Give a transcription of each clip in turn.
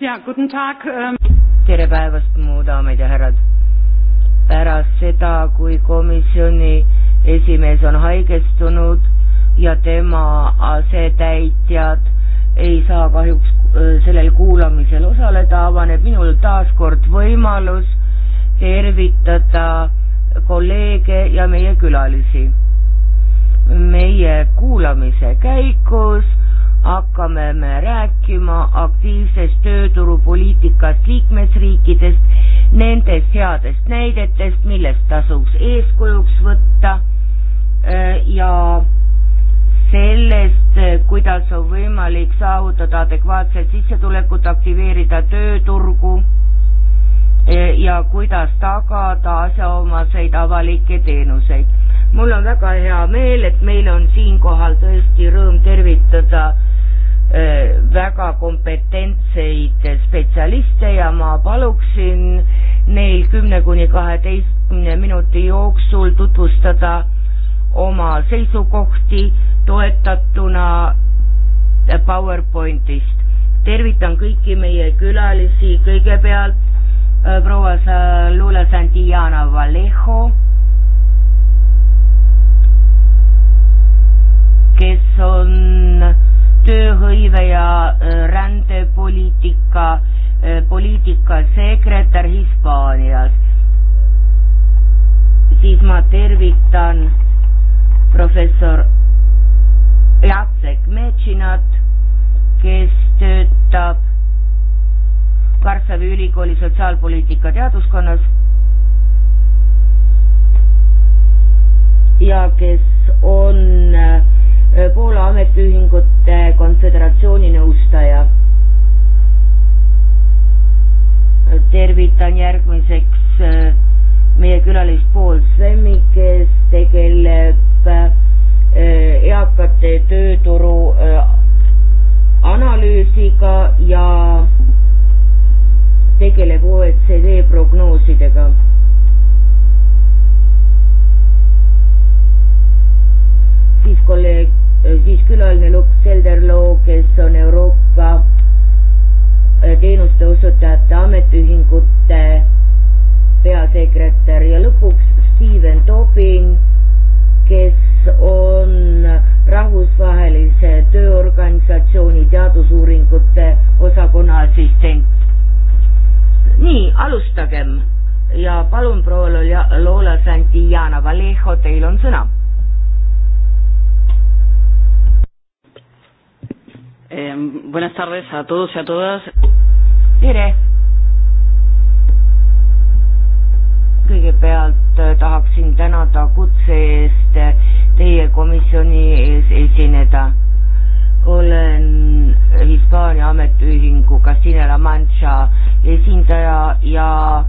ja, guten tag ähm.... tere päevast, mu daamid ja härrad. pärast seda, kui komisjoni esimees on haigestunud ja tema asetäitjad ei saa kahjuks äh, sellel kuulamisel osaleda, avaneb minul taas kord võimalus tervitada kolleege ja meie külalisi. meie kuulamise käigus hakkame me rääkima aktiivsest tööturupoliitikast liikmesriikidest, nendest headest näidetest, millest tasuks eeskujuks võtta äh, ja sellest, kuidas on võimalik saavutada adekvaatset sissetulekut, aktiveerida tööturgu äh, ja kuidas tagada asjaomaseid avalikke teenuseid. mul on väga hea meel, et meil on siinkohal tõesti rõõm tervitada väga kompetentseid spetsialiste ja ma paluksin neil kümne kuni kaheteistkümne minuti jooksul tutvustada oma seisukohti toetatuna PowerPointist. tervitan kõiki meie külalisi, kõigepealt proua Lula Santillana Vallejo, kes on tööhõive ja äh, rändepoliitika, äh, poliitikasekretär Hispaanias. siis ma tervitan professor Jacek Metšinat, kes töötab Varssavi Ülikooli sotsiaalpoliitika teaduskonnas ja kes on äh, Äh, Poola Ametiühingute Konföderatsiooni nõustaja. Äh, tervitan järgmiseks äh, meie külalist Paul Svemmi, kes tegeleb eakate tööturu analüüsiga ja tegeleb OECD prognoosidega siis kolleeg, eh, siis külaline Lukk Selderloo, kes on Euroopa eh, teenuste osutajate ametiühingute peasekretär ja lõpuks Steven Tobin, kes on rahvusvahelise tööorganisatsiooni teadusuuringute osakonna assistent. nii, alustagem ja palun, proua Lola Santillana Vallejo, teil on sõna Eh, buenas tardes a todos y a todas. tere! kõigepealt eh, tahaksin tänada kutse eest eh, teie komisjoni ees esineda. olen Hispaania ametiühingu Castilla La Mancha esindaja ja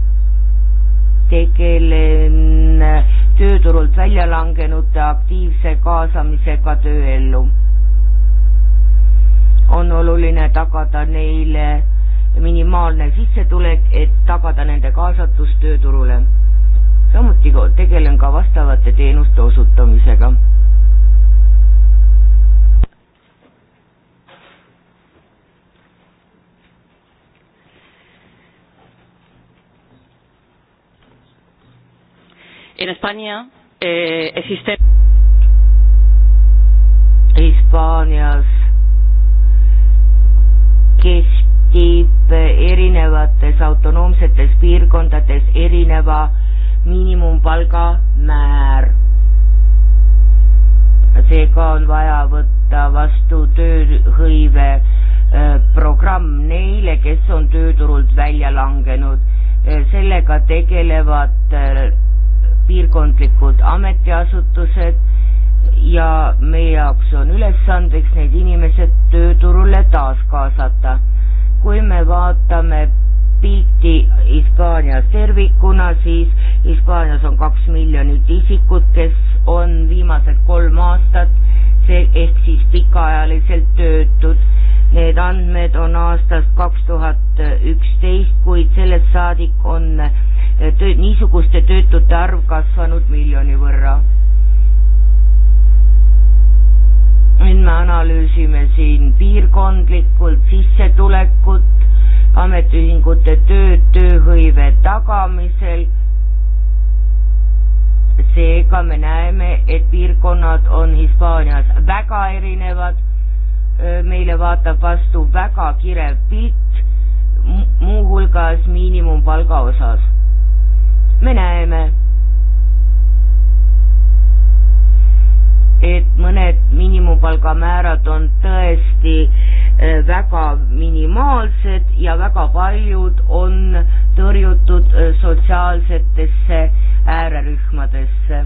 tegelen eh, tööturult välja langenute aktiivse kaasamisega tööellu on oluline tagada neile minimaalne sissetulek, et tagada nende kaasatus tööturule. samuti tegelen ka vastavate teenuste osutamisega. En España eh, existe Hispaanias kehtib erinevates autonoomsetes piirkondades erineva miinimumpalga määr. seega on vaja võtta vastu tööhõive äh, programm neile, kes on tööturult välja langenud. Äh, sellega tegelevad äh, piirkondlikud ametiasutused ja meie jaoks on ülesandeks need inimesed tööturule taas kaasata. kui me vaatame pilti Hispaanias tervikuna, siis Hispaanias on kaks miljonit isikut, kes on viimased kolm aastat see, ehk siis pikaajaliselt töötud. Need andmed on aastast kaks tuhat üksteist, kuid sellest saadik on töö, niisuguste töötute arv kasvanud miljoni võrra nüüd me analüüsime siin piirkondlikult sissetulekut, ametiühingute tööd, tööhõive tagamisel, seega me näeme, et piirkonnad on Hispaanias väga erinevad, meile vaatab vastu väga kirev pilt, muuhulgas miinimumpalga osas. me näeme et mõned miinimumpalgamäärad on tõesti äh, väga minimaalsed ja väga paljud on tõrjutud äh, sotsiaalsetesse äärerühmadesse.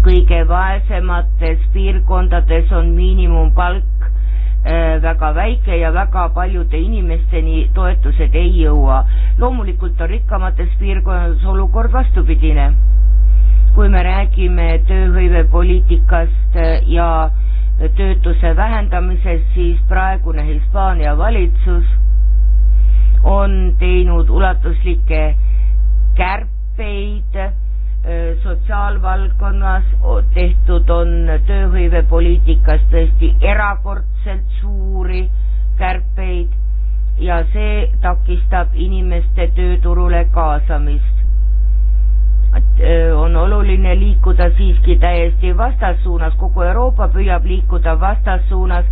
kõige vaesemates piirkondades on miinimumpalk Äh, väga väike ja väga paljude inimesteni toetused ei jõua. loomulikult on rikkamates piirkondades olukord vastupidine. kui me räägime tööhõivepoliitikast äh, ja töötuse vähendamisest, siis praegune Hispaania valitsus on teinud ulatuslikke kärpeid Äh, sotsiaalvaldkonnas tehtud on tööhõivepoliitikas tõesti erakordselt suuri kärpeid ja see takistab inimeste tööturule kaasamist. Äh, on oluline liikuda siiski täiesti vastassuunas, kogu Euroopa püüab liikuda vastassuunas,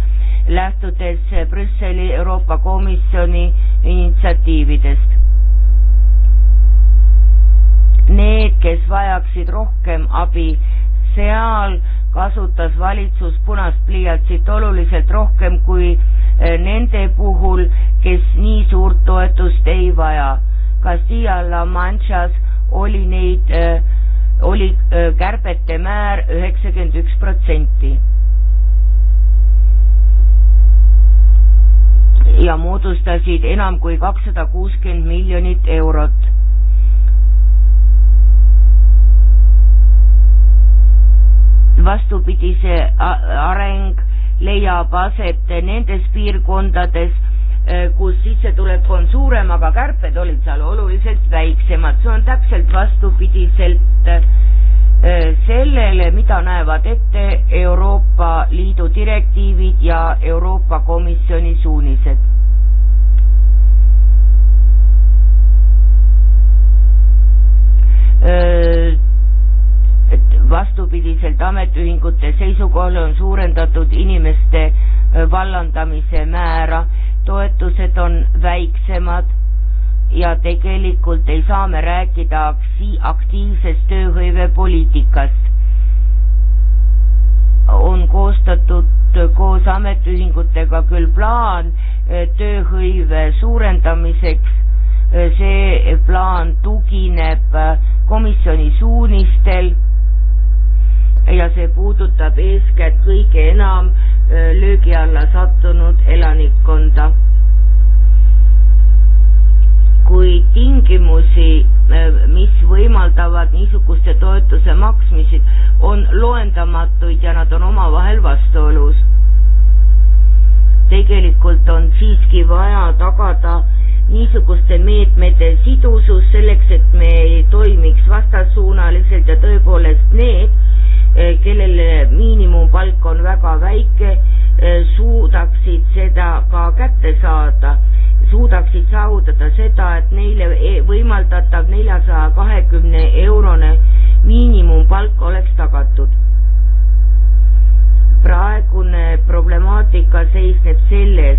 lähtudes Brüsseli Euroopa Komisjoni initsiatiividest need, kes vajaksid rohkem abi. seal kasutas valitsus punast pliiatsit oluliselt rohkem kui eh, nende puhul, kes nii suurt toetust ei vaja. Castilla-La Manchas oli neid, eh, oli eh, kärbete määr üheksakümmend üks protsenti. ja moodustasid enam kui kakssada kuuskümmend miljonit eurot vastupidi, see areng leiab aset nendes piirkondades, eh, kus sissetulek on suurem, aga kärped olid seal oluliselt väiksemad, see on täpselt vastupidiselt eh, sellele, mida näevad ette Euroopa Liidu direktiivid ja Euroopa Komisjoni suunised. Eh, et vastupidiselt ametiühingute seisukohale on suurendatud inimeste vallandamise määra, toetused on väiksemad ja tegelikult ei saa me rääkida akti-, aktiivsest tööhõivepoliitikast. on koostatud koos ametiühingutega küll plaan tööhõive suurendamiseks, see plaan tugineb komisjoni suunistel ja see puudutab eeskätt kõige enam löögi alla sattunud elanikkonda. kui tingimusi, mis võimaldavad niisuguste toetuse maksmisi, on loendamatuid ja nad on omavahel vastuolus. tegelikult on siiski vaja tagada niisuguste meetmete sidusus selleks, et me ei toimiks vastassuunaliselt ja tõepoolest need, Eh, kellele miinimumpalk on väga väike, eh, suudaksid seda ka kätte saada, suudaksid saavutada seda, et neile e-, võimaldatav neljasaja kahekümne eurone miinimumpalk oleks tagatud. praegune problemaatika seisneb selles,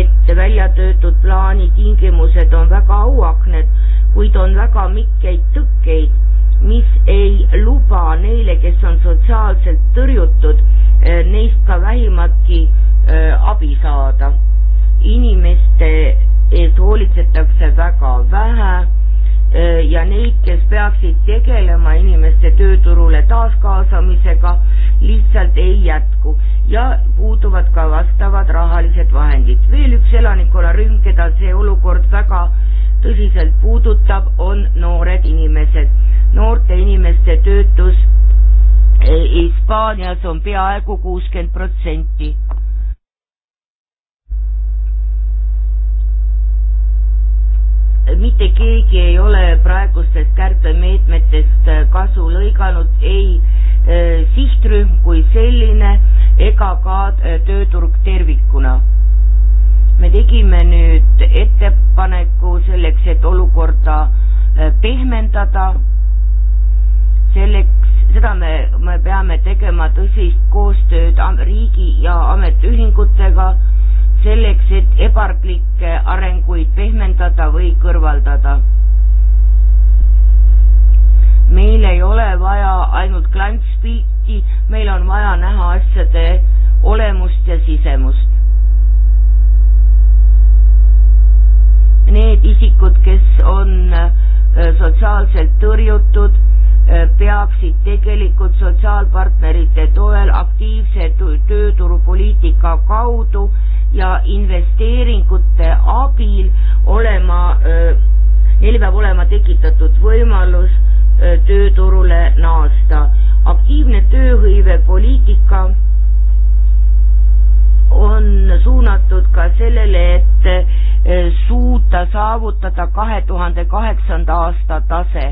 et välja töötud plaani tingimused on väga auahned, kuid on väga mitmeid tõkkeid mis ei luba neile, kes on sotsiaalselt tõrjutud, eh, neist ka vähimatki eh, abi saada. inimeste eest hoolitsetakse väga vähe eh, ja neid, kes peaksid tegelema inimeste tööturule taaskaasamisega, lihtsalt ei jätku ja puuduvad ka vastavad rahalised vahendid. veel üks elanikkonnarühm, keda see olukord väga tõsiselt puudutab, on noored inimesed noorte inimeste töötus e- Hispaanias on peaaegu kuuskümmend protsenti. mitte keegi ei ole praegustest kärpemeetmetest äh, kasu lõiganud, ei äh, sihtrühm kui selline ega ka äh, tööturg tervikuna me tegime nüüd ettepaneku selleks, et olukorda pehmendada selleks, seda me, me peame tegema tõsist koostööd riigi ja ametiühingutega, selleks, et ebarglikke arenguid pehmendada või kõrvaldada. meil ei ole vaja ainult klantspilti, meil on vaja näha asjade olemust ja sisemust. Need isikud, kes on äh, sotsiaalselt tõrjutud, peaksid tegelikult sotsiaalpartnerite toel aktiivse tööturupoliitika kaudu ja investeeringute abil olema, äh, neil peab olema tekitatud võimalus äh, tööturule naasta. aktiivne tööhõivepoliitika on suunatud ka sellele, et äh, suuta saavutada kahe tuhande kaheksanda aasta tase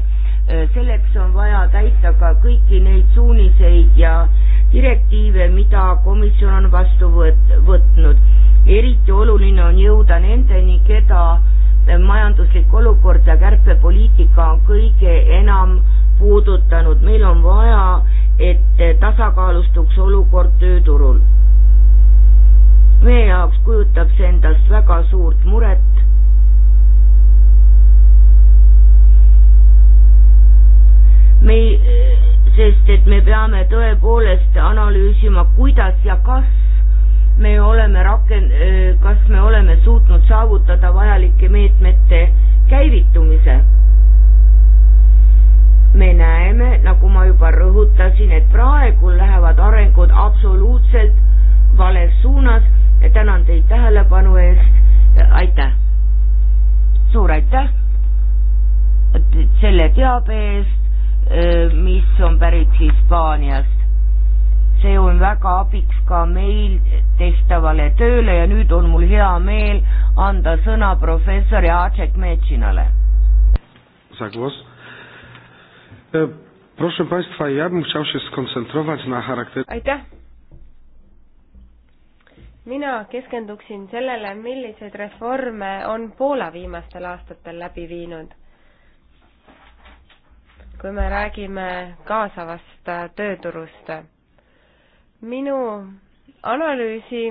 Äh, selleks on vaja täita ka kõiki neid suuniseid ja direktiive, mida komisjon on vastu võt-, võtnud. eriti oluline on jõuda nendeni, keda äh, majanduslik olukord ja kärpepoliitika on kõige enam puudutanud. meil on vaja, et äh, tasakaalustuks olukord tööturul. meie jaoks kujutab see endast väga suurt muret sest et me peame tõepoolest analüüsima, kuidas ja kas me oleme raken-, kas me oleme suutnud saavutada vajalike meetmete käivitumise. me näeme, nagu ma juba rõhutasin, et praegu lähevad arengud absoluutselt vales suunas ja tänan teid tähelepanu eest, aitäh! suur aitäh selle teabe eest, Äh, mis on pärit Hispaaniast. see on väga abiks ka meil tehtavale tööle ja nüüd on mul hea meel anda sõna professor Jacek Metšinale. E, proszę Państwa, ja bym chciał się skoncentrować na charakterze... Aitäh! mina keskenduksin sellele, milliseid reforme on Poola viimastel aastatel läbi viinud kui me räägime kaasavast äh, tööturust. minu analüüsi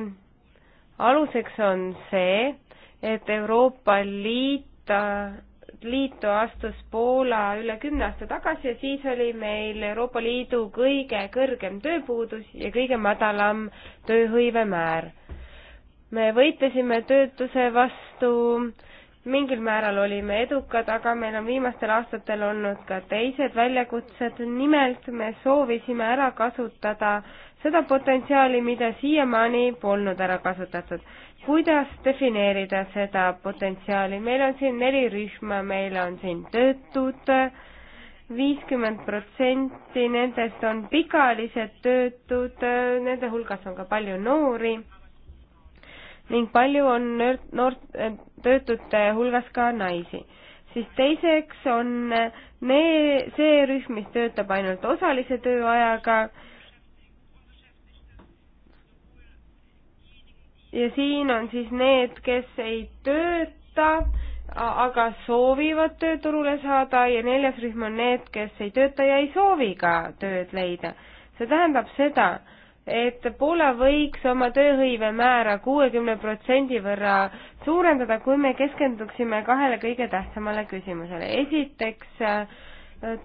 aluseks on see, et Euroopa Liit, äh, liitu astus Poola üle kümne aasta tagasi ja siis oli meil Euroopa Liidu kõige kõrgem tööpuudus ja kõige madalam tööhõivemäär. me võitlesime töötuse vastu, mingil määral olime edukad, aga meil on viimastel aastatel olnud ka teised väljakutsed, nimelt me soovisime ära kasutada seda potentsiaali, mida siiamaani polnud ära kasutatud. kuidas defineerida seda potentsiaali, meil on siin neli rühma, meil on siin töötud, viiskümmend protsenti nendest on pikaajalised töötud, nende hulgas on ka palju noori ning palju on noort, töötute hulgas ka naisi. siis teiseks on nee, see rühm, mis töötab ainult osalise tööajaga ja siin on siis need, kes ei tööta, aga soovivad tööturule saada ja neljas rühm on need, kes ei tööta ja ei soovi ka tööd leida. see tähendab seda, et Poola võiks oma tööhõive määra kuuekümne protsendi võrra suurendada, kui me keskenduksime kahele kõige tähtsamale küsimusele. esiteks,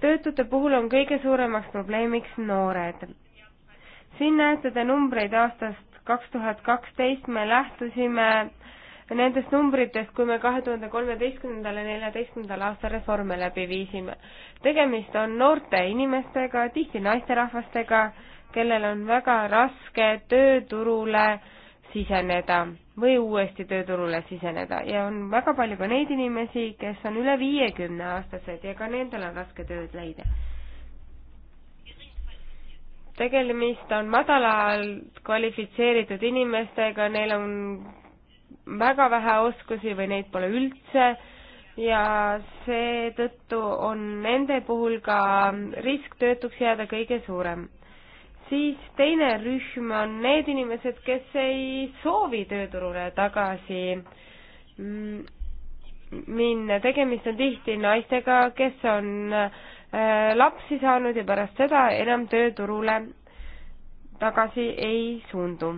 töötute puhul on kõige suuremaks probleemiks noored. siin näete te numbreid aastast kaks tuhat kaksteist, me lähtusime nendest numbritest, kui me kahe tuhande kolmeteistkümnendal ja neljateistkümnendal aastal reforme läbi viisime. tegemist on noorte inimestega, tihti naisterahvastega, kellel on väga raske tööturule siseneda või uuesti tööturule siseneda ja on väga palju ka neid inimesi, kes on üle viiekümne aastased ja ka nendel on raske tööd leida. tegemist on madalalt kvalifitseeritud inimestega, neil on väga vähe oskusi või neid pole üldse ja seetõttu on nende puhul ka risk töötuks jääda kõige suurem siis teine rühm on need inimesed, kes ei soovi tööturule tagasi mm, minna, tegemist on tihti naistega, kes on äh, lapsi saanud ja pärast seda enam tööturule tagasi ei suundu.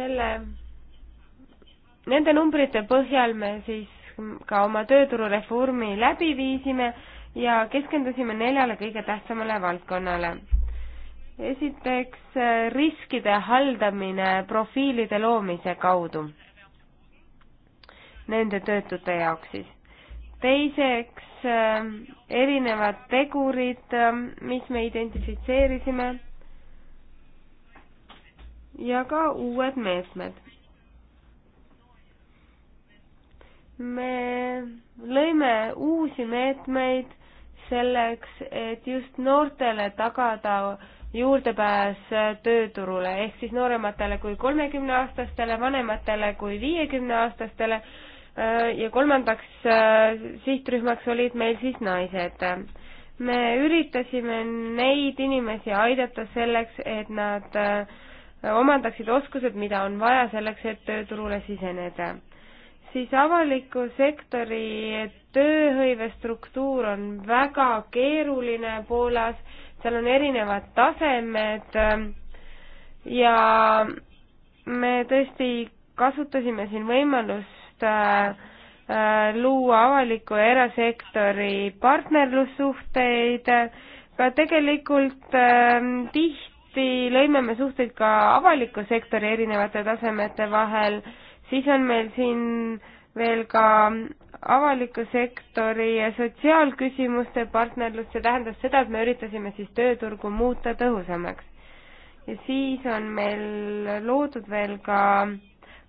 selle, nende numbrite põhjal me siis ka oma tööturureformi läbi viisime ja keskendusime neljale kõige tähtsamale valdkonnale. esiteks äh, riskide haldamine profiilide loomise kaudu nende töötute jaoks siis. teiseks äh, erinevad tegurid, äh, mis me identifitseerisime ja ka uued meetmed me lõime uusi meetmeid selleks, et just noortele tagada juurdepääs tööturule ehk siis noorematele kui kolmekümneaastastele, vanematele kui viiekümneaastastele ja kolmandaks äh, sihtrühmaks olid meil siis naised. me üritasime neid inimesi aidata selleks, et nad äh, omandaksid oskused, mida on vaja selleks, et tööturule siseneda siis avaliku sektori tööhõivestruktuur on väga keeruline Poolas, seal on erinevad tasemed ähm, ja me tõesti kasutasime siin võimalust äh, äh, luua avaliku ja erasektori partnerlussuhteid, ka tegelikult ähm, tihti lõime me suhteid ka avaliku sektori erinevate tasemete vahel siis on meil siin veel ka avaliku sektori ja sotsiaalküsimuste partnerlus, see tähendab seda, et me üritasime siis tööturgu muuta tõhusamaks. ja siis on meil loodud veel ka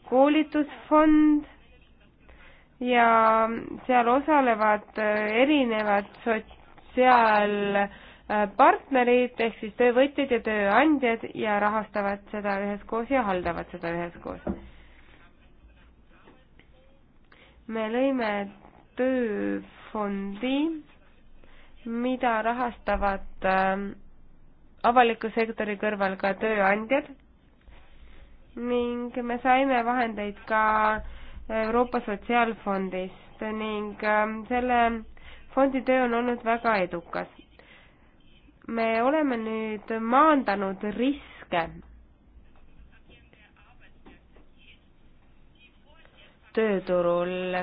koolitusfond ja seal osalevad erinevad sotsiaalpartnerid äh, ehk siis töövõtjad ja tööandjad ja rahastavad seda üheskoos ja haldavad seda üheskoos me lõime tööfondi, mida rahastavad ähm, avaliku sektori kõrval ka tööandjad ning me saime vahendeid ka Euroopa Sotsiaalfondist ning ähm, selle fondi töö on olnud väga edukas. me oleme nüüd maandanud riske tööturul.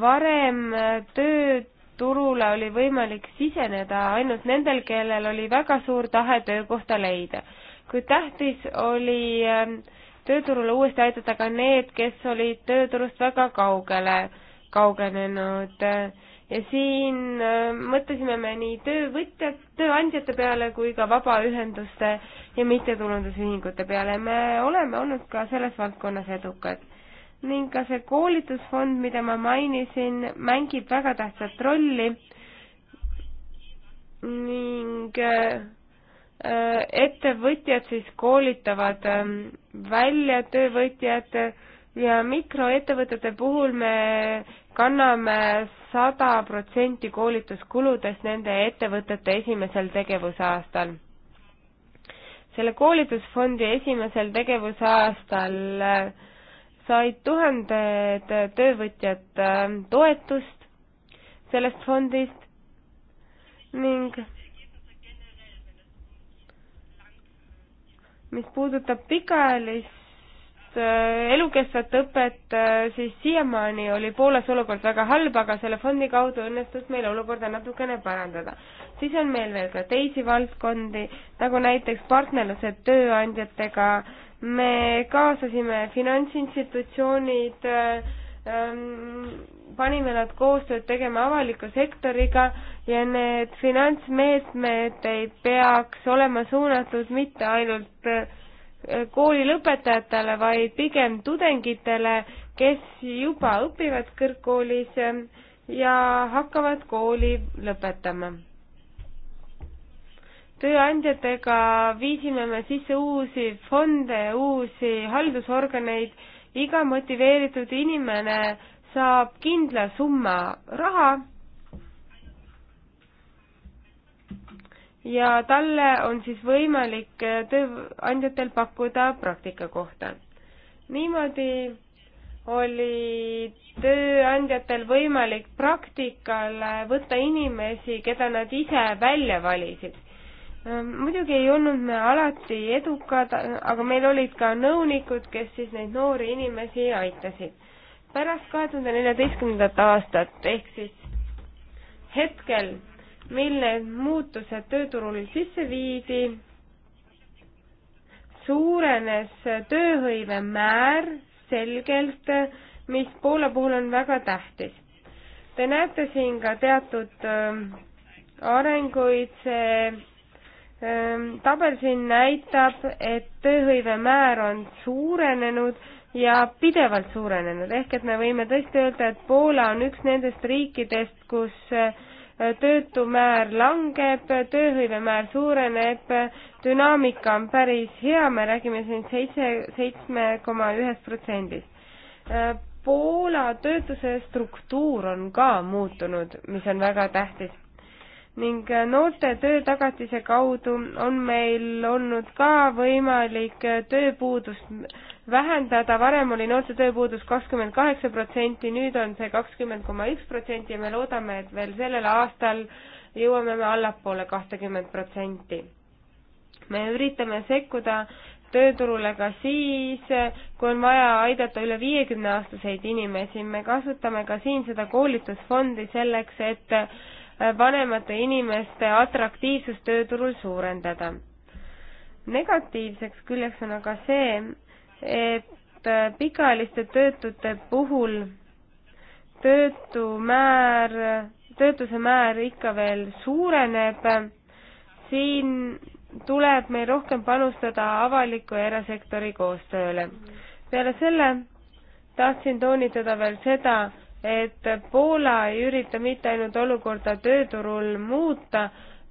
varem tööturule oli võimalik siseneda ainult nendel, kellel oli väga suur tahe töökohta leida, kuid tähtis oli ähm, tööturule uuesti aidata ka need, kes olid tööturust väga kaugele, kaugenenud ja siin äh, mõtlesime me nii töövõtjad, tööandjate peale kui ka vabaühenduste ja mittetulundusühingute peale. me oleme olnud ka selles valdkonnas edukad ning ka see koolitusfond, mida ma mainisin, mängib väga tähtsat rolli ning äh, äh, ettevõtjad siis koolitavad ähm, välja töövõtjad ja mikroettevõtete puhul me kanname sada protsenti koolituskuludest nende ettevõtete esimesel tegevusaastal. selle koolitusfondi esimesel tegevusaastal äh, said tuhanded töövõtjad äh, toetust sellest fondist ning mis puudutab pikaajalist Äh, elukestvat õpet, äh, siis siiamaani oli Poolas olukord väga halb, aga selle fondi kaudu õnnestus meil olukorda natukene parandada. siis on meil veel ka teisi valdkondi, nagu näiteks partnerlused tööandjatega, me kaasasime finantsinstitutsioonid, äh, ähm, panime nad koostööd tegema avaliku sektoriga ja need finantsmeetmed ei peaks olema suunatud mitte ainult kooli lõpetajatele, vaid pigem tudengitele, kes juba õpivad kõrgkoolis ja hakkavad kooli lõpetama. tööandjatega viisime me sisse uusi fonde, uusi haldusorganeid, iga motiveeritud inimene saab kindla summa raha ja talle on siis võimalik tööandjatel pakkuda praktikakohta. niimoodi oli tööandjatel võimalik praktikale võtta inimesi, keda nad ise välja valisid ehm, muidugi ei olnud me alati edukad, aga meil olid ka nõunikud, kes siis neid noori inimesi aitasid. pärast kahe tuhande neljateistkümnendat aastat ehk siis hetkel, mille muutused tööturul sisse viidi, suurenes tööhõive määr selgelt, mis Poola puhul on väga tähtis. Te näete siin ka teatud ähm, arenguid, see ähm, tabel siin näitab, et tööhõive määr on suurenenud ja pidevalt suurenenud, ehk et me võime tõesti öelda, et Poola on üks nendest riikidest, kus äh, töötumäär langeb, tööhõivemäär suureneb, dünaamika on päris hea, me räägime siin seitse, seitsme koma ühest protsendist. Äh, Poola töötuse struktuur on ka muutunud, mis on väga tähtis ning äh, noorte töötagatise kaudu on meil olnud ka võimalik äh, tööpuudust vähendada, varem oli noorte tööpuudus kakskümmend kaheksa protsenti, nüüd on see kakskümmend koma üks protsenti ja me loodame, et veel sellel aastal jõuame me allapoole kahtekümmet protsenti. me üritame sekkuda tööturule ka siis, kui on vaja aidata üle viiekümne aastaseid inimesi, me kasutame ka siin seda koolitusfondi selleks, et vanemate inimeste atraktiivsust tööturul suurendada. negatiivseks küljeks on aga see, et pikaajaliste töötute puhul töötumäär, töötuse määr ikka veel suureneb, siin tuleb meil rohkem panustada avaliku ja erasektori koostööle. peale selle tahtsin toonitada veel seda, et Poola ei ürita mitte ainult olukorda tööturul muuta,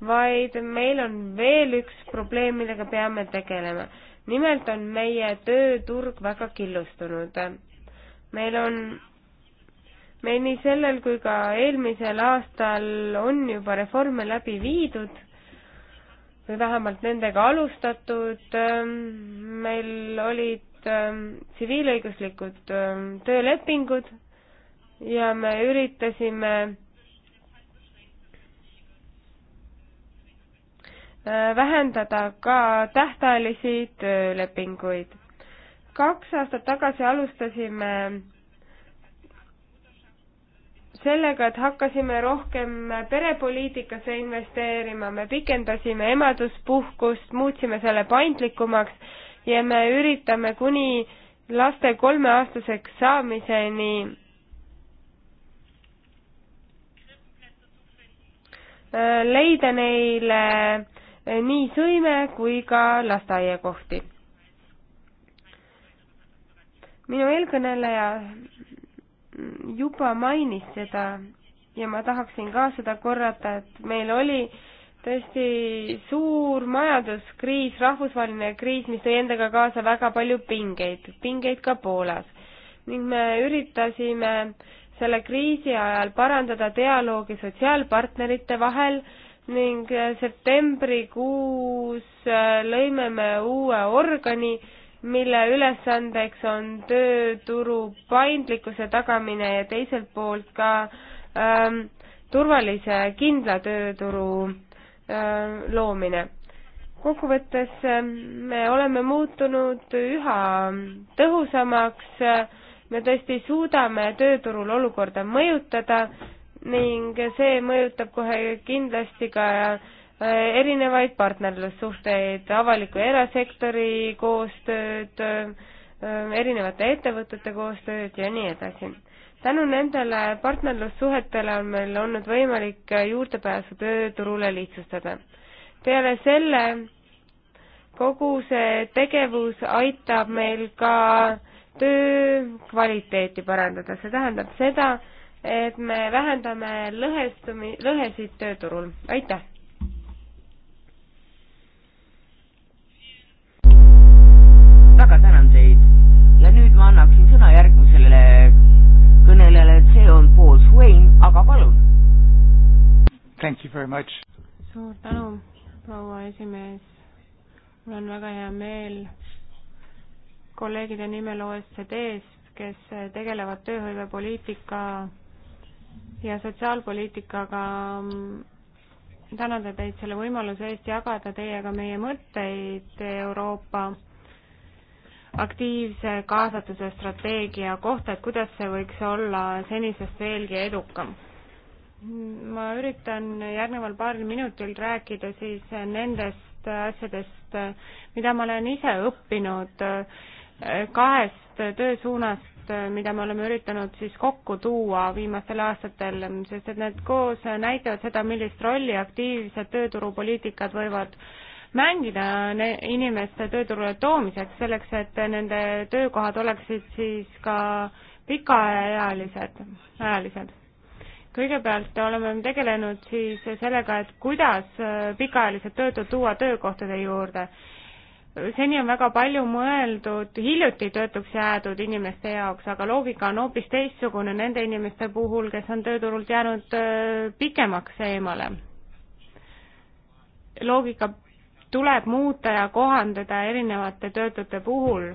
vaid meil on veel üks probleem, millega peame tegelema. nimelt on meie tööturg väga killustunud. meil on, meil nii sellel kui ka eelmisel aastal on juba reforme läbi viidud või vähemalt nendega alustatud. meil olid ähm, tsiviilõiguslikud ähm, töölepingud ja me üritasime äh, vähendada ka tähtajalisi töölepinguid. kaks aastat tagasi alustasime sellega, et hakkasime rohkem perepoliitikasse investeerima, me pikendasime emaduspuhkust, muutsime selle paindlikumaks ja me üritame kuni laste kolmeaastaseks saamiseni leida neile nii sõime kui ka lasteaiakohti. minu eelkõneleja juba mainis seda ja ma tahaksin ka seda korrata, et meil oli tõesti suur majanduskriis, rahvusvaheline kriis, mis tõi endaga kaasa väga palju pingeid, pingeid ka Poolas. ning me üritasime selle kriisi ajal parandada dialoogi sotsiaalpartnerite vahel ning septembrikuus äh, lõime me uue organi, mille ülesandeks on tööturu paindlikkuse tagamine ja teiselt poolt ka ähm, turvalise kindla tööturu ähm, loomine. kokkuvõttes äh, me oleme muutunud üha tõhusamaks äh, me tõesti suudame tööturul olukorda mõjutada ning see mõjutab kohe kindlasti ka äh, erinevaid partnerlussuhteid, avaliku ja erasektori koostööd, äh, erinevate ettevõtete koostööd ja nii edasi. tänu nendele partnerlussuhetele on meil olnud võimalik juurdepääsu tööturule lihtsustada. peale selle kogu see tegevus aitab meil ka äh, töö kvaliteeti parandada, see tähendab seda, et me vähendame lõhestumi-, lõhesid tööturul, aitäh! väga tänan teid ja nüüd ma annaksin sõna järgmisele kõnelejale, et see on Paul Swain, aga palun! Thank you very much! suur tänu, proua esimees, mul on väga hea meel kolleegide nimel OECD-s, kes tegelevad tööhõivepoliitika ja sotsiaalpoliitikaga. tänada teid selle võimaluse eest jagada teiega meie mõtteid Euroopa aktiivse kaasatuse strateegia kohta, et kuidas see võiks olla senisest veelgi edukam. ma üritan järgneval paaril minutil rääkida siis nendest asjadest, mida ma olen ise õppinud äh, kahest töösuunast, mida me oleme üritanud siis kokku tuua viimastel aastatel, sest et need koos näitavad seda, millist rolli aktiivsed tööturupoliitikad võivad mängida inimeste tööturule toomiseks, selleks et nende töökohad oleksid siis ka pikaajalised, ajalised. kõigepealt oleme tegelenud siis sellega, et kuidas pikaajalised töötud tuua töökohtade juurde seni on väga palju mõeldud hiljuti töötuks jäädud inimeste jaoks, aga loogika on hoopis teistsugune nende inimeste puhul, kes on tööturult jäänud äh, pikemaks eemale. loogika tuleb muuta ja kohandada erinevate töötute puhul,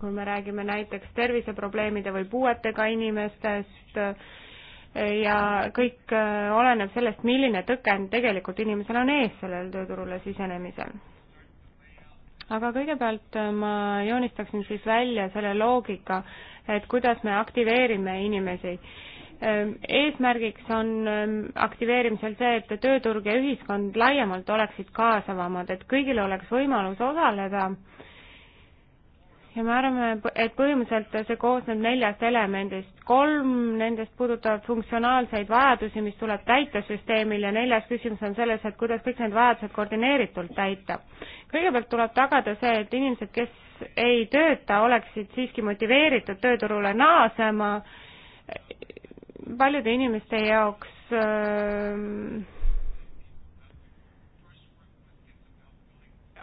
kui me räägime näiteks terviseprobleemide või puuetega inimestest äh, ja kõik äh, oleneb sellest, milline tõkend tegelikult inimesel on ees sellel tööturule sisenemisel aga kõigepealt äh, ma joonistaksin siis välja selle loogika, et kuidas me aktiveerime inimesi. Ähm, eesmärgiks on ähm, aktiveerimisel see, et tööturg ja ühiskond laiemalt oleksid kaasavamad, et kõigil oleks võimalus osaleda äh, ja me arvame, et põhimõtteliselt see koosneb neljast elemendist. kolm nendest puudutavad funktsionaalseid vajadusi, mis tuleb täita süsteemil ja neljas küsimus on selles, et kuidas kõik need vajadused koordineeritult täita. kõigepealt tuleb tagada see, et inimesed, kes ei tööta, oleksid siiski motiveeritud tööturule naasema. paljude inimeste jaoks öö,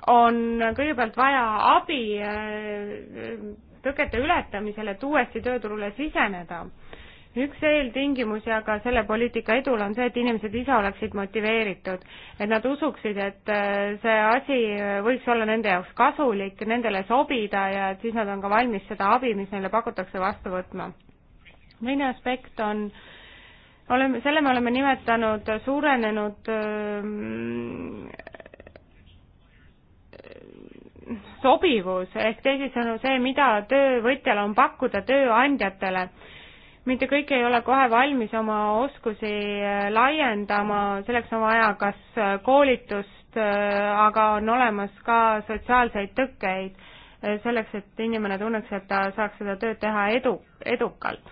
on kõigepealt vaja abi äh, tõkete ületamisel, et uuesti tööturule siseneda. üks eeltingimusi aga selle poliitika edul on see, et inimesed ise oleksid motiveeritud, et nad usuksid, et äh, see asi võiks olla nende jaoks kasulik, nendele sobida ja et siis nad on ka valmis seda abi, mis neile pakutakse, vastu võtma. teine aspekt on oleme, selle me oleme nimetanud suurenenud öö, ähm, sobivus ehk teisisõnu see, mida töövõtjal on pakkuda tööandjatele. mitte kõik ei ole kohe valmis oma oskusi äh, laiendama, selleks on vaja kas äh, koolitust, äh, aga on olemas ka sotsiaalseid tõkkeid selleks, et inimene tunneks, et ta saaks seda tööd teha edu, edukalt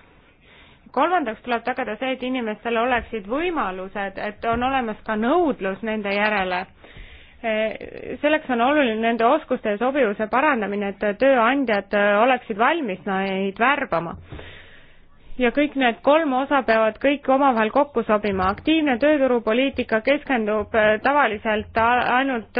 kolmandaks tuleb tagada see, et inimestel oleksid võimalused, et on olemas ka nõudlus nende järele Eh, selleks on oluline nende oskuste ja sobivuse parandamine, et tööandjad eh, oleksid valmis neid värbama. ja kõik need kolm osa peavad kõik omavahel kokku sobima. aktiivne tööturupoliitika keskendub eh, tavaliselt ainult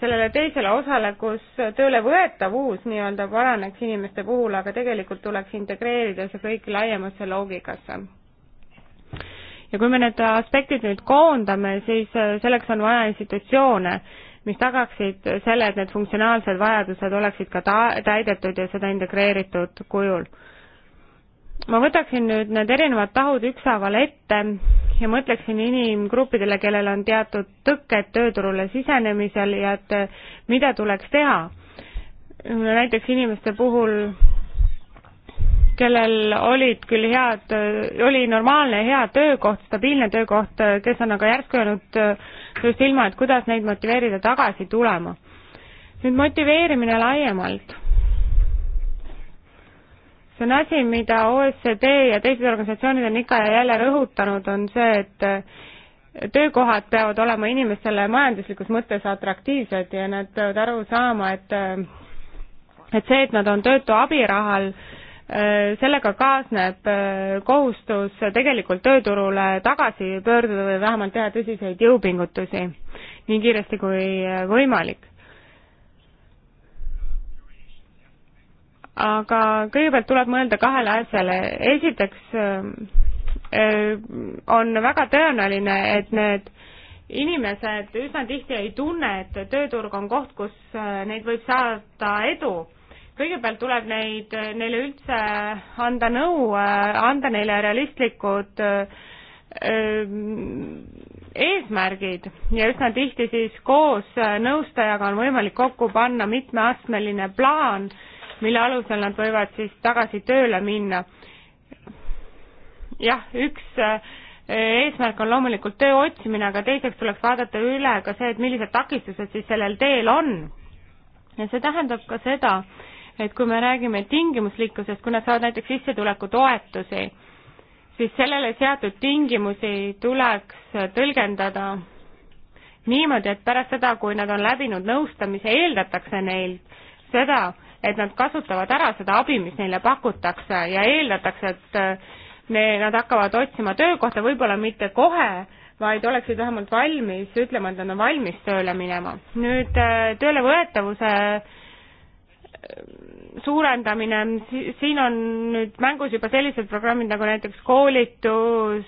sellele teisele osale, kus tööle võetavus nii-öelda paraneks inimeste puhul, aga tegelikult tuleks integreerida see kõik laiemasse loogikasse ja kui me need aspektid nüüd koondame, siis selleks on vaja institutsioone mis tagaksid selle, et need funktsionaalsed vajadused oleksid ka ta-, täidetud ja seda integreeritud kujul. ma võtaksin nüüd need erinevad tahud ükshaaval ette ja mõtleksin inimgruppidele, kellel on teatud tõkked tööturule sisenemisel ja et mida tuleks teha. näiteks inimeste puhul kellel olid küll head, oli normaalne hea töökoht, stabiilne töökoht, kes on aga järsku jäänud äh, just ilma, et kuidas neid motiveerida tagasi tulema. nüüd motiveerimine laiemalt. see on asi, mida OECD ja teised organisatsioonid on ikka ja jälle rõhutanud, on see, et äh, töökohad peavad olema inimestele majanduslikus mõttes atraktiivsed ja nad peavad aru saama, et äh, et see, et nad on töötu abirahal, Äh, sellega kaasneb äh, kohustus tegelikult tööturule tagasi pöörduda või vähemalt teha tõsiseid jõupingutusi nii kiiresti kui äh, võimalik. aga kõigepealt tuleb mõelda kahele asjale, esiteks on väga tõenäoline, et need inimesed üsna tihti ei tunne, et tööturg on koht, kus neid võib saada edu kõigepealt tuleb neid, neile üldse anda nõu, anda neile realistlikud eesmärgid ja üsna tihti siis koos nõustajaga on võimalik kokku panna mitmeastmeline plaan, mille alusel nad võivad siis tagasi tööle minna. jah, üks eesmärk on loomulikult töö otsimine, aga teiseks tuleks vaadata üle ka see, et millised takistused siis sellel teel on. ja see tähendab ka seda, et kui me räägime tingimuslikkusest, kui nad saavad näiteks sissetulekutoetusi, siis sellele seatud tingimusi tuleks tõlgendada niimoodi, et pärast seda, kui nad on läbinud nõustamise, eeldatakse neilt seda, et nad kasutavad ära seda abi, mis neile pakutakse ja eeldatakse, et ne, äh, nad hakkavad otsima töökohta, võib-olla mitte kohe, vaid oleksid vähemalt valmis ütlema, et nad on valmis tööle minema. nüüd töölevõetavuse äh, suurendamine, siin on nüüd mängus juba sellised programmid nagu näiteks koolitus,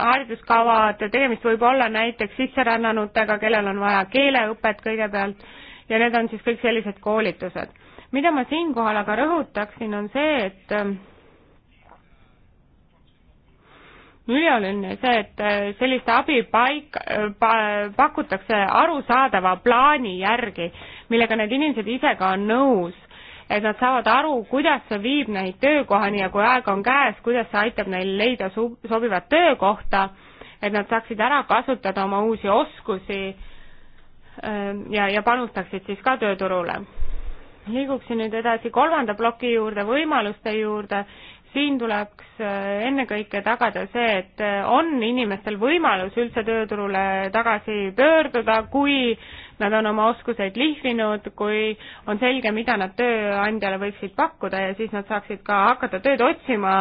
hariduskavad, tegemist võib olla näiteks sisserännanutega, kellel on vaja keeleõpet kõigepealt ja need on siis kõik sellised koolitused. mida ma siinkohal aga rõhutaksin, on see, et ülioluline see, et sellist abi paik- pa,, pakutakse arusaadava plaani järgi millega need inimesed ise ka on nõus, et nad saavad aru, kuidas see viib neid töökohani ja kui aeg on käes, kuidas see aitab neil leida su-, sobivat töökohta, et nad saaksid ära kasutada oma uusi oskusi ähm, ja, ja panustaksid siis ka tööturule liiguksin nüüd edasi kolmanda ploki juurde, võimaluste juurde, siin tuleks äh, ennekõike tagada see, et äh, on inimestel võimalus üldse tööturule tagasi pöörduda, kui nad on oma oskuseid lihvinud, kui on selge, mida nad tööandjale võiksid pakkuda ja siis nad saaksid ka hakata tööd otsima.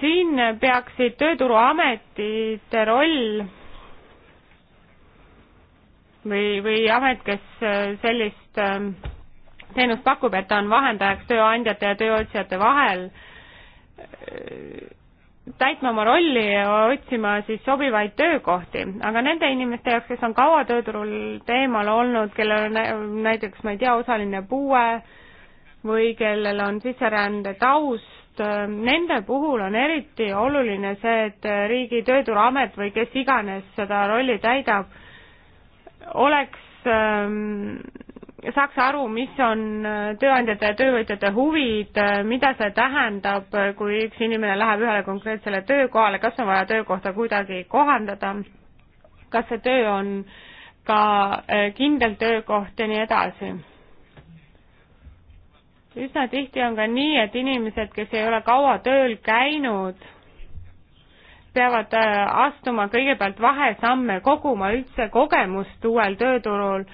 siin peaksid tööturuametite roll või, või amet, kes äh, sellist ähm, teenust pakub, et ta on vahendajaks tööandjate ja tööotsijate vahel, täitma oma rolli ja otsima siis sobivaid töökohti, aga nende inimeste jaoks, kes on kaua tööturul teemal olnud, kellel on näiteks, ma ei tea, osaline puue või kellel on sisserände taust, nende puhul on eriti oluline see, et riigi tööturuamet või kes iganes seda rolli täidab, oleks ähm, saaks aru, mis on äh, tööandjate ja töövõtjate huvid, äh, mida see tähendab, äh, kui üks inimene läheb ühele konkreetsele töökohale, kas on vaja töökohta kuidagi kohandada, kas see töö on ka kindel töökoht ja nii edasi. üsna tihti on ka nii, et inimesed, kes ei ole kaua tööl käinud, peavad astuma kõigepealt vahesamme, koguma üldse kogemust uuel tööturul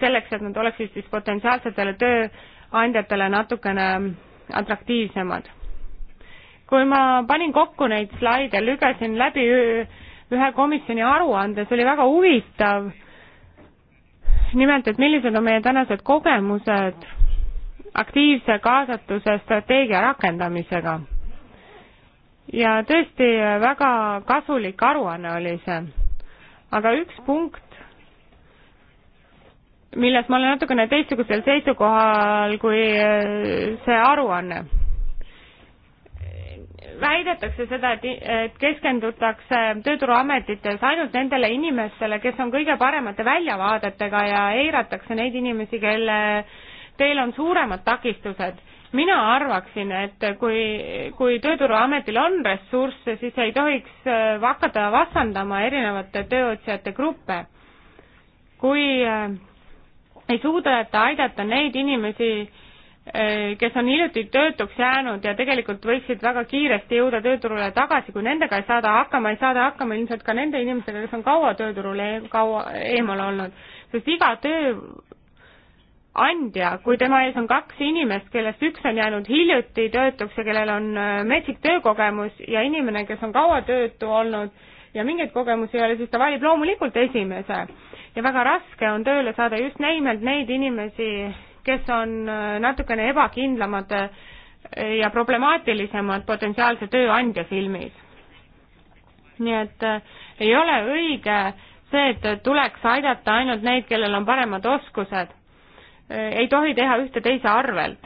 selleks, et nad oleksid siis potentsiaalsetele tööandjatele natukene atraktiivsemad. kui ma panin kokku neid slaide, lügesin läbi ühe komisjoni aruande, see oli väga huvitav, nimelt, et millised on meie tänased kogemused aktiivse kaasatuse strateegia rakendamisega. ja tõesti väga kasulik aruanne oli see. aga üks punkt, milles ma olen natukene teistsugusel seisukohal kui äh, see aruanne. väidetakse seda, et, et keskendutakse tööturuametites ainult nendele inimestele, kes on kõige paremate väljavaadetega ja eiratakse neid inimesi, kelle teil on suuremad takistused mina arvaksin, et kui, kui Tööturuametil on ressursse, siis ei tohiks äh, hakata vastandama erinevate tööotsijate gruppe. kui äh, ei suudeta aidata neid inimesi, eh, kes on hiljuti töötuks jäänud ja tegelikult võiksid väga kiiresti jõuda tööturule tagasi, kui nendega ei saada hakkama, ei saada hakkama ilmselt ka nende inimestega, kes on kaua tööturul e kaua eemal olnud, sest iga tööandja, kui tema ees on kaks inimest, kellest üks on jäänud hiljuti töötuks ja kellel on eh, metsik töökogemus ja inimene, kes on kaua töötu olnud ja mingeid kogemusi ei ole, siis ta valib loomulikult esimese ja väga raske on tööle saada just nimelt neid inimesi, kes on äh, natukene ebakindlamad äh, ja problemaatilisemad potentsiaalse tööandja silmis. nii et äh, ei ole õige see, et tuleks aidata ainult neid, kellel on paremad oskused äh,. ei tohi teha ühte teise arvelt.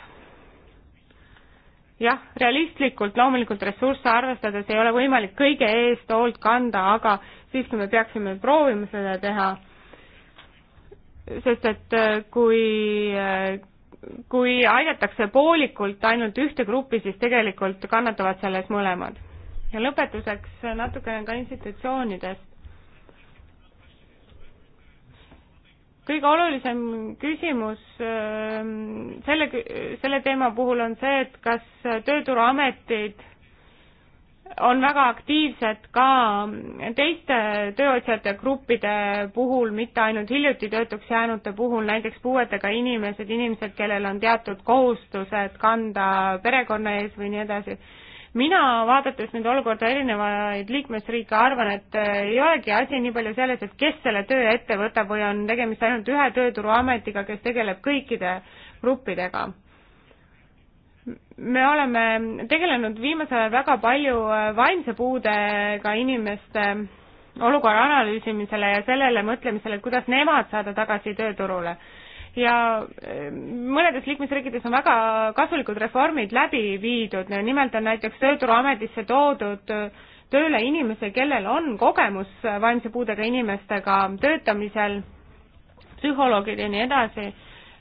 jah, realistlikult loomulikult ressursse arvestades ei ole võimalik kõige eest hoolt kanda, aga siiski me peaksime proovima seda teha sest et äh, kui, äh, kui aidatakse poolikult ainult ühte gruppi, siis tegelikult kannatavad selles mõlemad. ja lõpetuseks äh, natukene ka institutsioonidest. kõige olulisem küsimus selle, selle teema puhul on see, et kas tööturuametid on väga aktiivsed ka teiste tööotsijate gruppide puhul, mitte ainult hiljuti töötuks jäänute puhul, näiteks puuetega inimesed, inimesed, kellel on teatud kohustused kanda perekonna ees või nii edasi. mina, vaadates nüüd olukorda erinevaid liikmesriike, arvan, et ei olegi asi nii palju selles, et kes selle töö ette võtab või on tegemist ainult ühe tööturuametiga, kes tegeleb kõikide gruppidega me oleme tegelenud viimasel ajal väga palju äh, vaimse puudega inimeste äh, olukorra analüüsimisele ja sellele mõtlemisele, et kuidas nemad saada tagasi tööturule. ja äh, mõnedes liikmesriikides on väga kasulikud reformid läbi viidud, nimelt on näiteks Tööturuametisse toodud tööle inimesi, kellel on kogemus vaimse puudega inimestega töötamisel, psühholoogid ja nii edasi,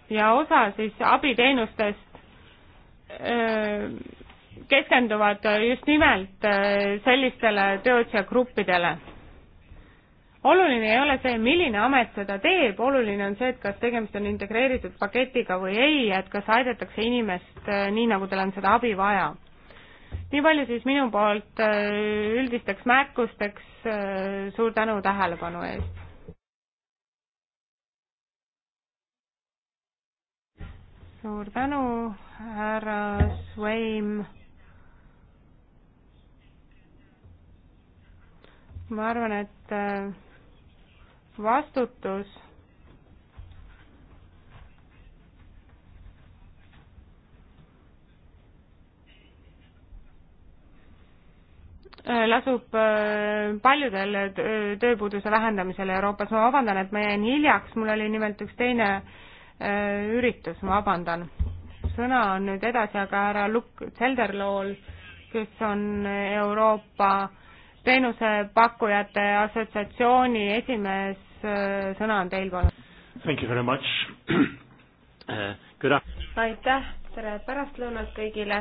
ja osa siis abiteenustest Äh, keskenduvad just nimelt äh, sellistele tööotsijagruppidele. oluline ei ole see, milline amet seda teeb, oluline on see, et kas tegemist on integreeritud paketiga või ei, et kas aidatakse inimest äh, nii, nagu tal on seda abi vaja. nii palju siis minu poolt üldisteks märkusteks, suur tänu tähelepanu eest! suur tänu! härra Swaim. ma arvan, et äh, vastutus äh, lasub äh, paljudel tööpuuduse vähendamisel Euroopas. ma vabandan, et ma jäin hiljaks, mul oli nimelt üks teine üritus, ma vabandan sõna on nüüd edasi aga härra Lukk Zelderlool, kes on Euroopa teenusepakkujate assotsiatsiooni esimees, sõna on teil, palun. Thank you very much uh,. Good afternoon. aitäh, tere pärastlõunat kõigile.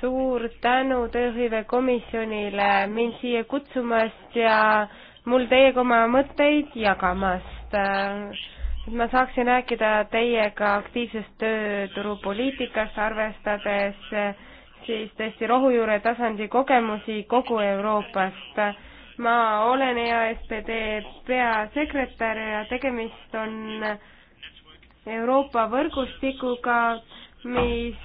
suur tänu Tööhõive komisjonile mind siia kutsumast ja mul teiega oma mõtteid jagamast et ma saaksin rääkida teiega aktiivsest tööturupoliitikast, arvestades siis tõesti rohujuure tasandi kogemusi kogu Euroopast. ma olen EASPD peasekretär ja tegemist on Euroopa võrgustikuga, mis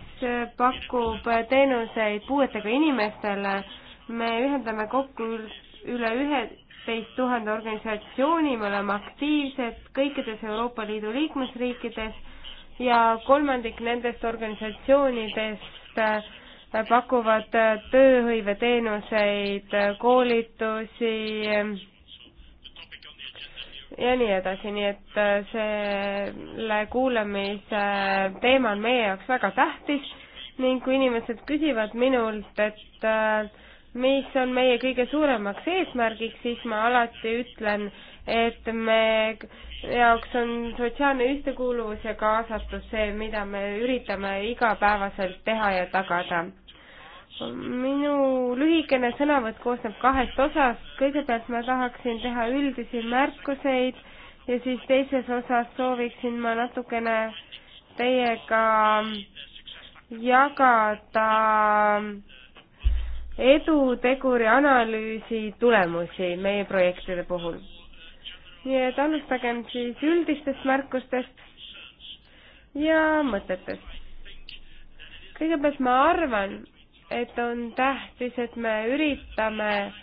pakub teenuseid puuetega inimestele. me ühendame kokku üle ühe kaksteist tuhande organisatsiooni, me oleme aktiivsed kõikides Euroopa Liidu liikmesriikides ja kolmandik nendest organisatsioonidest äh, pakuvad äh, tööhõiveteenuseid, äh, koolitusi ja nii edasi, nii et selle kuulamise teema on meie jaoks väga tähtis ning kui inimesed küsivad minult, et äh, mis on meie kõige suuremaks eesmärgiks, siis ma alati ütlen, et me jaoks on sotsiaalne ühtekuuluvus ja kaasatus see, mida me üritame igapäevaselt teha ja tagada. minu lühikene sõnavõtt koosneb kahest osast, kõigepealt ma tahaksin teha üldisi märkuseid ja siis teises osas sooviksin ma natukene teiega jagada äh, eduteguri analüüsi tulemusi meie projektide puhul. nii et alustagem siis üldistest märkustest ja mõtetest. kõigepealt ma arvan, et on tähtis, et me üritame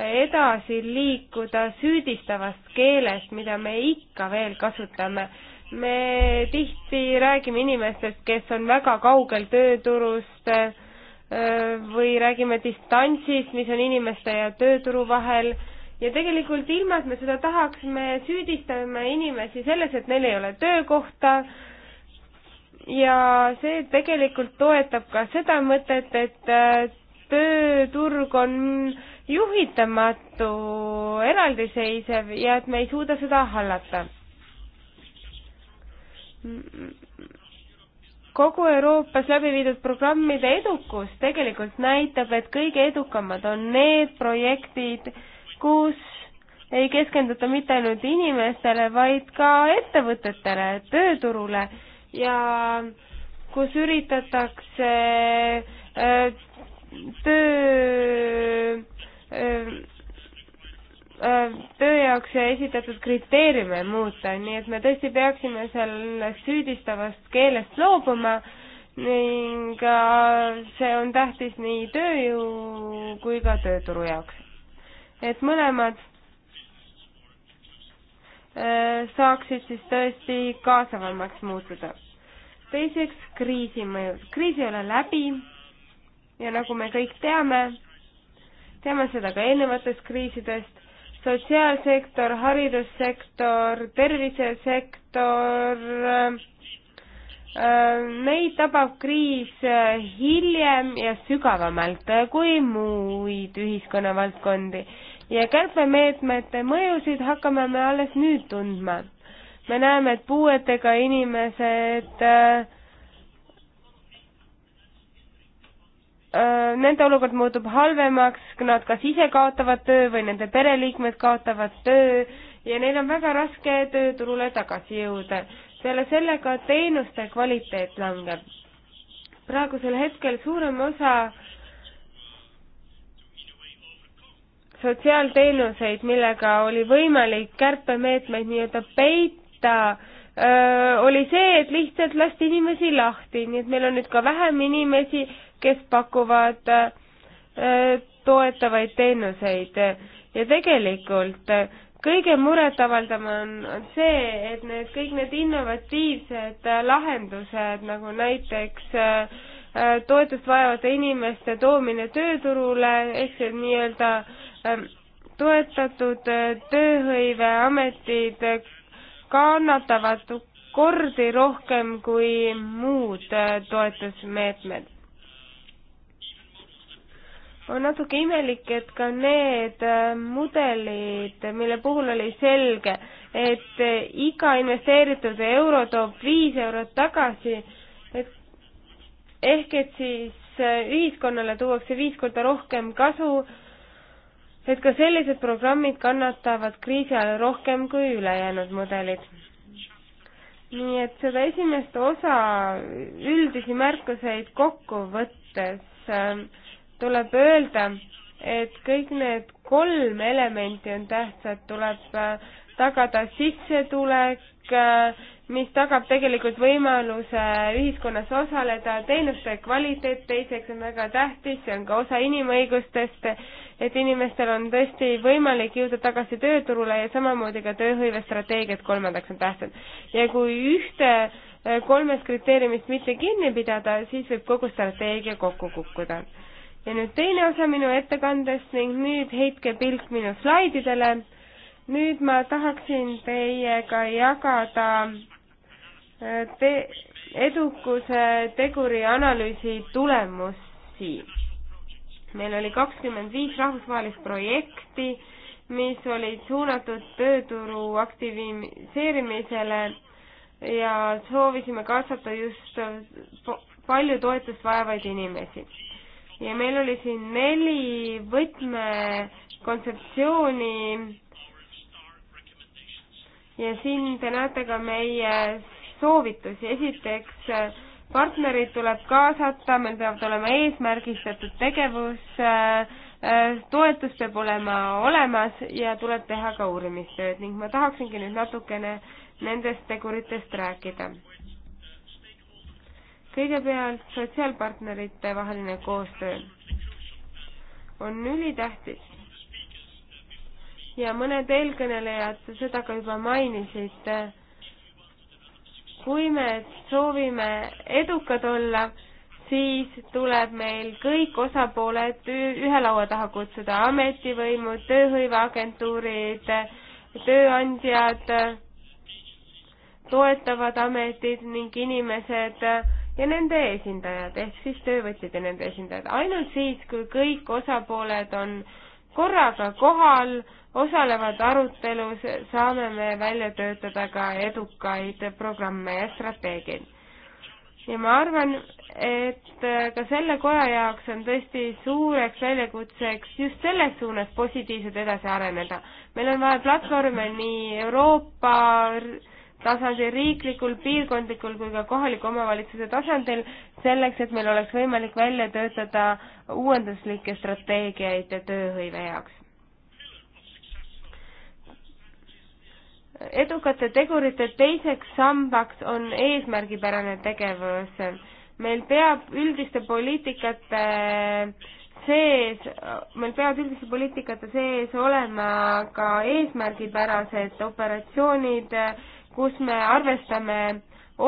edasi liikuda süüdistavast keelest, mida me ikka veel kasutame. me tihti räägime inimestest, kes on väga kaugel tööturust äh,, või räägime distantsist, mis on inimeste ja tööturu vahel ja tegelikult ilma, et me seda tahaks, me süüdistame inimesi selles, et neil ei ole töökohta ja see tegelikult toetab ka seda mõtet, et äh, tööturg on juhitamatu, eraldiseisev ja et me ei suuda seda hallata kogu Euroopas läbi viidud programmide edukus tegelikult näitab, et kõige edukamad on need projektid, kus ei keskenduta mitte ainult inimestele, vaid ka ettevõtetele, tööturule ja kus üritatakse äh, töö äh, Äh, töö jaoks ja esitatud kriteeriume muuta, nii et me tõesti peaksime sellest süüdistavast keelest loobuma ning äh, see on tähtis nii tööjõu kui ka tööturu jaoks. et mõlemad äh, saaksid siis tõesti kaasavamaks muutuda. teiseks, kriisi mõjud. kriis ei ole läbi ja nagu me kõik teame, teame seda ka eelnevatest kriisidest, sotsiaalsektor, haridussektor, tervisesektor, neid äh, tabab kriis äh, hiljem ja sügavamalt äh, kui muid ühiskonnavaldkondi ja kärpemeetmete mõjusid hakkame me alles nüüd tundma. me näeme, et puuetega inimesed äh, Äh, nende olukord muutub halvemaks, nad kas ise kaotavad töö või nende pereliikmed kaotavad töö ja neil on väga raske tööturule tagasi jõuda. peale sellega teenuste kvaliteet langeb. praegusel hetkel suurem osa sotsiaalteenuseid, millega oli võimalik kärpemeetmeid nii-öelda peita, äh, oli see, et lihtsalt lasti inimesi lahti, nii et meil on nüüd ka vähem inimesi, kes pakuvad äh, toetavaid teenuseid ja tegelikult äh, kõige muretavaldav on, on see, et need kõik need innovatiivsed äh, lahendused nagu näiteks äh, toetust vajavate inimeste toomine tööturule ehk see nii-öelda äh, toetatud äh, tööhõiveametid kannatavad kordi rohkem kui muud toetusmeetmed on natuke imelik, et ka need äh, mudelid, mille puhul oli selge, et äh, iga investeeritud euro toob viis eurot tagasi, et ehk et siis äh, ühiskonnale tuuakse viis korda rohkem kasu, et ka sellised programmid kannatavad kriisi ajal rohkem kui ülejäänud mudelid nii et seda esimest osa üldisi märkuseid kokku võttes äh, tuleb öelda, et kõik need kolm elementi on tähtsad, tuleb äh, tagada sissetulek, äh, mis tagab tegelikult võimaluse ühiskonnas osaleda, teenuste kvaliteet teiseks on väga tähtis, see on ka osa inimõigustest, et inimestel on tõesti võimalik jõuda tagasi tööturule ja samamoodi ka tööhõivestrateegiad kolmandaks on tähtsad. ja kui ühte äh, kolmest kriteeriumist mitte kinni pidada, siis võib kogu strateegia kokku kukkuda ja nüüd teine osa minu ettekandest ning nüüd heitke pilk minu slaididele. nüüd ma tahaksin teiega jagada äh, te edukuse teguri analüüsi tulemusi. meil oli kakskümmend viis rahvusvahelist projekti, mis olid suunatud tööturu aktiviseerimisele ja soovisime kaasata just palju toetust vajavaid inimesi ja meil oli siin neli võtmekontseptsiooni. ja siin te näete ka meie soovitusi, esiteks partnerid tuleb kaasata, meil peavad olema eesmärgistatud tegevus, toetus peab olema olemas ja tuleb teha ka uurimistööd ning ma tahaksingi nüüd natukene nendest teguritest rääkida kõigepealt sotsiaalpartnerite vaheline koostöö on ülitähtis ja mõned eelkõnelejad seda ka juba mainisid. kui me soovime edukad olla, siis tuleb meil kõik osapooled ühe laua taha kutsuda, ametivõimud, tööhõiveagentuurid, tööandjad, toetavad ametid ning inimesed ja nende esindajad ehk siis töövõtjad ja nende esindajad. ainult siis, kui kõik osapooled on korraga kohal, osalevad arutelus, saame me välja töötada ka edukaid programme ja strateegiaid. ja ma arvan, et ka selle koja jaoks on tõesti suureks väljakutseks just selles suunas positiivselt edasi areneda. meil on vaja platvorme nii Euroopa tasandil, riiklikul, piirkondlikul kui ka kohaliku omavalitsuse tasandil, selleks, et meil oleks võimalik välja töötada uuenduslikke strateegiaid tööhõive jaoks. edukate tegurite teiseks sambaks on eesmärgipärane tegevus. meil peab üldiste poliitikate sees, meil peavad üldiste poliitikate sees olema ka eesmärgipärased operatsioonid, kus me arvestame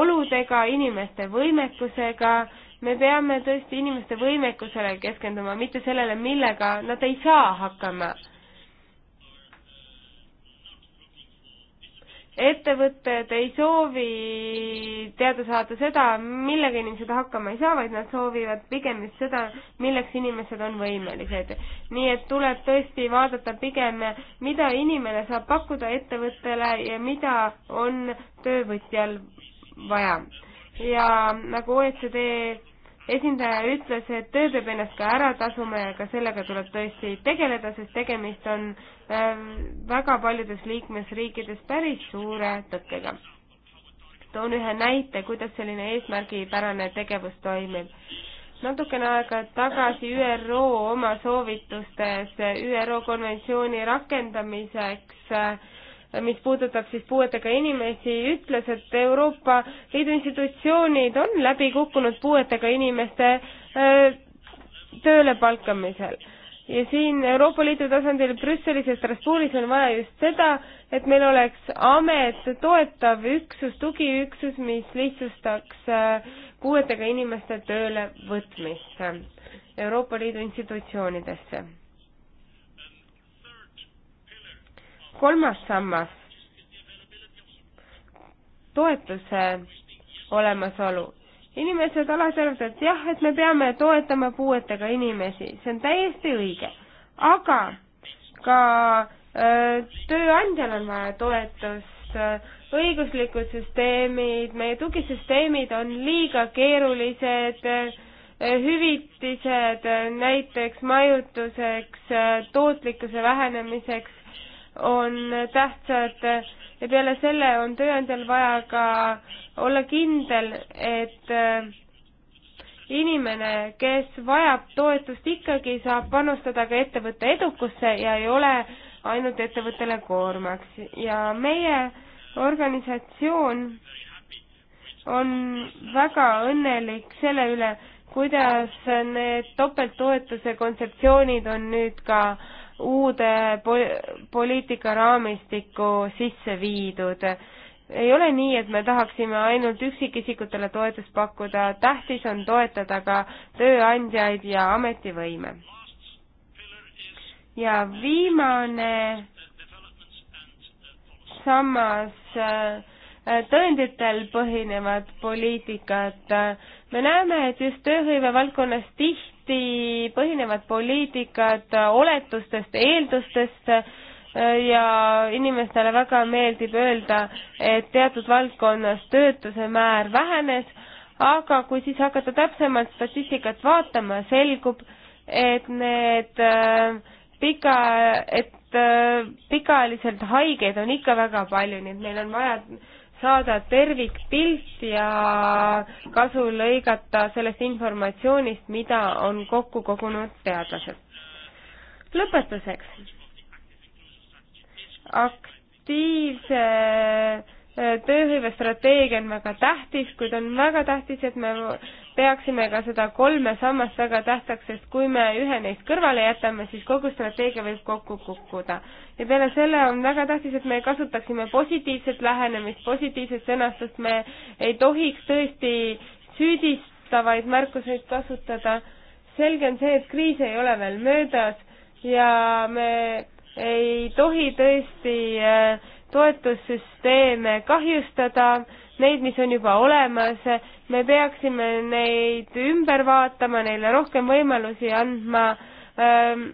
oludega, inimeste võimekusega, me peame tõesti inimeste võimekusele keskenduma, mitte sellele, millega nad ei saa hakkama ettevõtted ei soovi teada saada seda, millega inimesed hakkama ei saa, vaid nad soovivad pigem just seda, milleks inimesed on võimelised. nii et tuleb tõesti vaadata pigem, mida inimene saab pakkuda ettevõttele ja mida on töövõtjal vaja. ja nagu OECD esindaja ütles, et töö peab ennast ka ära tasuma ja ka sellega tuleb tõesti tegeleda, sest tegemist on äh, väga paljudes liikmesriikides päris suure tõkkega. toon ühe näite, kuidas selline eesmärgipärane tegevus toimib. natukene aega tagasi ÜRO oma soovitustes ÜRO konventsiooni rakendamiseks äh, mis puudutab siis puuetega inimesi, ütles, et Euroopa Liidu institutsioonid on läbi kukkunud puuetega inimeste tööle palkamisel. ja siin Euroopa Liidu tasandil Brüsselis ja Strasbourgis on vaja just seda, et meil oleks amet, toetav üksus, tugiüksus, mis lihtsustaks puuetega inimeste tööle võtmist Euroopa Liidu institutsioonidesse kolmas sammas, toetuse olemasolu. inimesed alati arvavad, et jah, et me peame toetama puuetega inimesi, see on täiesti õige, aga ka öö, äh, tööandjal on vaja toetust, õiguslikud süsteemid, meie tugisüsteemid on liiga keerulised, äh, hüvitised äh, näiteks majutuseks, tootlikkuse vähenemiseks, on tähtsad ja peale selle on tööandjal vaja ka olla kindel, et äh, inimene, kes vajab toetust, ikkagi saab panustada ka ettevõtte edukusse ja ei ole ainult ettevõttele koormaks ja meie organisatsioon on väga õnnelik selle üle, kuidas need topelttoetuse kontseptsioonid on nüüd ka äh, uude po-, poliitikaraamistikku sisse viidud. ei ole nii, et me tahaksime ainult üksikisikutele toetust pakkuda, tähtis on toetada ka tööandjaid ja ametivõime. ja viimane sammas äh, tõenditel põhinevad poliitikad. me näeme, et just tööhõive valdkonnas tihti tihti põhinevad poliitikad oletustest, eeldustest äh, ja inimestele väga meeldib öelda, et teatud valdkonnas töötuse määr vähenes, aga kui siis hakata täpsemalt statistikat vaatama, selgub, et need äh, pika, et äh, pikaajaliselt haigeid on ikka väga palju, nii et meil on vaja saada tervikpilt ja kasu lõigata sellest informatsioonist, mida on kokku kogunud teadlased. lõpetuseks. aktiivse Äh, tööhõivestrateegia on väga tähtis, kuid on väga tähtis, et me peaksime ka seda kolme sammast väga tähtsaks, sest kui me ühe neist kõrvale jätame, siis kogu strateegia võib kokku kukkuda. ja peale selle on väga tähtis, et me kasutaksime positiivset lähenemist, positiivset sõnastust, me ei tohiks tõesti süüdistavaid märkuseid kasutada. selge on see, et kriis ei ole veel möödas ja me ei tohi tõesti äh, toetussüsteeme kahjustada, neid, mis on juba olemas, me peaksime neid ümber vaatama, neile rohkem võimalusi andma ähm,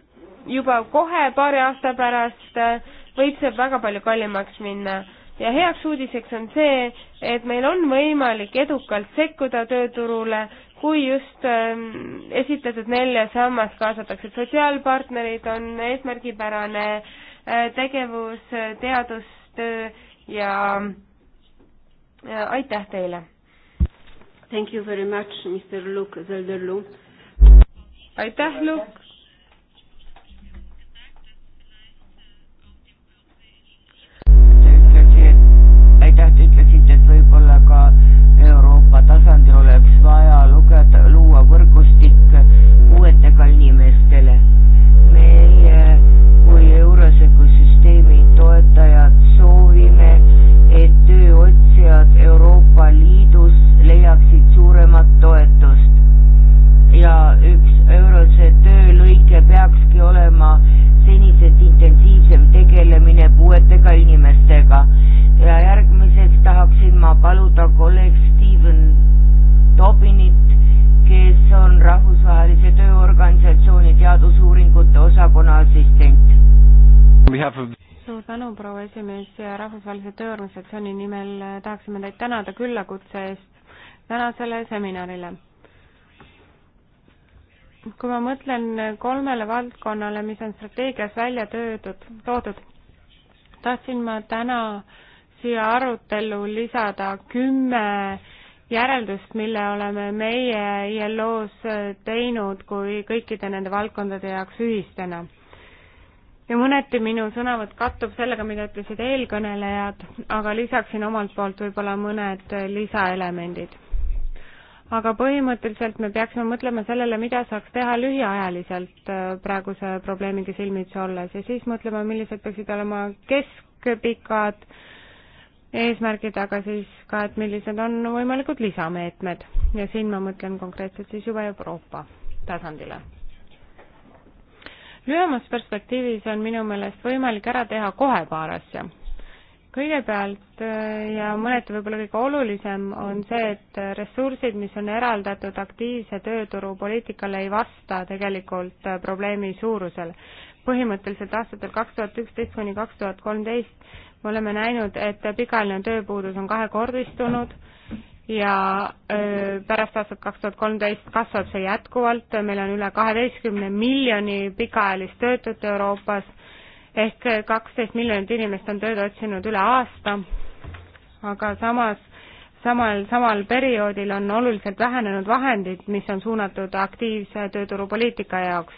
juba kohe paari aasta pärast äh, võib see väga palju kallimaks minna. ja heaks uudiseks on see, et meil on võimalik edukalt sekkuda tööturule, kui just ähm, esitletud nelja sammast kaasatakse. sotsiaalpartnerid on eesmärgipärane äh, tegevus äh, teadus koostöö ja, ja aitäh teile! Thank you very much, Mr Luke Zelderlu. aitäh, Luke! aitäh, te ütlesite, et võib-olla ka Euroopa tasandil oleks vaja lugeda, luua võrgustik puuetega inimestele. meie kui Eurosegu süsteemi toetajad kategooriad Euroopa Liidus leiaksid suuremat toetust. ja üks Eurose töölõike peakski olema senisest intensiivsem tegelemine puuetega inimestega. ja järgmiseks tahaksin ma paluda kolleeg Steven Tobinit, kes on Rahvusvahelise Tööorganisatsiooni teadusuuringute osakonna assistent. Of suur tänu, proua esimees ja Rahvusvahelise Tööorganisatsiooni nimel eh, tahaksime teid tänada küllakutse eest tänasele seminarile. kui ma mõtlen kolmele valdkonnale, mis on strateegias välja töödud, toodud, tahtsin ma täna siia arutellu lisada kümme järeldust, mille oleme meie ILO-s eh, teinud kui kõikide nende valdkondade jaoks ühistena ja mõneti minu sõnavõtt kattub sellega, mida ütlesid eelkõnelejad, aga lisaksin omalt poolt võib-olla mõned äh, lisaelemendid. aga põhimõtteliselt me peaksime mõtlema sellele, mida saaks teha lühiajaliselt äh, praeguse probleemiga silmitsi olles ja siis mõtlema, millised peaksid olema keskpikad eesmärgid, aga siis ka, et millised on võimalikud lisameetmed ja siin ma mõtlen konkreetselt siis juba Euroopa tasandile lühemas perspektiivis on minu meelest võimalik ära teha kohe paar asja. kõigepealt äh, ja mõneti võib-olla kõige olulisem on see, et ressursid, mis on eraldatud aktiivse tööturupoliitikale, ei vasta tegelikult äh, probleemi suurusele. põhimõtteliselt aastatel kaks tuhat üksteist kuni kaks tuhat kolmteist me oleme näinud, et pikaajaline tööpuudus on kahekordistunud ja pärast aastat kaks tuhat kolmteist kasvab see jätkuvalt, meil on üle kaheteistkümne miljoni pikaajalist töötut Euroopas ehk kaksteist miljonit inimest on tööd otsinud üle aasta, aga samas, samal, samal perioodil on oluliselt vähenenud vahendid, mis on suunatud aktiivse tööturupoliitika jaoks.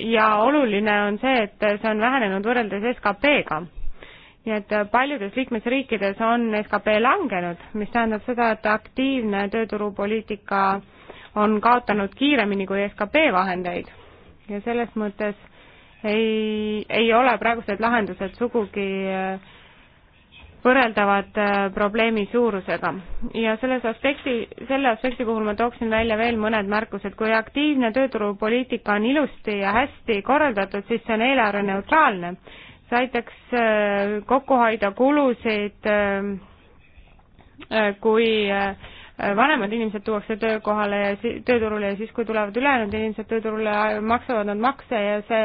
ja oluline on see, et see on vähenenud võrreldes SKP-ga nii et äh, paljudes liikmesriikides on skp langenud, mis tähendab seda, et aktiivne tööturupoliitika on kaotanud kiiremini kui skp vahendeid ja selles mõttes ei, ei ole praegused lahendused sugugi äh, võrreldavad äh, probleemi suurusega. ja selles aspekti, selle aspekti puhul ma tooksin välja veel mõned märkused, kui aktiivne tööturupoliitika on ilusti ja hästi korraldatud, siis see on eelarveneutraalne see aitaks äh, kokku hoida kulusid, äh, äh, kui vanemad inimesed tuuakse töökohale ja tööturule ja siis, kui tulevad ülejäänud inimesed tööturule, maksavad nad makse ja see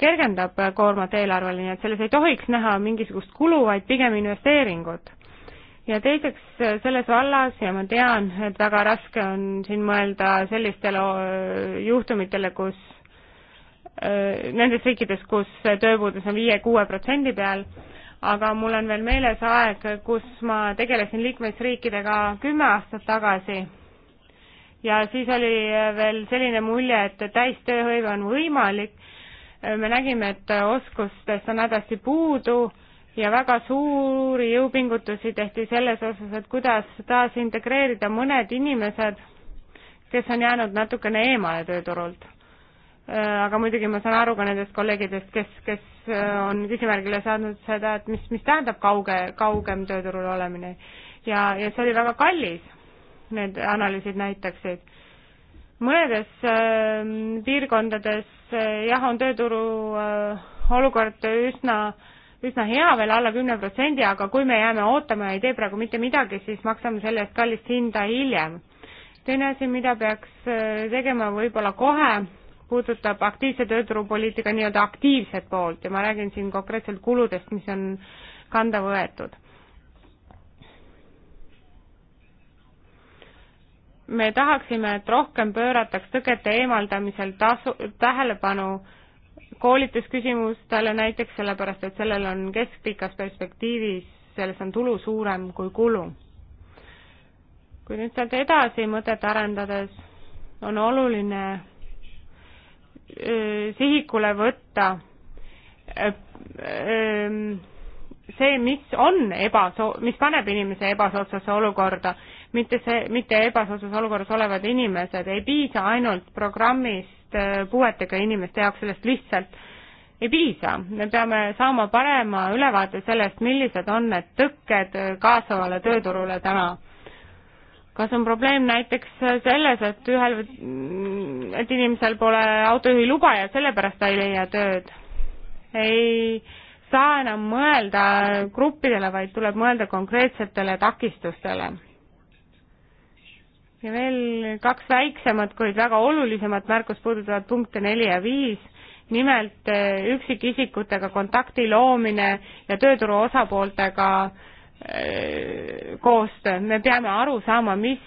kergendab koormat eelarvele, nii et selles ei tohiks näha mingisugust kulu, vaid pigem investeeringut. ja teiseks selles vallas ja ma tean, et väga raske on siin mõelda sellistele juhtumitele, kus Äh, nendes riikides, kus tööpuudus on viie-kuue protsendi peal, aga mul on veel meeles aeg, kus ma tegelesin liikmesriikidega kümme aastat tagasi ja siis oli veel selline mulje, et täistööhõive on võimalik. Äh, me nägime, et oskustest on hädasti puudu ja väga suuri jõupingutusi tehti selles osas, et kuidas taas integreerida mõned inimesed, kes on jäänud natukene eemale tööturult. Äh, aga muidugi ma saan aru ka nendest kolleegidest, kes, kes äh, on küsimärgile saanud seda, et mis, mis tähendab kauge, kaugem tööturul olemine. ja, ja see oli väga kallis, need analüüsid näitaksid. mõnedes äh, piirkondades äh, jah, on tööturu äh, olukord üsna üsna hea veel alla kümne protsendi, aga kui me jääme ootama ja ei tee praegu mitte midagi, siis maksame selle eest kallist hinda hiljem. teine asi, mida peaks äh, tegema võib-olla kohe, puudutab aktiivse tööturupoliitika nii-öelda aktiivset poolt ja ma räägin siin konkreetselt kuludest, mis on kanda võetud. me tahaksime, et rohkem pöörataks tõkete eemaldamisel tasu, tähelepanu koolitusküsimustele näiteks, sellepärast et sellel on keskpikas perspektiivis, sellest on tulu suurem kui kulu. kui nüüd sealt edasi mõtet arendades, on oluline sihikule võtta see, mis on ebaso-, mis paneb inimese ebasoodsasse olukorda, mitte see, mitte ebasoodsas olukorras olevad inimesed, ei piisa ainult programmist puuetega inimeste jaoks, sellest lihtsalt ei piisa. me peame saama parema ülevaate sellest, millised on need tõkked kaasavale tööturule täna kas on probleem näiteks selles, et ühel, et inimesel pole autojuhi luba ja sellepärast ta ei leia tööd? ei saa enam mõelda gruppidele, vaid tuleb mõelda konkreetsetele takistustele. ja veel kaks väiksemat, kuid väga olulisemat märkust puudutavad punkte neli ja viis, nimelt üksikisikutega kontakti loomine ja tööturu osapooltega äh, Eh, koostöö, me peame aru saama, mis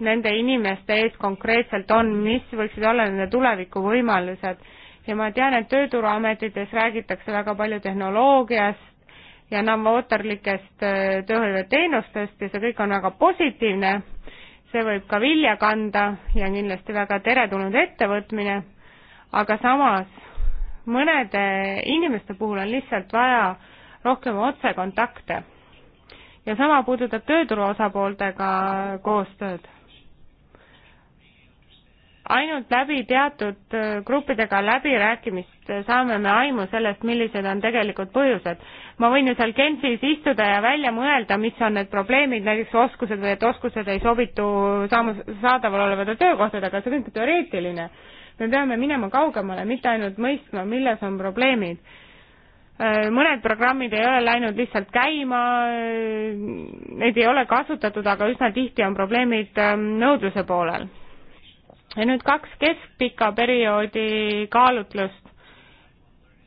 nende inimeste ees konkreetselt on, mis võiksid olla nende tulevikuvõimalused ja ma tean, et Tööturuametites räägitakse väga palju tehnoloogiast ja navootorlikest eh, tööhõiveteenustest ja see kõik on väga positiivne, see võib ka vilja kanda ja on kindlasti väga teretulnud ettevõtmine, aga samas mõnede inimeste puhul on lihtsalt vaja rohkem otsekontakte ja sama puudutab tööturu osapooltega koostööd. ainult läbi teatud äh, gruppidega läbirääkimist äh, saame me aimu sellest, millised on tegelikud põhjused. ma võin ju seal Genfis istuda ja välja mõelda, mis on need probleemid, näiteks oskused või et oskused ei sobitu saama, saadaval olevate töökohtadega, see kõik teoreetiline. me peame minema kaugemale, mitte ainult mõistma, milles on probleemid Äh, mõned programmid ei ole läinud lihtsalt käima, äh, neid ei ole kasutatud, aga üsna tihti on probleemid ähm, nõudluse poolel. ja nüüd kaks keskpika perioodi kaalutlust.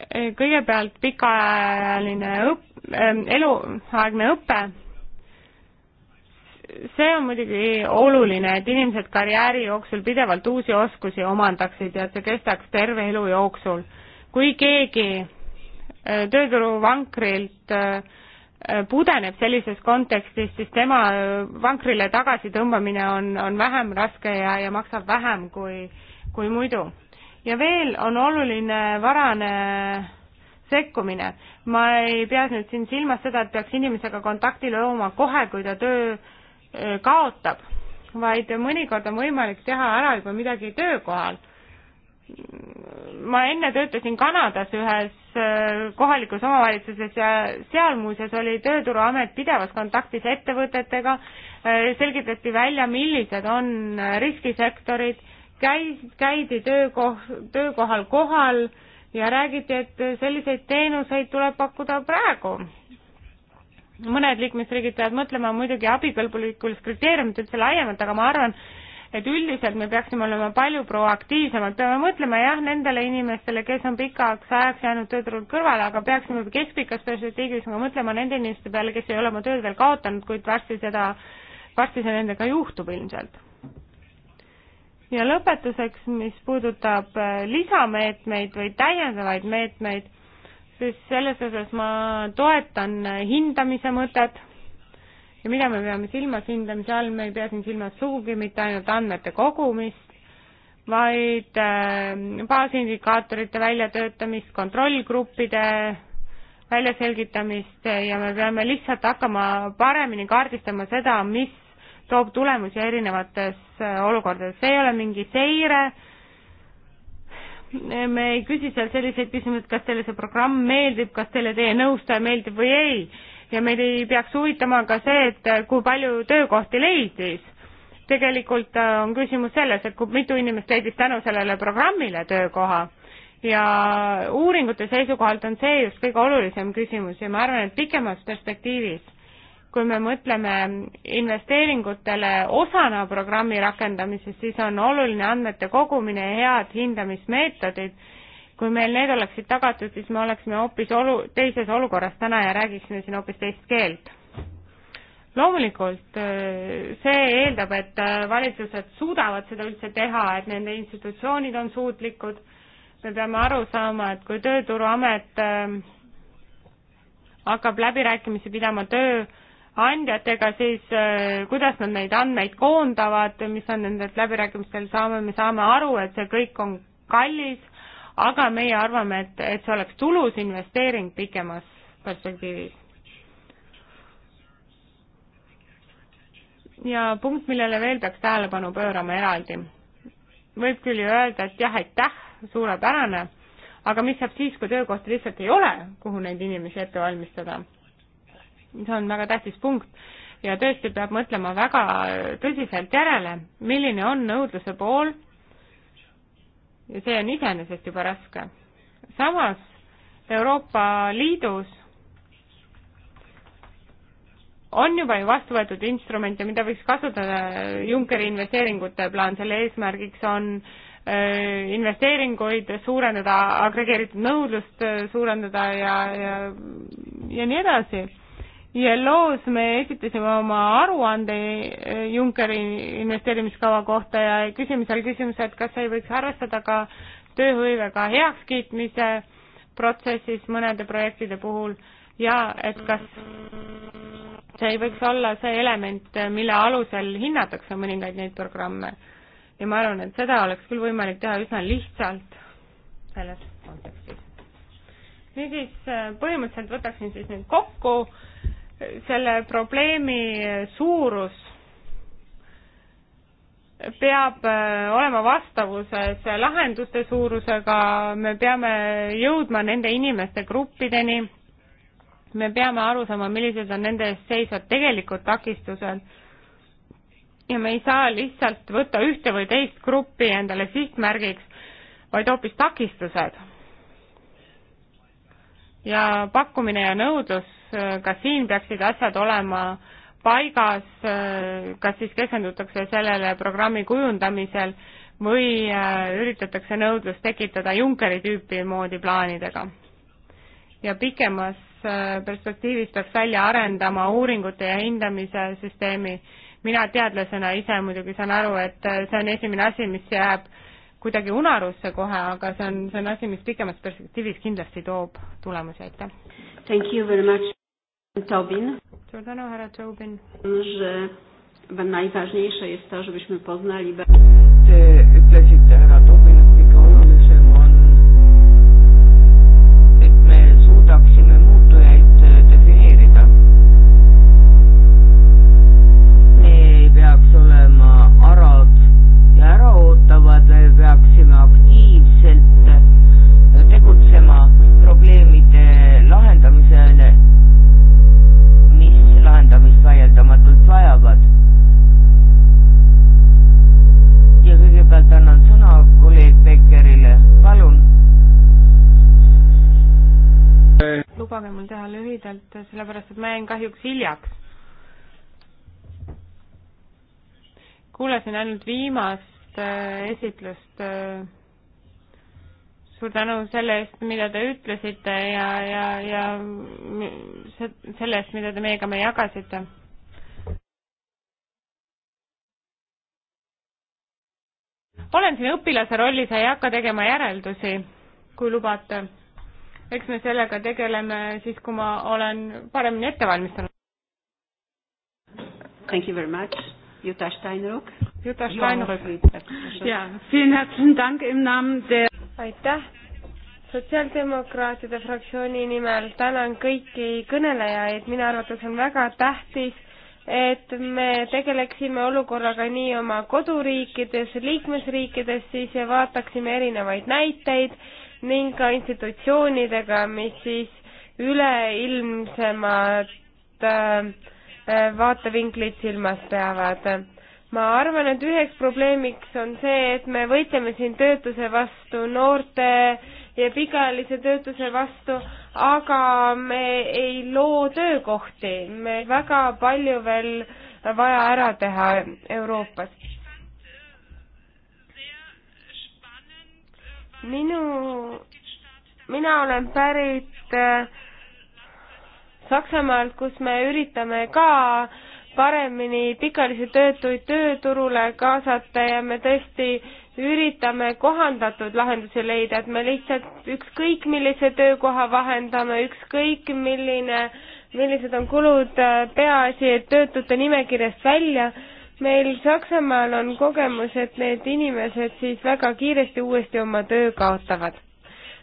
Äh, kõigepealt pikaajaline õpp-, ähm, eluaegne õpe, see on muidugi oluline, et inimesed karjääri jooksul pidevalt uusi oskusi omandaksid ja et see kestaks terve elu jooksul. kui keegi tööturuvankrilt äh, pudeneb sellises kontekstis, siis tema äh, vankrile tagasitõmbamine on, on vähem raske ja, ja maksab vähem kui, kui muidu. ja veel on oluline varane sekkumine. ma ei pea nüüd siin silmas seda, et peaks inimesega kontakti looma kohe, kui ta töö äh, kaotab, vaid mõnikord on võimalik teha ära juba midagi töökohal ma enne töötasin Kanadas ühes äh, kohalikus omavalitsuses ja seal muuseas oli Tööturuamet pidevas kontaktis ettevõtetega, äh, selgitati välja, millised on äh, riskisektorid, käis, käidi töökoh-, töökohal kohal ja räägiti, et selliseid teenuseid tuleb pakkuda praegu. mõned liikmesriigid peavad mõtlema muidugi abikõlbulikust kriteeriumit üldse laiemalt, aga ma arvan, et üldiselt me peaksime olema palju proaktiivsemad, peame mõtlema jah, nendele inimestele, kes on pikaks ajaks jäänud tööturult kõrvale, aga peaksime keskpikas perspektiivis ka mõtlema nende inimeste peale, kes ei ole oma tööd veel kaotanud, kuid varsti seda, varsti see nendega juhtub ilmselt. ja lõpetuseks, mis puudutab äh, lisameetmeid või täiendavaid meetmeid, siis selles osas ma toetan äh, hindamise mõtet ja mida me peame silmas hindamise all, me ei pea siin silmas sugugi mitte ainult andmete kogumist, vaid äh, baasindikaatorite väljatöötamist, kontrollgruppide väljaselgitamist ja me peame lihtsalt hakkama paremini kaardistama seda, mis toob tulemusi erinevates äh, olukordades, see ei ole mingi seire, me ei küsi seal selliseid küsimusi, kas teile see programm meeldib, kas teile teie nõustaja meeldib või ei ja meid ei peaks huvitama ka see, et eh, kui palju töökohti leidis. tegelikult eh, on küsimus selles, et kui mitu inimest leidis tänu sellele programmile töökoha ja uuringute seisukohalt on see just kõige olulisem küsimus ja ma arvan, et pikemas perspektiivis, kui me mõtleme investeeringutele osana programmi rakendamisest, siis on oluline andmete kogumine ja head hindamismeetodid kui meil need oleksid tagatud, siis me oleksime hoopis olu-, teises olukorras täna ja räägiksime siin hoopis teist keelt. loomulikult äh, see eeldab, et äh, valitsused suudavad seda üldse teha, et nende institutsioonid on suutlikud, me peame aru saama, et kui Tööturuamet äh, hakkab läbirääkimisi pidama töö andjatega, siis kuidas nad neid andmeid koondavad, mis on nendelt läbirääkimistel saame, me saame aru, et see kõik on kallis aga meie arvame, et, et see oleks tulus investeering pikemas perspektiivis. ja punkt, millele veel peaks tähelepanu pöörama eraldi. võib küll ju öelda, et jah, aitäh, suurepärane, aga mis saab siis, kui töökohti lihtsalt ei ole, kuhu neid inimesi ette valmistada? see on väga tähtis punkt ja tõesti peab mõtlema väga tõsiselt järele, milline on nõudluse pool ja see on iseenesest juba raske. samas Euroopa Liidus on juba ju vastu võetud instrumente, mida võiks kasutada, Junckeri investeeringute plaan, selle eesmärgiks on äh, investeeringuid suurendada, agregeeritud nõudlust äh, suurendada ja, ja, ja nii edasi ILO-s me esitasime oma aruande eh, Junckeri investeerimiskava kohta ja küsime seal küsimuse, et kas ei võiks arvestada ka tööhõivega heakskiitmise protsessis mõnede projektide puhul ja et kas see ei võiks olla see element, mille alusel hinnatakse mõningaid neid programme. ja ma arvan, et seda oleks küll võimalik teha üsna lihtsalt selles kontekstis. niisiis, põhimõtteliselt võtaksin siis nüüd kokku selle probleemi suurus peab äh, olema vastavuses lahenduste suurusega, me peame jõudma nende inimeste gruppideni, me peame aru saama, millised on nende ees seisvad tegelikud takistused ja me ei saa lihtsalt võtta ühte või teist gruppi endale sihtmärgiks, vaid hoopis takistused. ja pakkumine ja nõudlus Äh, ka siin peaksid asjad olema paigas, äh, kas siis keskendutakse sellele programmi kujundamisel või äh, üritatakse nõudlust tekitada Junckeri tüüpi moodi plaanidega. ja pikemas perspektiivis peaks välja arendama uuringute ja hindamise süsteemi. mina teadlasena ise muidugi saan aru, et see on esimene asi, mis jääb kuidagi unarusse kohe, aga see on, see on asi, mis pikemas perspektiivis kindlasti toob tulemusi, aitäh! Tobin. Suur tänu, härra Tobin. Najważniejsze jest to, żebyśmy poznali... Te ütlesite lubage mul teha lühidalt, sellepärast et ma jäin kahjuks hiljaks. kuulasin ainult viimast äh, esitlust äh, suur tänu selle eest, mida te ütlesite ja, ja, ja selle eest, mida te meiega me jagasite. olen siin õpilase rollis ja ei hakka tegema järeldusi, kui lubate eks me sellega tegeleme siis, kui ma olen paremini ette valmistanud. Thank you very much. Jutta Steinruck. Jutta Steinruck. jaa, vielen herzlichen Dank im Namen der aitäh! sotsiaaldemokraatide fraktsiooni nimel tänan kõiki kõnelejaid, minu arvates on väga tähtis, et me tegeleksime olukorraga nii oma koduriikides, liikmesriikides siis ja vaataksime erinevaid näiteid ning ka institutsioonidega, mis siis üleilmsemad äh, äh, vaatevinklid silmas peavad. ma arvan, et üheks probleemiks on see, et me võitleme siin töötuse vastu, noorte ja pikaajalise töötuse vastu, aga me ei loo töökohti, me väga palju veel vaja ära teha Euroopas minu, mina olen pärit äh, Saksamaalt, kus me üritame ka paremini pikalisi töötuid tööturule kaasata ja me tõesti üritame kohandatud lahendusi leida, et me lihtsalt ükskõik millise töökoha vahendame, ükskõik milline, millised on kulud, äh, peaasi, et töötute nimekirjast välja meil Saksamaal on kogemus, et need inimesed siis väga kiiresti uuesti oma töö kaotavad.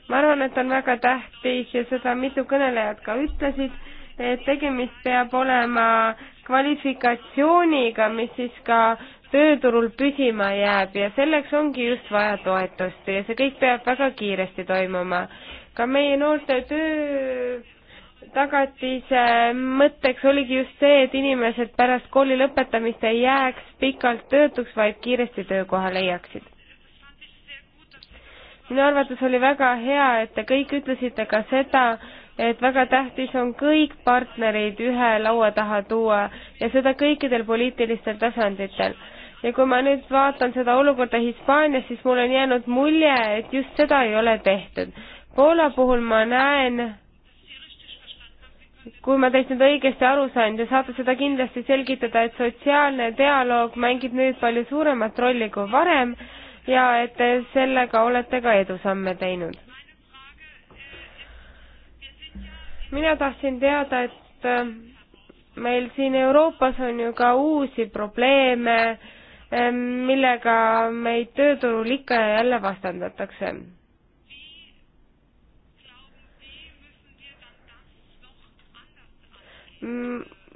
ma arvan, et on väga tähtis ja seda mitu kõnelejat ka ütlesid, et tegemist peab olema kvalifikatsiooniga, mis siis ka tööturul püsima jääb ja selleks ongi just vaja toetust ja see kõik peab väga kiiresti toimuma. ka meie noorte töö tagatise mõtteks oligi just see, et inimesed pärast kooli lõpetamist ei jääks pikalt töötuks, vaid kiiresti töökoha leiaksid. minu arvates oli väga hea, et te kõik ütlesite ka seda, et väga tähtis on kõik partnerid ühe laua taha tuua ja seda kõikidel poliitilistel tasanditel ja kui ma nüüd vaatan seda olukorda Hispaanias, siis mul on jäänud mulje, et just seda ei ole tehtud. Poola puhul ma näen, kui ma teist nüüd õigesti aru sain, te saate seda kindlasti selgitada, et sotsiaalne dialoog mängib nüüd palju suuremat rolli kui varem ja et te sellega olete ka edusamme teinud. mina tahtsin teada, et äh, meil siin Euroopas on ju ka uusi probleeme, äh, millega meid tööturul ikka ja jälle vastandatakse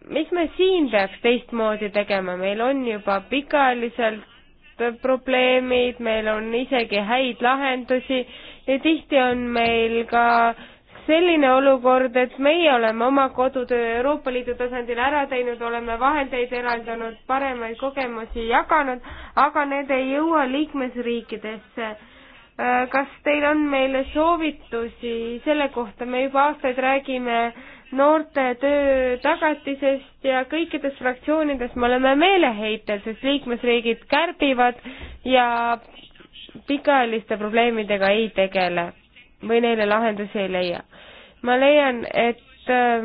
mis me siin peaks teistmoodi tegema, meil on juba pikaajaliselt probleemid, meil on isegi häid lahendusi ja tihti on meil ka selline olukord, et meie oleme oma kodutöö Euroopa Liidu tasandil ära teinud, oleme vahendeid eraldanud, paremaid kogemusi jaganud, aga need ei jõua liikmesriikidesse. Äh, kas teil on meile soovitusi selle kohta, me juba aastaid räägime äh, noorte töö tagatisest ja kõikides fraktsioonides me oleme meeleheitel, sest liikmesriigid kärbivad ja pikaajaliste probleemidega ei tegele või neile lahendusi ei leia. ma leian, et äh,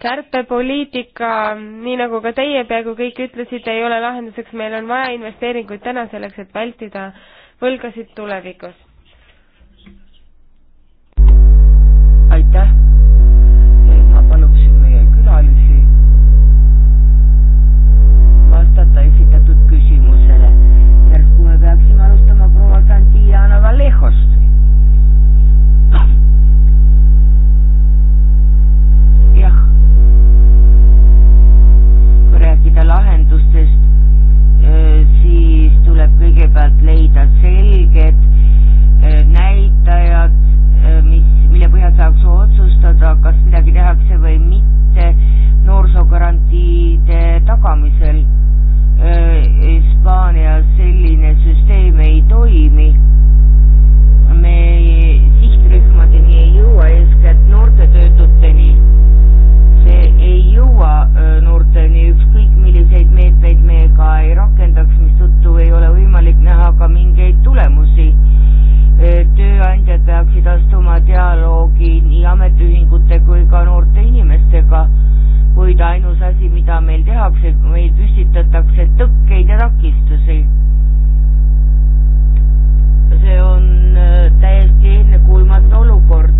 kärpepoliitika, nii nagu ka teie peaaegu kõik ütlesid, ei ole lahenduseks, meil on vaja investeeringuid täna selleks, et vältida võlgasid tulevikus. aitäh! kõigepealt leida selged äh, näitajad, äh, mis, mille põhjal saaks otsustada, kas midagi tehakse või mitte noorsoogarantiide tagamisel. Äh, Hispaanias selline süsteem ei toimi. me sihtrühmadeni ei jõua, eeskätt noorte töötuteni see ei jõua noorteni, ükskõik milliseid meetmeid me ka ei rakendaks, mistõttu ei ole võimalik näha ka mingeid tulemusi. tööandjad peaksid astuma dialoogi nii ametiühingute kui ka noorte inimestega, kuid ainus asi, mida meil tehakse, meil püstitatakse tõkkeid ja takistusi. see on täiesti ennekuulmatu olukord,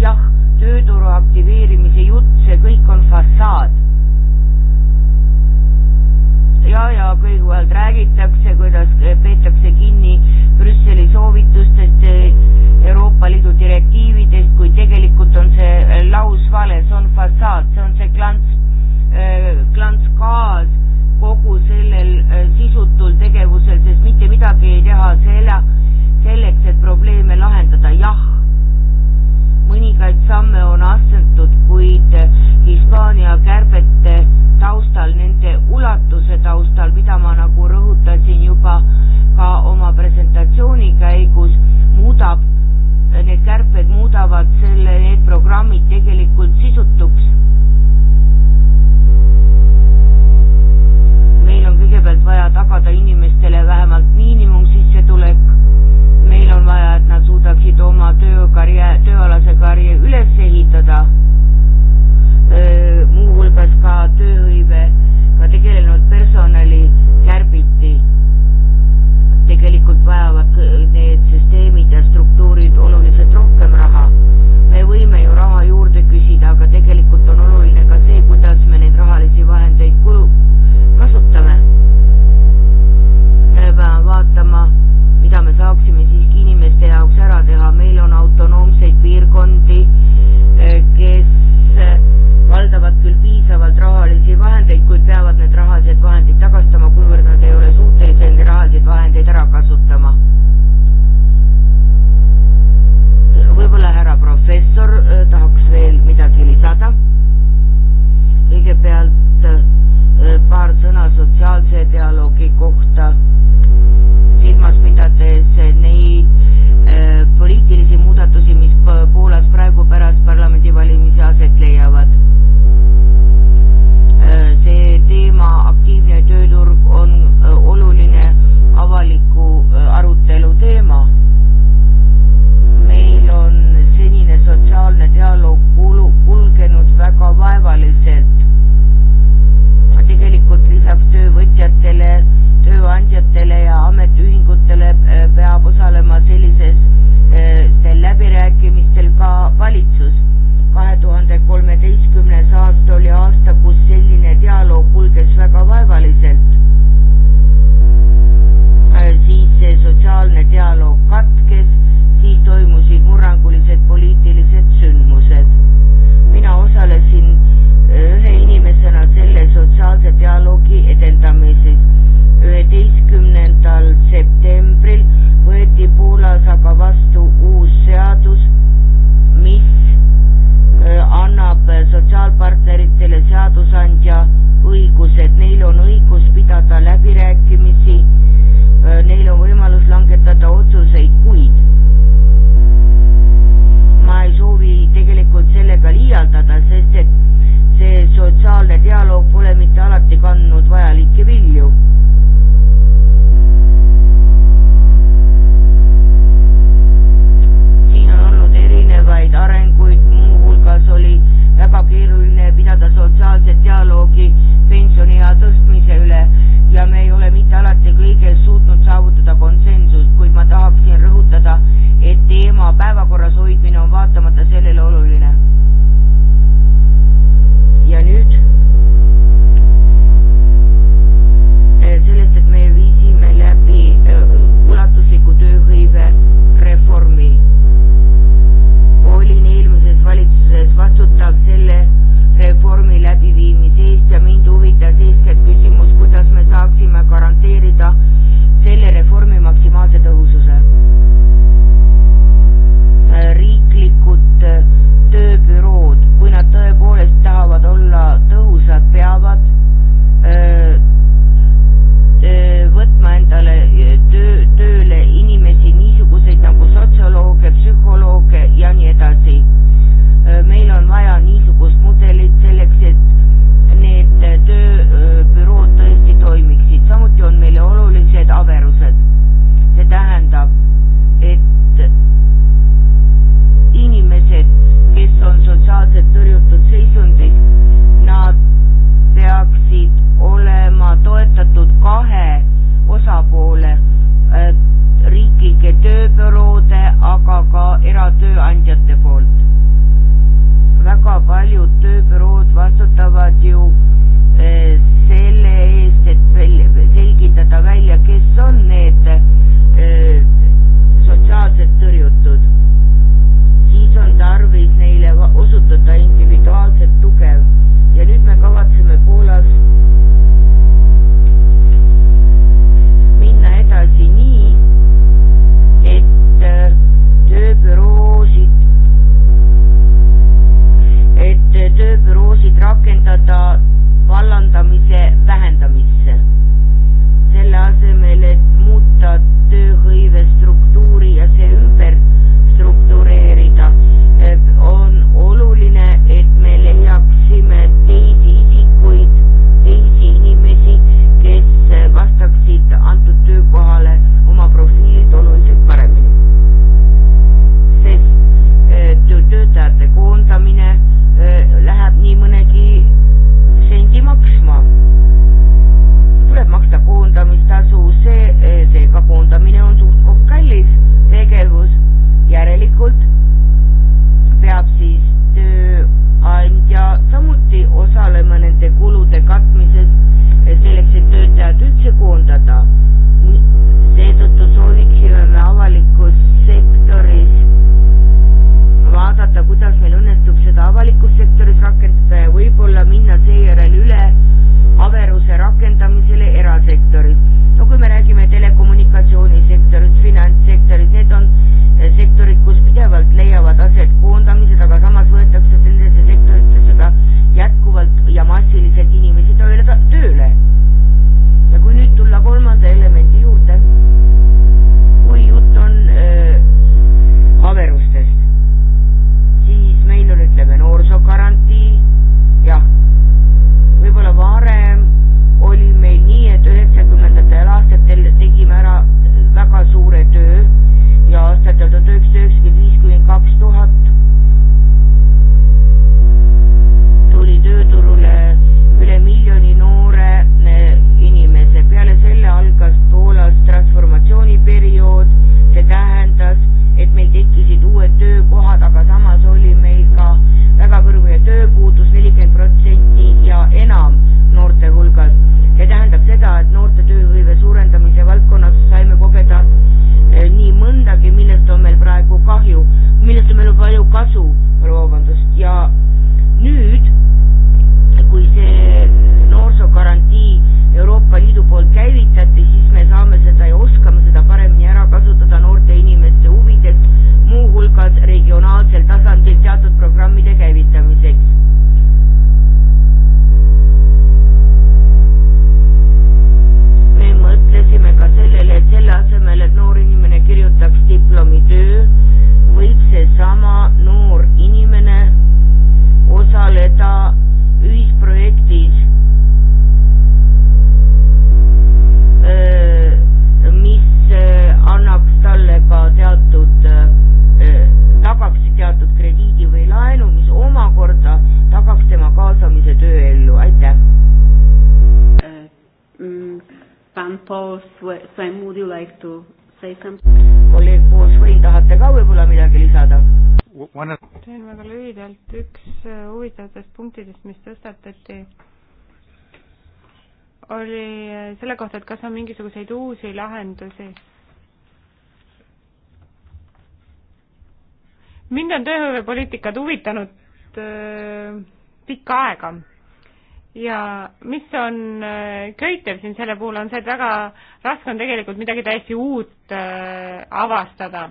jah tööturu aktiveerimise jutt, see kõik on fassaad. ja, ja kõigepealt räägitakse, kuidas peetakse kinni Brüsseli soovitustest, Euroopa Liidu direktiividest, kuid tegelikult on see lausvale. oli selle kohta, et kas on mingisuguseid uusi lahendusi. mind on tööhõivepoliitikad huvitanud öö, äh, pikka aega ja mis on äh, köitev siin selle puhul, on see, et väga raske on tegelikult midagi täiesti uut öö, äh, avastada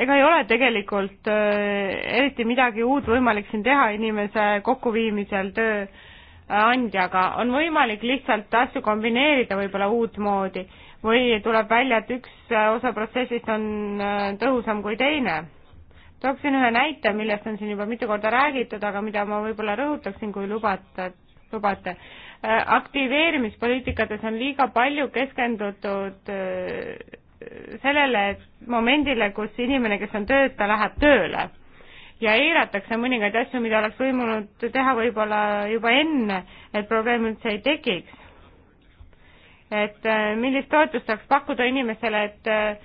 ega ei ole tegelikult öö, eriti midagi uut võimalik siin teha inimese kokkuviimisel töö andjaga, on võimalik lihtsalt asju kombineerida võib-olla uutmoodi või tuleb välja, et üks äh, osa protsessist on äh, tõhusam kui teine. tooksin ühe näite, millest on siin juba mitu korda räägitud, aga mida ma võib-olla rõhutaksin, kui lubate, lubate. Äh, aktiveerimispoliitikates on liiga palju keskendutud sellele momendile, kus inimene, kes on tööta, läheb tööle ja eiratakse mõningaid asju, mida oleks võimunud teha võib-olla juba enne, et probleem üldse ei tekiks. et äh, millist toetust saaks pakkuda inimestele, et äh,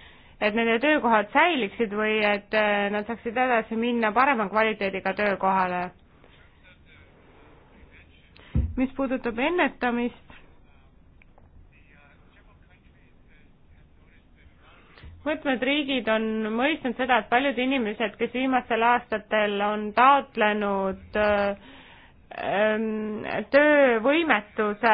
et nende töökohad säiliksid või et äh, nad saaksid edasi minna parema kvaliteediga töökohale. mis puudutab ennetamist, mitmed riigid on mõistnud seda, et paljud inimesed, kes viimastel aastatel on taotlenud ähm, töövõimetuse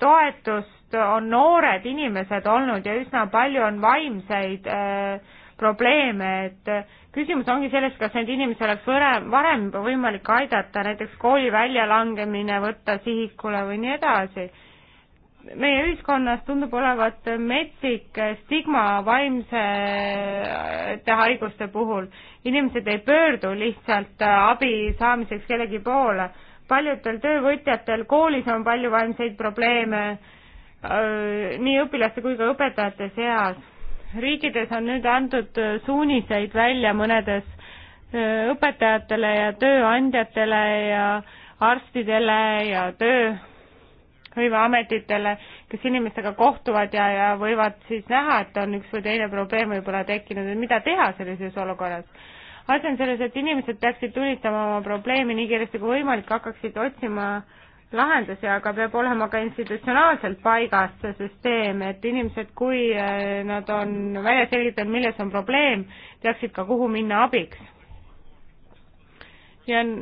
toetust, on noored inimesed olnud ja üsna palju on vaimseid äh, probleeme, et küsimus ongi selles, kas neid inimesi oleks võrem, varem võimalik aidata, näiteks kooli väljalangemine võtta sihikule või nii edasi meie ühiskonnas tundub olevat metsik stigma vaimsete äh, haiguste puhul. inimesed ei pöördu lihtsalt äh, abi saamiseks kellegi poole. paljudel töövõtjatel koolis on palju vaimseid probleeme äh, nii õpilaste kui ka õpetajate seas. riikides on nüüd antud suuniseid välja mõnedes õpetajatele ja tööandjatele ja arstidele ja töö hõiveametitele, kes inimestega kohtuvad ja, ja võivad siis näha, et on üks või teine probleem võib-olla tekkinud, et mida teha sellises olukorras. asi on selles, et inimesed peaksid tunnistama oma probleemi nii kiiresti kui võimalik, hakkaksid otsima lahendusi, aga peab olema ka institutsionaalselt paigas see süsteem, et inimesed, kui äh, nad on välja selgitanud, milles on probleem, teaksid ka, kuhu minna abiks. ja on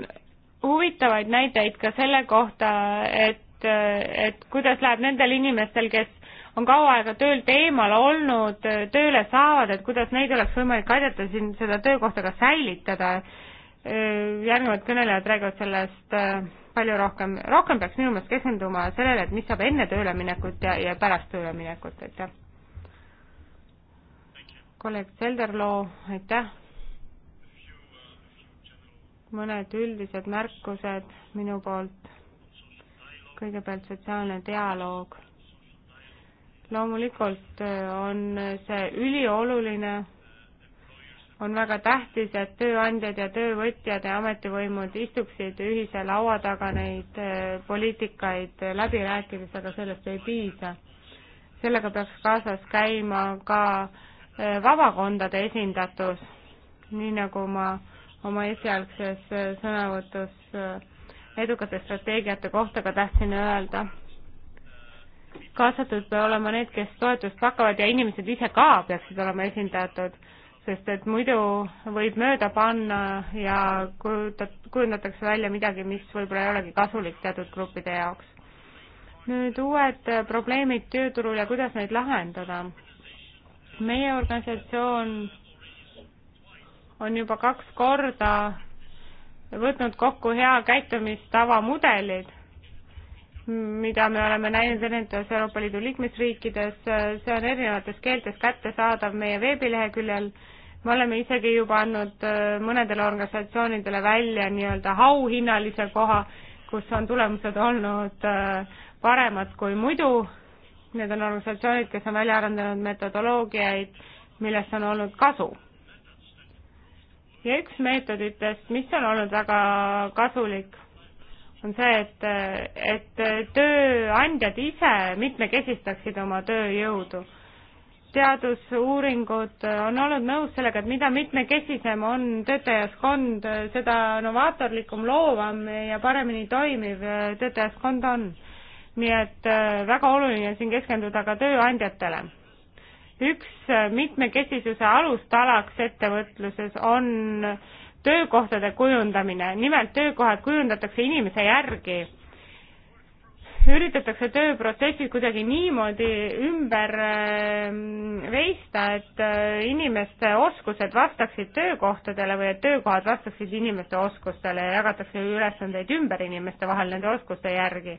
huvitavaid näiteid ka selle kohta, et et kuidas läheb nendel inimestel, kes on kaua aega töölt eemal olnud, tööle saavad, et kuidas neid oleks võimalik aidata siin seda töökohta ka säilitada. järgnevad kõnelejad räägivad sellest äh, palju rohkem, rohkem peaks minu meelest keskenduma sellele, et mis saab enne tööle minekut ja, ja pärast tööle minekut, aitäh. kolleeg Selderloo, aitäh. mõned üldised märkused minu poolt kõigepealt sotsiaalne dialoog. loomulikult äh, on see ülioluline, on väga tähtis, et tööandjad ja töövõtjad ja ametivõimud istuksid ühise laua taga neid äh, poliitikaid läbi rääkides, aga sellest ei piisa. sellega peaks kaasas käima ka äh, vabakondade esindatus, nii nagu ma oma esialgses sõnavõtus edukate strateegiate kohta ka tahtsin öelda. kaasatud peab olema need, kes toetust pakuvad ja inimesed ise ka peaksid olema esindatud, sest et muidu võib mööda panna ja kujutab, kujundatakse välja midagi, mis võib-olla ei olegi kasulik teatud gruppide jaoks. nüüd uued probleemid tööturul ja kuidas neid lahendada. meie organisatsioon on juba kaks korda võtnud kokku hea käitumistava mudelid, mida me oleme näinud erinevates Euroopa Liidu liikmesriikides, see on erinevates keeltes kättesaadav meie veebileheküljel, me oleme isegi juba andnud äh, mõnedele organisatsioonidele välja nii-öelda auhinnalise koha, kus on tulemused olnud äh, paremad kui muidu, need on organisatsioonid, kes on välja arendanud metodoloogiaid, millest on olnud kasu ja üks meetoditest, mis on olnud väga kasulik, on see, et, et tööandjad ise mitmekesistaksid oma tööjõudu. teadusuuringud on olnud nõus sellega, et mida mitmekesisem on töötajaskond, seda novaatorlikum, loovam ja paremini toimiv töötajaskond on. nii et äh, väga oluline siin keskenduda ka tööandjatele üks äh, mitmekesisuse alustalaks ettevõtluses on töökohtade kujundamine, nimelt töökohad kujundatakse inimese järgi. üritatakse tööprotsessid kuidagi niimoodi ümber äh, veista, et äh, inimeste oskused vastaksid töökohtadele või et töökohad vastaksid inimeste oskustele ja jagatakse ülesandeid ümber inimeste vahel nende oskuste järgi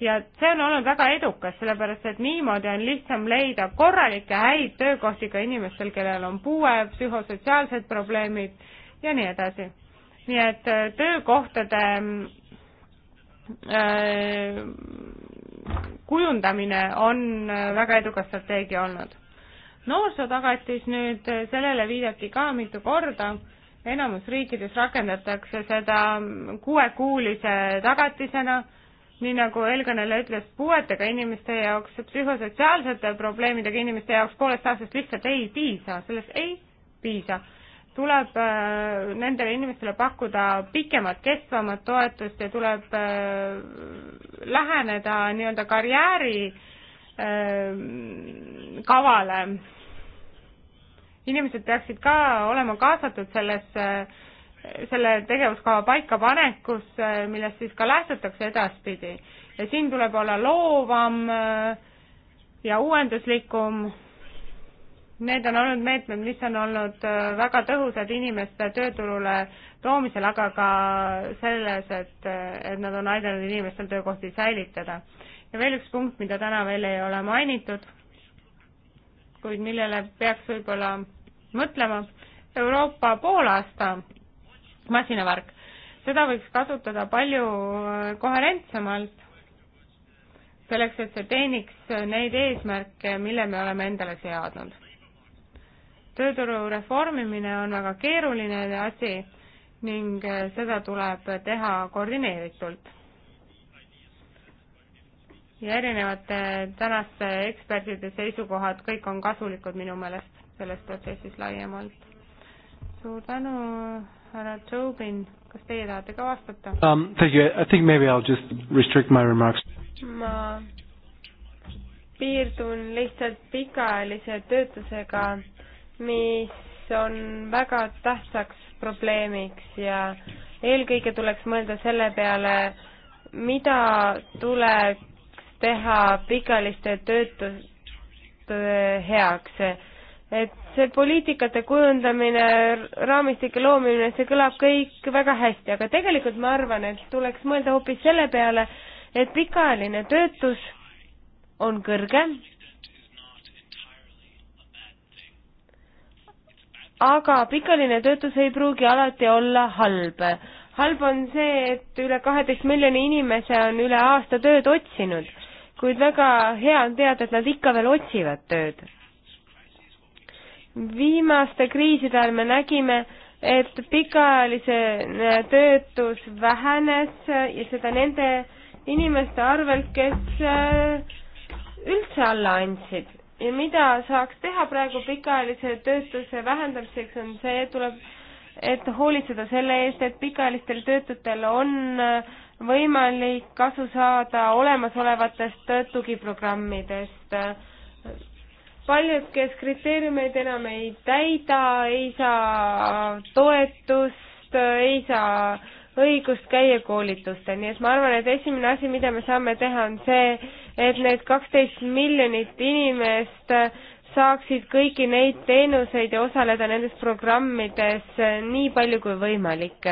ja see on olnud väga edukas, sellepärast et niimoodi on lihtsam leida korralikke häid töökohti ka inimestel, kellel on puue, psühhosotsiaalsed probleemid ja nii edasi. nii et äh, töökohtade äh, kujundamine on äh, väga edukas strateegia olnud. noorsootagatis nüüd, äh, sellele viidati ka mitu korda enamus riikides rakendatakse seda kuuekuulise tagatisena nii nagu eelkõneleja ütles, puuetega inimeste jaoks, psühhosotsiaalsete probleemidega inimeste jaoks poolest aastast lihtsalt ei piisa, sellest ei piisa. tuleb äh, nendele inimestele pakkuda pikemat, kestvamat toetust ja tuleb äh, läheneda nii-öelda karjääri äh, kavale. inimesed peaksid ka olema kaasatud sellesse äh, selle tegevuskava paikapanekusse, millest siis ka lähtutakse edaspidi. ja siin tuleb olla loovam äh, ja uuenduslikum. Need on olnud meetmed, mis on olnud äh, väga tõhusad inimeste tööturule toomisel, aga ka selles, et, äh, et nad on aidanud inimestel töökohti säilitada. ja veel üks punkt, mida täna veel ei ole mainitud, kuid millele peaks võib-olla mõtlema, Euroopa poolaasta masinavärk. seda võiks kasutada palju äh, koherentsemalt, selleks et see teeniks äh, neid eesmärke, mille me oleme endale seadnud. tööturu reformimine on väga keeruline asi ning äh, seda tuleb teha koordineeritult ja erinevate tänaste ekspertide seisukohad, kõik on kasulikud minu meelest selles protsessis laiemalt. suur tänu, härra Tobin, kas teie tahate ka vastata um,? Thank you, I think maybe I will just restrict my remarks. ma piirdun lihtsalt pikaajalise töötusega, mis on väga tähtsaks probleemiks ja eelkõige tuleks mõelda selle peale, mida tuleks teha pikaajaliste töötute heaks, et see poliitikate kujundamine, raamistike loomine, see kõlab kõik väga hästi, aga tegelikult ma arvan, et tuleks mõelda hoopis selle peale, et pikaajaline töötus on kõrge, aga pikaline töötus ei pruugi alati olla halb. halb on see, et üle kaheteist miljoni inimese on üle aasta tööd otsinud, kuid väga hea on teada, et nad ikka veel otsivad tööd viimaste kriiside ajal me nägime, et pikaajalise äh, töötus vähenes ja seda nende inimeste arvelt, kes äh, üldse alla andsid. ja mida saaks teha praegu pikaajalise töötuse vähendamiseks, on see, tuleb, et hoolitseda selle eest, et pikaajalistel töötutel on äh, võimalik kasu saada olemasolevatest tugiprogrammidest paljud, kes kriteeriumeid enam ei täida, ei saa toetust, ei saa õigust käia koolitustel, nii et ma arvan, et esimene asi, mida me saame teha, on see, et need kaksteist miljonit inimest saaksid kõiki neid teenuseid ja osaleda nendes programmides nii palju kui võimalik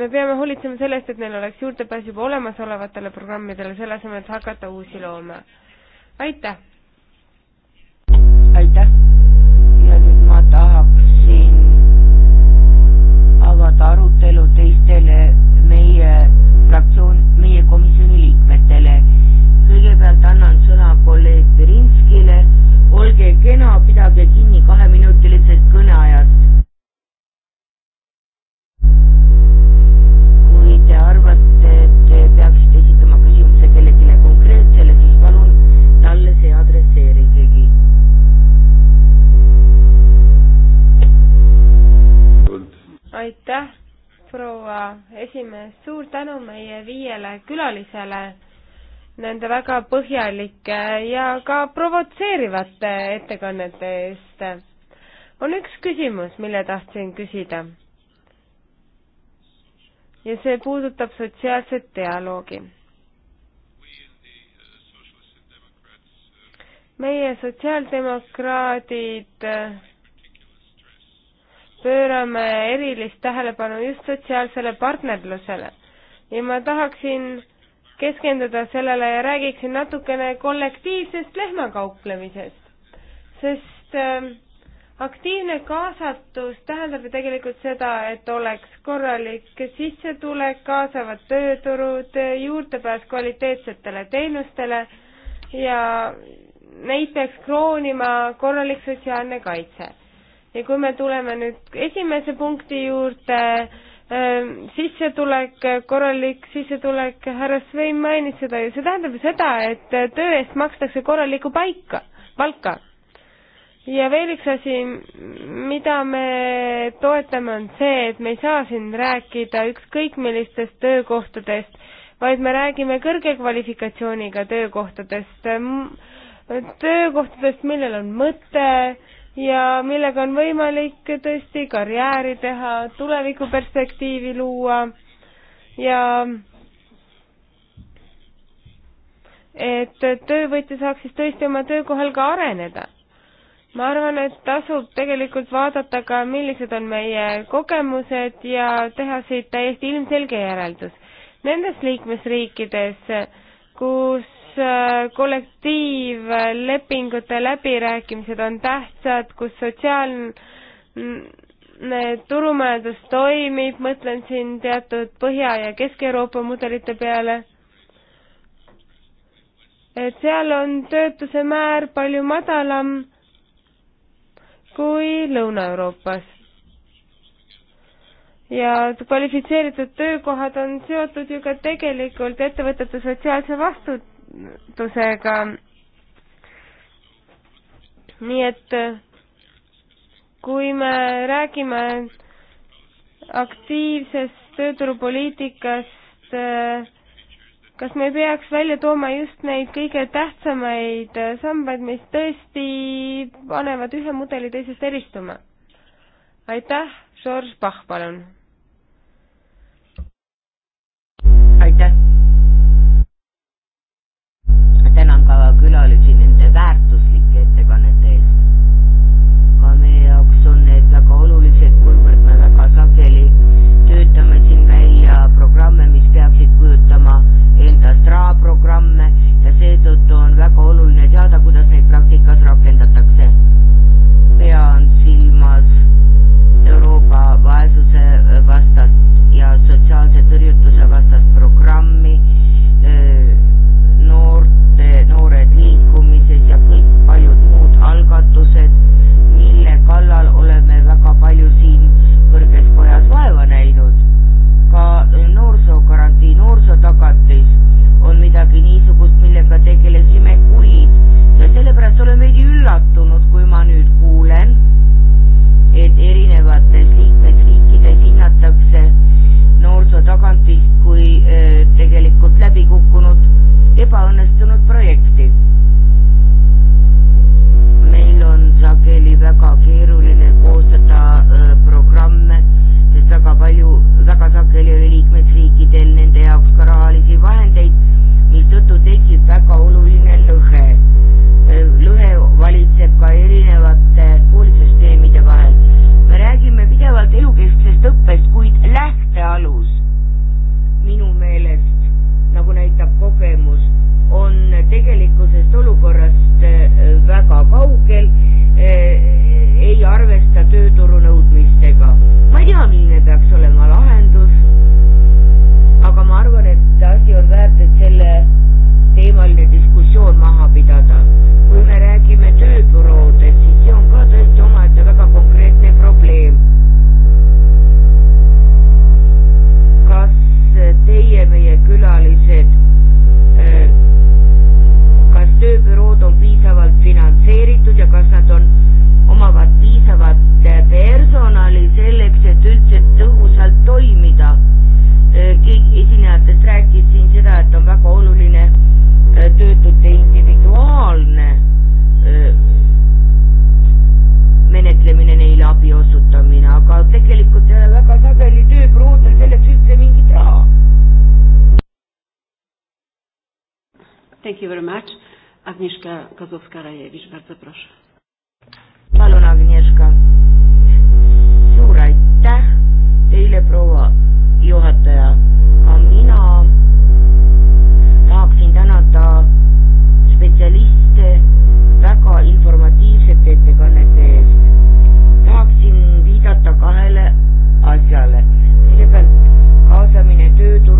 me peame hoolitsema sellest, et neil oleks juurdepääs juba olemasolevatele programmidele, selle asemel, et hakata uusi looma. aitäh! aitäh! ja nüüd ma tahaksin avada arutelu teistele meie fraktsioon, meie komisjoni liikmetele. kõigepealt annan sõna kolleeg Pirinskile, olge kena, pidage kinni kaheminutilisest kõneajast te arvate, et te peaksite esitama küsimuse kellelegi konkreetsele, siis palun talle see adresseerigegi. aitäh, proua esimees, suur tänu meie viiele külalisele nende väga põhjalike ja ka provotseerivate ettekannete eest. on üks küsimus, mille tahtsin küsida ja see puudutab sotsiaalset dialoogi. meie sotsiaaldemokraadid äh, pöörame erilist tähelepanu just sotsiaalsele partnerlusele ja ma tahaksin keskenduda sellele ja räägiksin natukene kollektiivsest lehmakauplemisest, sest äh, aktiivne kaasatus tähendab ju tegelikult seda, et oleks korralik sissetulek, kaasavad tööturud, juurdepääs kvaliteetsetele teenustele ja neid peaks kroonima korralik sotsiaalne kaitse. ja kui me tuleme nüüd esimese punkti juurde, ähm, sissetulek, korralik sissetulek, härra Svein mainis seda ju, see tähendab ju seda, et töö eest makstakse korralikku paika, palka ja veel üks asi, mida me toetame, on see, et me ei saa siin rääkida ükskõik millistest töökohtadest, vaid me räägime kõrge kvalifikatsiooniga töökohtadest, töökohtadest, millel on mõte ja millega on võimalik tõesti karjääri teha, tulevikuperspektiivi luua ja et töövõtja saaks siis tõesti oma töökohal ka areneda ma arvan, et tasub tegelikult vaadata ka, millised on meie kogemused ja teha siit täiesti ilmselge järeldus. Nendes liikmesriikides, kus äh, kollektiivlepingute läbirääkimised on tähtsad, kus sotsiaalne mm, äh, turumajandus toimib, mõtlen siin teatud Põhja- ja Kesk-Euroopa mudelite peale et seal on töötuse määr palju madalam kui Lõuna-Euroopas. ja kvalifitseeritud töökohad on seotud ju ka tegelikult ettevõtete sotsiaalse vastutusega. nii et äh, kui me räägime aktiivsest tööturupoliitikast, äh, kas me ei peaks välja tooma just neid kõige tähtsamaid sambaid, mis tõesti panevad ühe mudeli teisest eristuma? aitäh, George Bach, palun. aitäh. tänan ka külalisi nende väärtuslike ettekannete eest. ka meie jaoks on need väga olulised, kuivõrd me väga sageli töötame siin välja programme, mis peaksid kujutama ENDASTRA programme ja seetõttu on väga oluline teada, kuidas neid praktikas rakendatakse. pean silmas Euroopa vaesuse vastast ja sotsiaalse tõrjutuse vastast programmi, noorte, noored liikumises ja kõik paljud muud algatused, mille kallal oleme väga palju siin kõrges kojas vaeva näinud ka eh, noorsoogarantii, noorsootagatis on midagi niisugust, millega tegelesime kuid ja sellepärast olen veidi üllatunud, kui ma nüüd kuulen, et erinevates liikmesriikides hinnatakse noorsootagantist kui eh, tegelikult läbikukkunud ebaõnnestunud projekti meil on sageli väga keeruline koostada öö, äh, programme, sest väga palju, väga sageli oli liikmesriikidel nende jaoks ka rahalisi vahendeid, mistõttu tekib väga oluline lõhe. Äh, lõhe valitseb ka erinevate koolisüsteemide vahel. me räägime pidevalt elukesksest õppest, kuid lähtealus minu meelest, nagu näitab kogemus, on tegelikkusest olukorrast äh, väga kaugel, äh, ei arvesta tööturu nõudmistega. ma ei tea, milline peaks olema lahendus, aga ma arvan, et asi on väärt, et selle teemaline diskussioon maha pidada. kui me räägime tööbüroodest, siis see on ka tõesti omaette väga konkreetne Thank you very much. Agnieszka Kozowska-Rajewicz, bardzo proszę. palun, Agnieszka. suur aitäh teile, proua juhataja. ka mina tahaksin tänada spetsialiste väga informatiivsete ettekannete eest. tahaksin viidata kahele asjale. kõigepealt kaasamine tööturu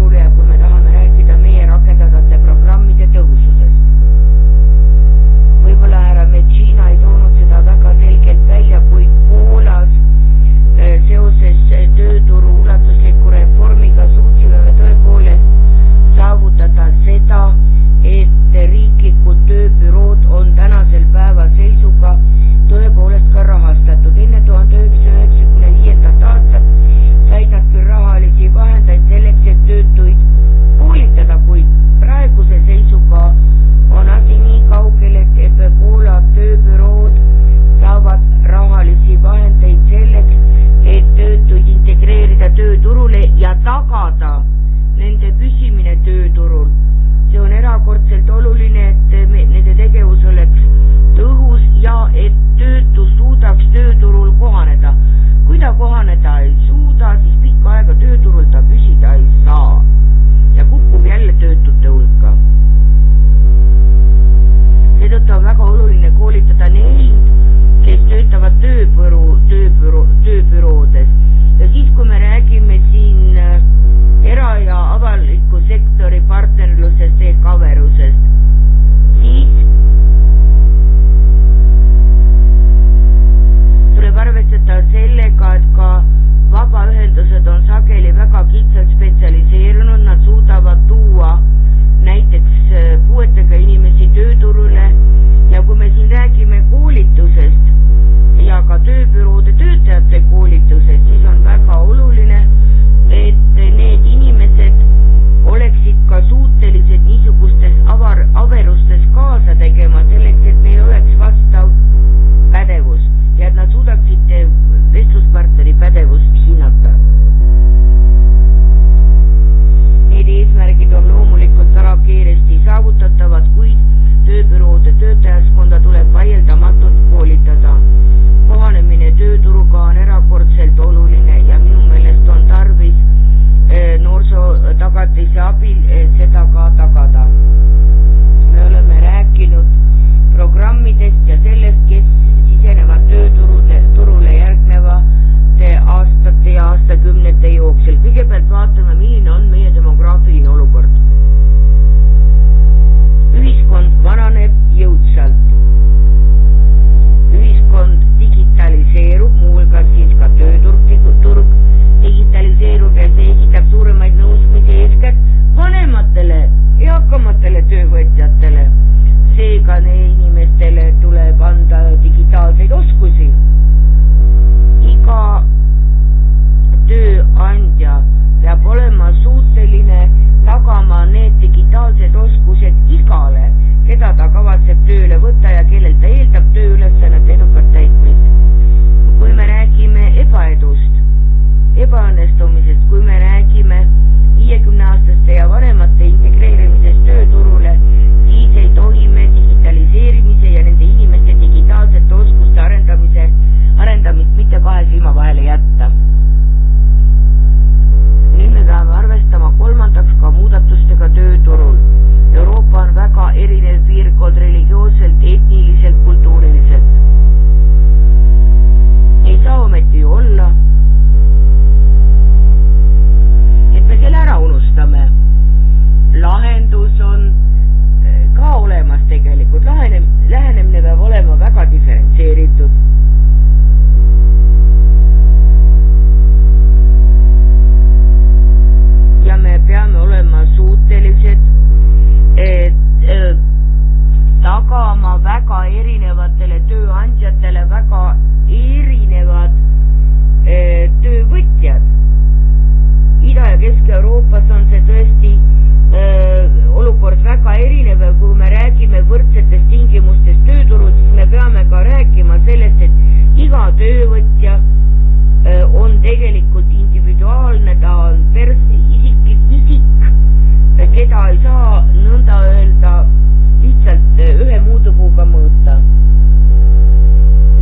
rahalisi vahendeid selleks, et töötuid integreerida tööturule ja tagada nende püsimine tööturul. see on erakordselt oluline, et nende tegevus oleks tõhus ja et töötu suudaks tööturul kohaneda. kui ta kohaneda ei suuda, siis pikka aega tööturul ta püsida ei saa ja kukub jälle töötute hulka seetõttu on väga oluline koolitada neid, kes töötavad tööbüroo, tööbüroo, tööbüroodes. ja siis, kui me räägime siin äh, era- ja avaliku sektori partnerlusest ehk averusest, siis tuleb arvestada sellega, et ka vabaühendused on sageli väga kitsalt spetsialiseerunud, nad suudavad tuua näiteks äh, puuetega inimesi tööturule ja kui me siin räägime koolitusest ja ka tööbüroode töötajate koolitusest, siis on väga oluline, et need inimesed oleksid ka suutelised niisugustes avar, averustes kaasa tegema, selleks et neil oleks vastav pädevus ja et nad suudaksid äh, vestluspartneri pädevust hinnata Need eesmärgid on loomulikult väga kiiresti saavutatavad, kuid tööbüroode töötajaskonda tuleb vaieldamatult koolitada. kohanemine tööturuga on erakordselt oluline ja minu meelest on tarvis eh, noorsootagatise abil eh, seda ka tagada. me oleme rääkinud programmidest ja sellest, kes sisenevad tööturule, turule järgneva järgnevate aastate ja aastakümnete jooksul. kõigepealt vaatame, milline on meie demograafiline olukord. ühiskond vananeb jõudsalt. ühiskond digitaliseerub, muuhulgas siis ka tööturg, turg digitaliseerub ja see esitab suuremaid nõudmisi eeskätt vanematele, eakamatele töövõtjatele seega neile inimestele tuleb anda digitaalseid oskusi iga tööandja peab olema suuteline tagama need digitaalsed oskused igale, keda ta kavatseb tööle võtta ja kellelt ta eeldab tööülesannete edukat täitmist. kui me räägime ebaedust, ebaõnnestumisest, kui me räägime viiekümneaastaste ja vanemate integreerimisest tööturule, siis ei tohi me digitaliseerimise ja nende inimeste digitaalsete oskuste arendamise, arendamist mitte kahe silma vahele jätta. nüüd me peame arvestama kolmandaks ka muudatustega tööturul. Euroopa on väga erinev piirkond religioosselt, etniliselt, kultuuriliselt. ei saa ometi ju olla, et me selle ära unustame. lahendus on ka olemas tegelikult, lahenem-, lähenemine peab olema väga diferentseeritud. ja me peame olema suutelised, et tagama väga erinevatele tööandjatele väga erinevad töövõtjad Ida- ja Kesk-Euroopas on see tõesti öö, olukord väga erinev ja kui me räägime võrdsetest tingimustest tööturul, siis me peame ka rääkima sellest, et iga töövõtja öö, on tegelikult individuaalne, ta on pers-, isiklik isik, keda ei saa nõnda öelda lihtsalt ühe mõõdupuuga mõõta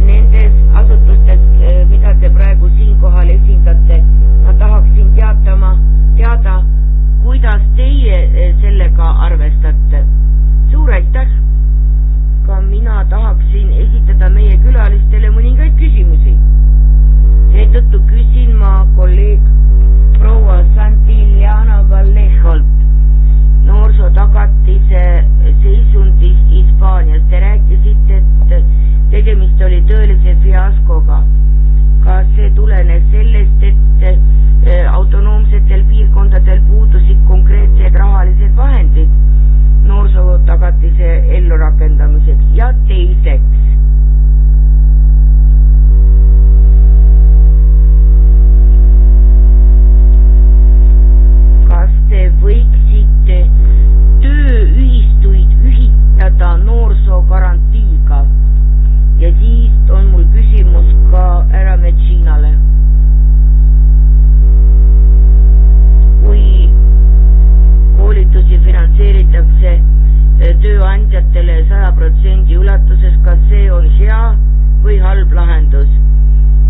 nendes asutustes, eh, mida te praegu siinkohal esindate. ma tahaksin teatama, teada, kuidas teie eh, sellega arvestate. suur aitäh! ka mina tahaksin esitada meie külalistele mõningaid küsimusi. seetõttu küsin ma kolleeg proua Santillana Vallejolt noorsootagatise seisundist Hispaanias. tere! tegemist oli tõelise fiaskoga. ka see tulenes sellest, et eh, autonoomsetel piirkondadel puudusid konkreetsed rahalised vahendid noorsootagatise ellurakendamiseks ja teiseks või halb lahendus.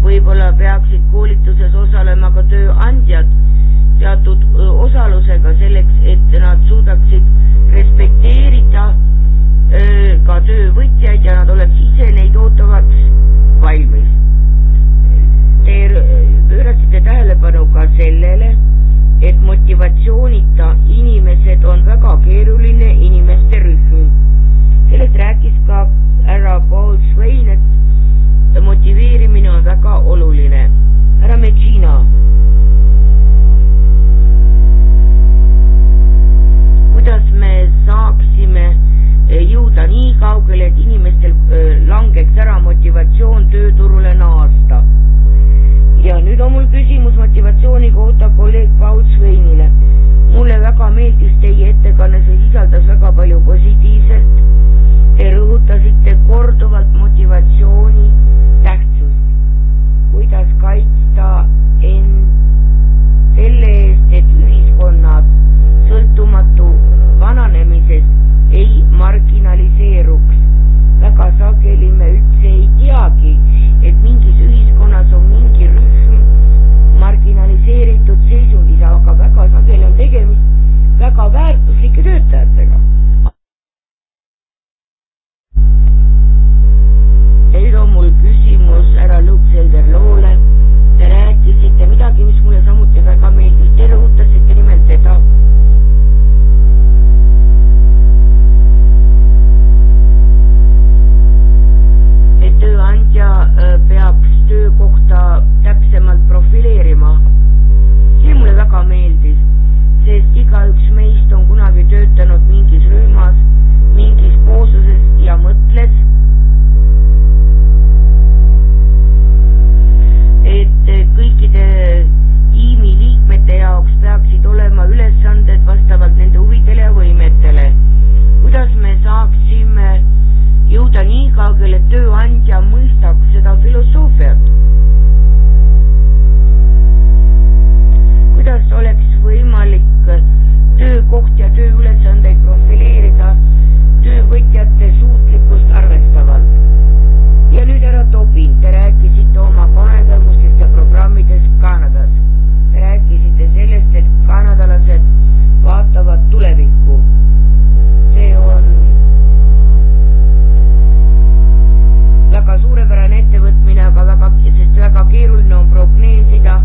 võib-olla peaksid koolituses osalema ka tööandjad teatud osalusega selleks, et nad suudaksid respekteerida ka töövõtjaid ja nad oleks ise neid ootavaks valmis. Te pöörasite tähelepanu ka sellele, et motivatsioonita inimesed on väga keeruline inimeste rühm. sellest rääkis ka härra Paul Svein, et motiveerimine on väga oluline. härra Mecina. kuidas me saaksime eh, jõuda nii kaugele, et inimestel eh, langeks ära motivatsioon tööturule naasta? ja nüüd on mul küsimus motivatsiooni kohta kolleeg Paul Sveinile. mulle väga meeldis teie ettekanne, see sisaldas väga palju positiivset Te rõhutasite korduvalt motivatsiooni tähtsust, kuidas kaitsta end selle eest, et ühiskonnad sõltumatu vananemisest ei marginaliseeruks. väga sageli me üldse ei teagi, et mingis ühiskonnas on mingi rühm marginaliseeritud seisundis, aga väga sageli on tegemist väga väärtuslike töötajatega nüüd on mul küsimus härra Luke Selderloole. Te rääkisite midagi, mis mulle samuti väga meeldis, te rõhutasite nimelt seda, et tööandja äh, peaks töökohta täpsemalt profileerima. see mulle väga meeldis, sest igaüks meist on kunagi töötanud mingis rühmas, mingis koosluses ja mõtles et eh, kõikide tiimi liikmete jaoks peaksid olema ülesanded vastavalt nende huvidele ja võimetele. kuidas me saaksime jõuda nii kaugele, et tööandja mõistaks seda filosoofiat? kuidas oleks võimalik töökoht ja tööülesandeid profileerida töövõtjate suutlikkust arvestavalt? ja nüüd härra Tobin, te rääkisite oma kahe programmides Kanadas. Te rääkisite sellest, et kanadalased vaatavad tulevikku. see on väga suurepärane ettevõtmine, aga väga, sest väga keeruline on prognoosida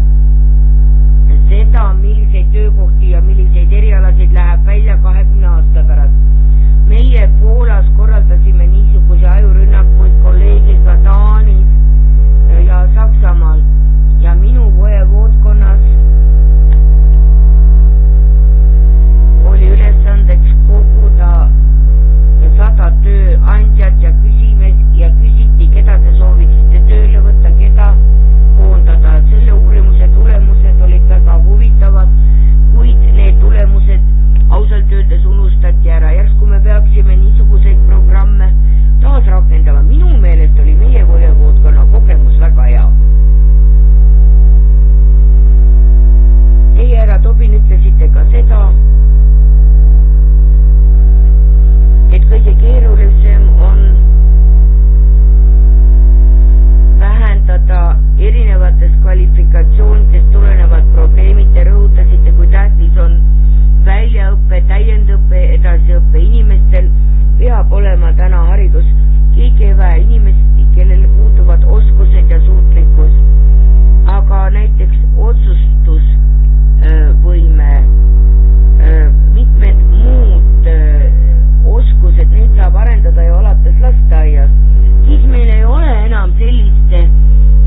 seda, milliseid töökohti ja milliseid erialasid läheb välja kahekümne aasta pärast. meie Poolas korraldasime niisuguse ajurünnakuid kolleegiga Taanis ja Saksamaal ja minu voevoodkonnas oli ülesandeks koguda sada tööandjat ja küsime ja küsiti, keda te sooviksite tööle võtta, keda koondada. selle uurimuse tulemused olid väga huvitavad, kuid need tulemused ausalt öeldes unustati ära. järsku me peaksime niisuguseid programme taas rakendama. minu meelest oli meie voevoodkonna kogemus väga Tobin, ütlesite ka seda, et kõige keerulisem on vähendada erinevatest kvalifikatsioonidest tulenevad probleemid, te rõhutasite, kui tähtis on väljaõpe, täiendõpe, edasiõpe, inimestel peab olema täna haridus kõigeväe inimesi, kellel puuduvad oskused ja suutlikkus, aga näiteks otsustus võime, mitmed muud oskused, neid saab arendada ju alates lasteaiast. siis meil ei ole enam selliste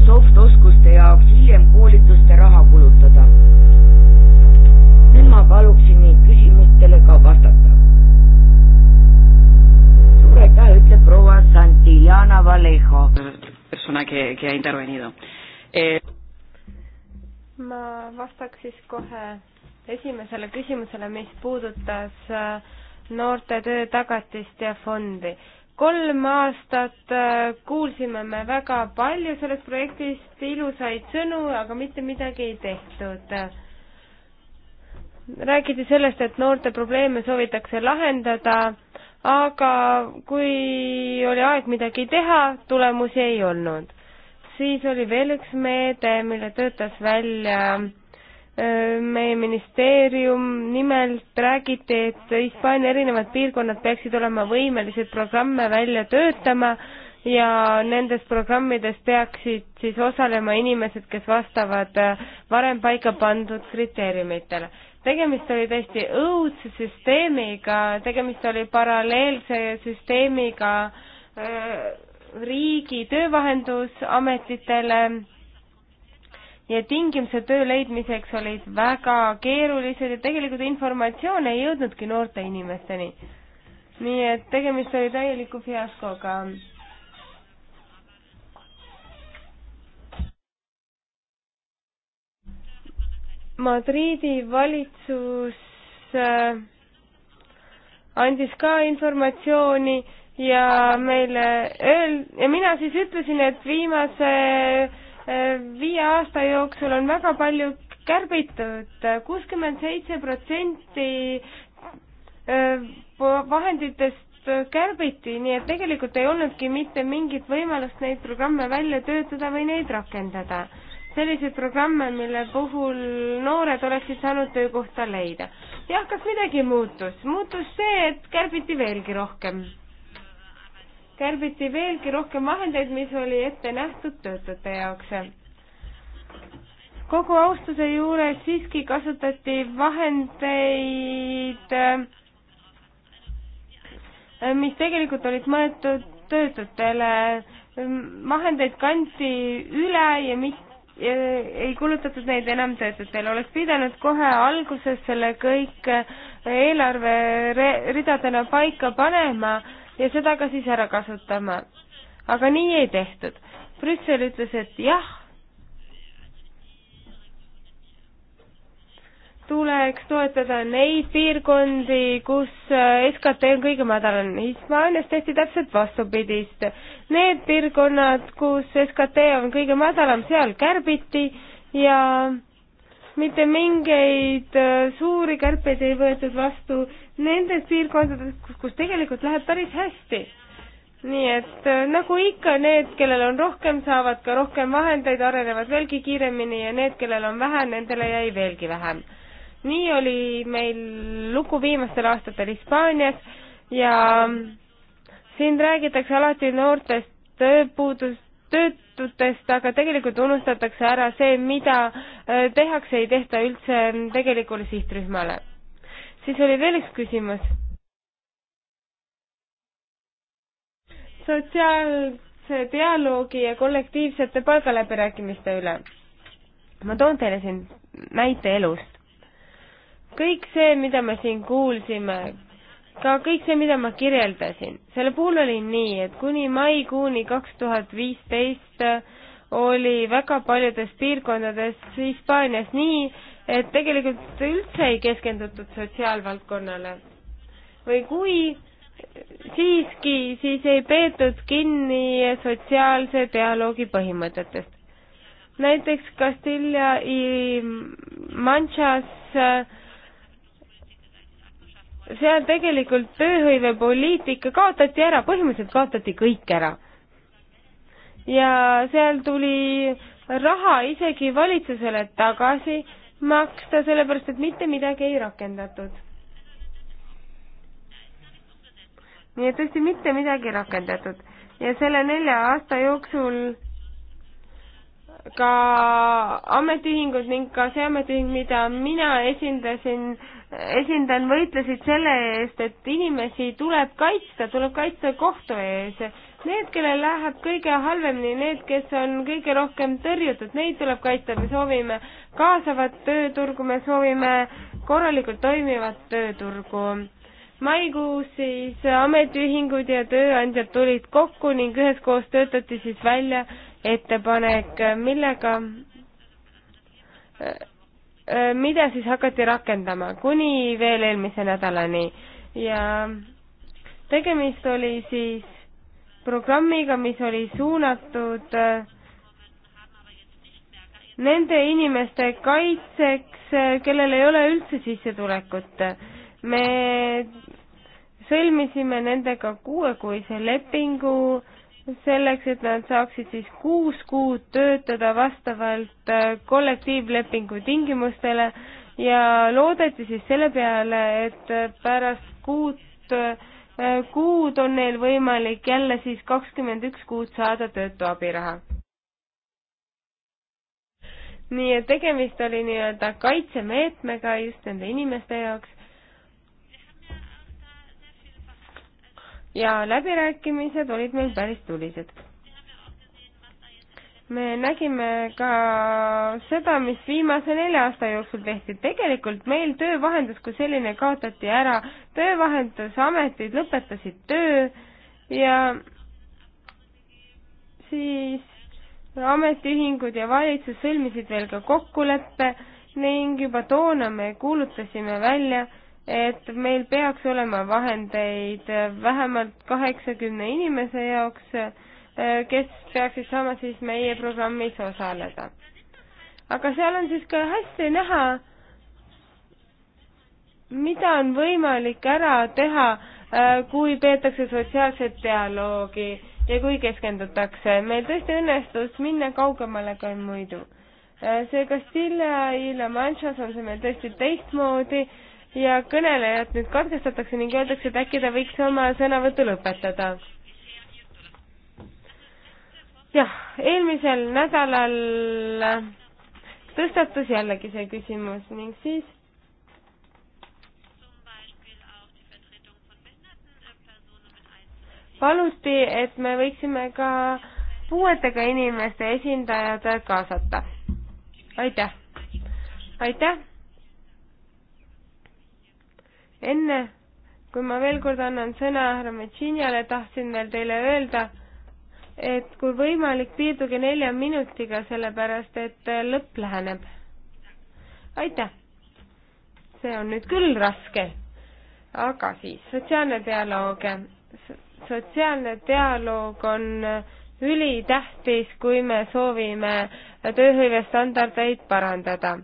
soft-oskuste jaoks hiljem koolituste raha kulutada. nüüd ma paluksin neid küsimustele ka vastata. suur aitäh, ütleb proua Santillana Vallejo. persona que, que ha intervenido eh ma vastaks siis kohe esimesele küsimusele, mis puudutas äh, noorte töötagatist ja fondi. kolm aastat äh, kuulsime me väga palju sellest projektist, ilusaid sõnu, aga mitte midagi ei tehtud. räägiti sellest, et noorte probleeme soovitakse lahendada, aga kui oli aeg midagi teha, tulemusi ei olnud siis oli veel üks meede, mille töötas välja äh, meie ministeerium, nimelt räägiti, et Hispaania erinevad piirkonnad peaksid olema võimelised programme välja töötama ja nendes programmides peaksid siis osalema inimesed, kes vastavad äh, varem paika pandud kriteeriumitele. tegemist oli täiesti õudse süsteemiga, tegemist oli paralleelse süsteemiga äh, riigi töövahendusametitele ja tingimused töö leidmiseks olid väga keerulised ja tegelikult informatsioon ei jõudnudki noorte inimesteni. nii et tegemist oli täieliku fiaskoga. Madriidi valitsus äh, andis ka informatsiooni ja meile öel-, ja mina siis ütlesin, et viimase äh, viie aasta jooksul on väga palju kärbitud, kuuskümmend seitse protsenti äh, vahenditest kärbiti, nii et tegelikult ei olnudki mitte mingit võimalust neid programme välja töötada või neid rakendada. selliseid programme, mille puhul noored oleksid saanud töökohta leida. jah, kas midagi muutus? muutus see, et kärbiti veelgi rohkem kärbiti veelgi rohkem vahendeid, mis oli ette nähtud töötute jaoks. kogu austuse juures siiski kasutati vahendeid, mis tegelikult olid mõeldud töötutele, vahendeid kanti üle ja mitte ei kulutatud neid enam töötutele, oleks pidanud kohe alguses selle kõik eelarveridadena paika panema ja seda ka siis ära kasutama. aga nii ei tehtud. Brüssel ütles, et jah, tuleks toetada neid piirkondi, kus äh, SKT on kõige madalam. Hispaanias tehti täpselt vastupidist. Need piirkonnad, kus SKT on kõige madalam, seal kärbiti ja mitte mingeid äh, suuri kärpeid ei võetud vastu nendes piirkondades, kus tegelikult läheb päris hästi. nii et äh, nagu ikka, need, kellel on rohkem, saavad ka rohkem vahendeid, arenevad veelgi kiiremini ja need, kellel on vähe, nendele jäi veelgi vähem. nii oli meil lugu viimastel aastatel Hispaanias ja mm, siin räägitakse alati noortest tööpuudust, töötutest, aga tegelikult unustatakse ära see, mida äh, tehakse, ei tehta üldse mm, tegelikule sihtrühmale siis oli veel üks küsimus. sotsiaalse dialoogi ja kollektiivsete palgaläbirääkimiste üle. ma toon teile siin näite elust. kõik see, mida me siin kuulsime, ka kõik see, mida ma kirjeldasin, selle puhul oli nii, et kuni maikuuni kaks tuhat viisteist oli väga paljudes piirkondades Hispaanias nii, et tegelikult üldse ei keskendutud sotsiaalvaldkonnale või kui siiski, siis ei peetud kinni sotsiaalse dialoogi põhimõtetest. näiteks Castilla y Manchas seal tegelikult tööhõivepoliitika kaotati ära, põhimõtteliselt kaotati kõik ära. ja seal tuli raha isegi valitsusele tagasi maksta, sellepärast et mitte midagi ei rakendatud. nii et tõesti mitte midagi rakendatud ja selle nelja aasta jooksul ka ametiühingud ning ka see ametiühing, mida mina esindasin, esindan, võitlesid selle eest, et inimesi tuleb kaitsta, tuleb kaitsta kohtu ees Need, kellel läheb kõige halvemini, need, kes on kõige rohkem tõrjutud, neid tuleb kaitsta, me soovime kaasavat tööturgu, me soovime korralikult toimivat tööturgu. maikuus siis ametiühingud ja tööandjad tulid kokku ning üheskoos töötati siis välja ettepanek, millega, mida siis hakati rakendama kuni veel eelmise nädalani ja tegemist oli siis programmiga, mis oli suunatud äh, nende inimeste kaitseks, äh, kellel ei ole üldse sissetulekut. me sõlmisime nendega kuuekuise lepingu selleks, et nad saaksid siis kuus kuud töötada vastavalt äh, kollektiivlepingu tingimustele ja loodeti siis selle peale, et pärast kuut Äh, kuud on neil võimalik jälle siis kakskümmend üks kuud saada töötu abiraha. nii et tegemist oli nii-öelda kaitsemeetmega just nende inimeste jaoks. ja läbirääkimised olid meil päris tulised me nägime ka seda, mis viimase nelja aasta jooksul tehti. tegelikult meil töövahendus kui selline kaotati ära, töövahendusametid lõpetasid töö ja siis ametiühingud ja valitsus sõlmisid veel ka kokkuleppe ning juba toona me kuulutasime välja, et meil peaks olema vahendeid vähemalt kaheksakümne inimese jaoks Eh, kes peaksid saama siis meie programmis osaleda. aga seal on siis ka hästi näha, mida on võimalik ära teha, eh, kui peetakse sotsiaalset dialoogi ja kui keskendutakse. meil tõesti õnnestus minna kaugemale kui muidu. Eh, see Castilla y La Manchas on see meil tõesti teistmoodi ja kõnelejat nüüd katkestatakse ning öeldakse, et äkki ta võiks oma sõnavõtu lõpetada jah, eelmisel nädalal tõstatus jällegi see küsimus ning siis paluti, et me võiksime ka puuetega inimeste esindajad kaasata. aitäh, aitäh. enne kui ma veel kord annan sõna härra Metšinjale, tahtsin veel teile öelda et kui võimalik, piirduge nelja minutiga, sellepärast et äh, lõpp läheneb. aitäh! see on nüüd küll raske, aga siis sotsiaalne dialoog. sotsiaalne dialoog on äh, ülitähtis, kui me soovime äh, tööhõivestandardeid parandada.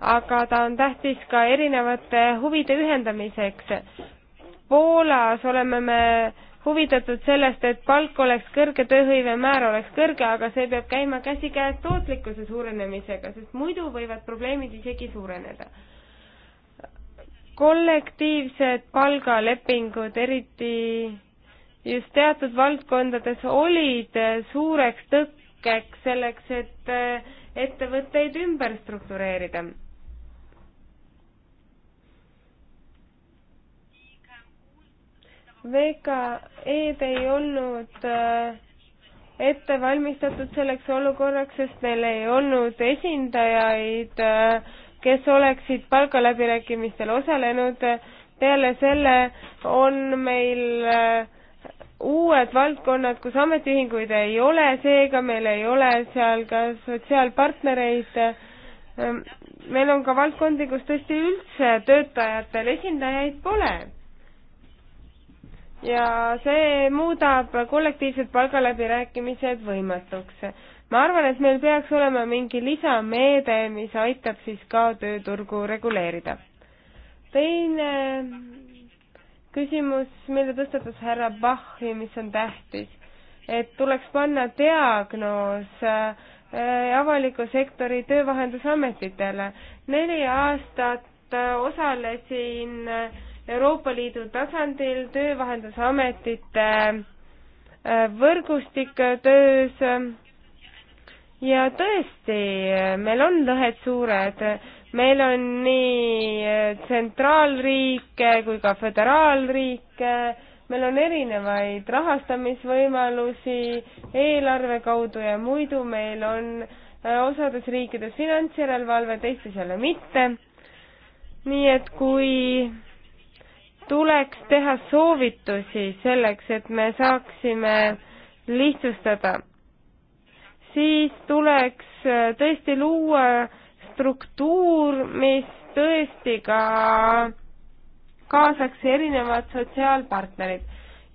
aga ta on tähtis ka erinevate huvide ühendamiseks. Poolas oleme me huvitatud sellest, et palk oleks kõrge, tööhõive määr oleks kõrge, aga see peab käima käsikäes tootlikkuse suurenemisega, sest muidu võivad probleemid isegi suureneda. kollektiivsed palgalepingud, eriti just teatud valdkondades, olid suureks tõkkeks selleks, et eh, ettevõtteid ümber struktureerida VKE-d ei olnud äh, ette valmistatud selleks olukorraks, sest meil ei olnud esindajaid, äh, kes oleksid palgaläbirääkimistel osalenud. peale selle on meil äh, uued valdkonnad, kus ametiühinguid ei ole, seega meil ei ole seal ka sotsiaalpartnereid meil on ka valdkondi, kus tõesti üldse töötajatel esindajaid pole ja see muudab kollektiivsed palgaläbirääkimised võimatuks. ma arvan, et meil peaks olema mingi lisameede, mis aitab siis ka tööturgu reguleerida. teine küsimus, mille tõstatas härra Bach ja mis on tähtis, et tuleks panna diagnoos äh, avaliku sektori töövahendusametitele. neli aastat äh, osalesin äh, Euroopa Liidu tasandil töövahendusametite äh, võrgustik töös ja tõesti, meil on lõhed suured, meil on nii äh, tsentraalriike kui ka föderaalriike, meil on erinevaid rahastamisvõimalusi eelarve kaudu ja muidu meil on äh, osades riikides finantsjärelevalve, teistes jälle mitte. nii et kui tuleks teha soovitusi selleks, et me saaksime lihtsustada, siis tuleks äh, tõesti luua struktuur, mis tõesti ka kaasaks erinevad sotsiaalpartnerid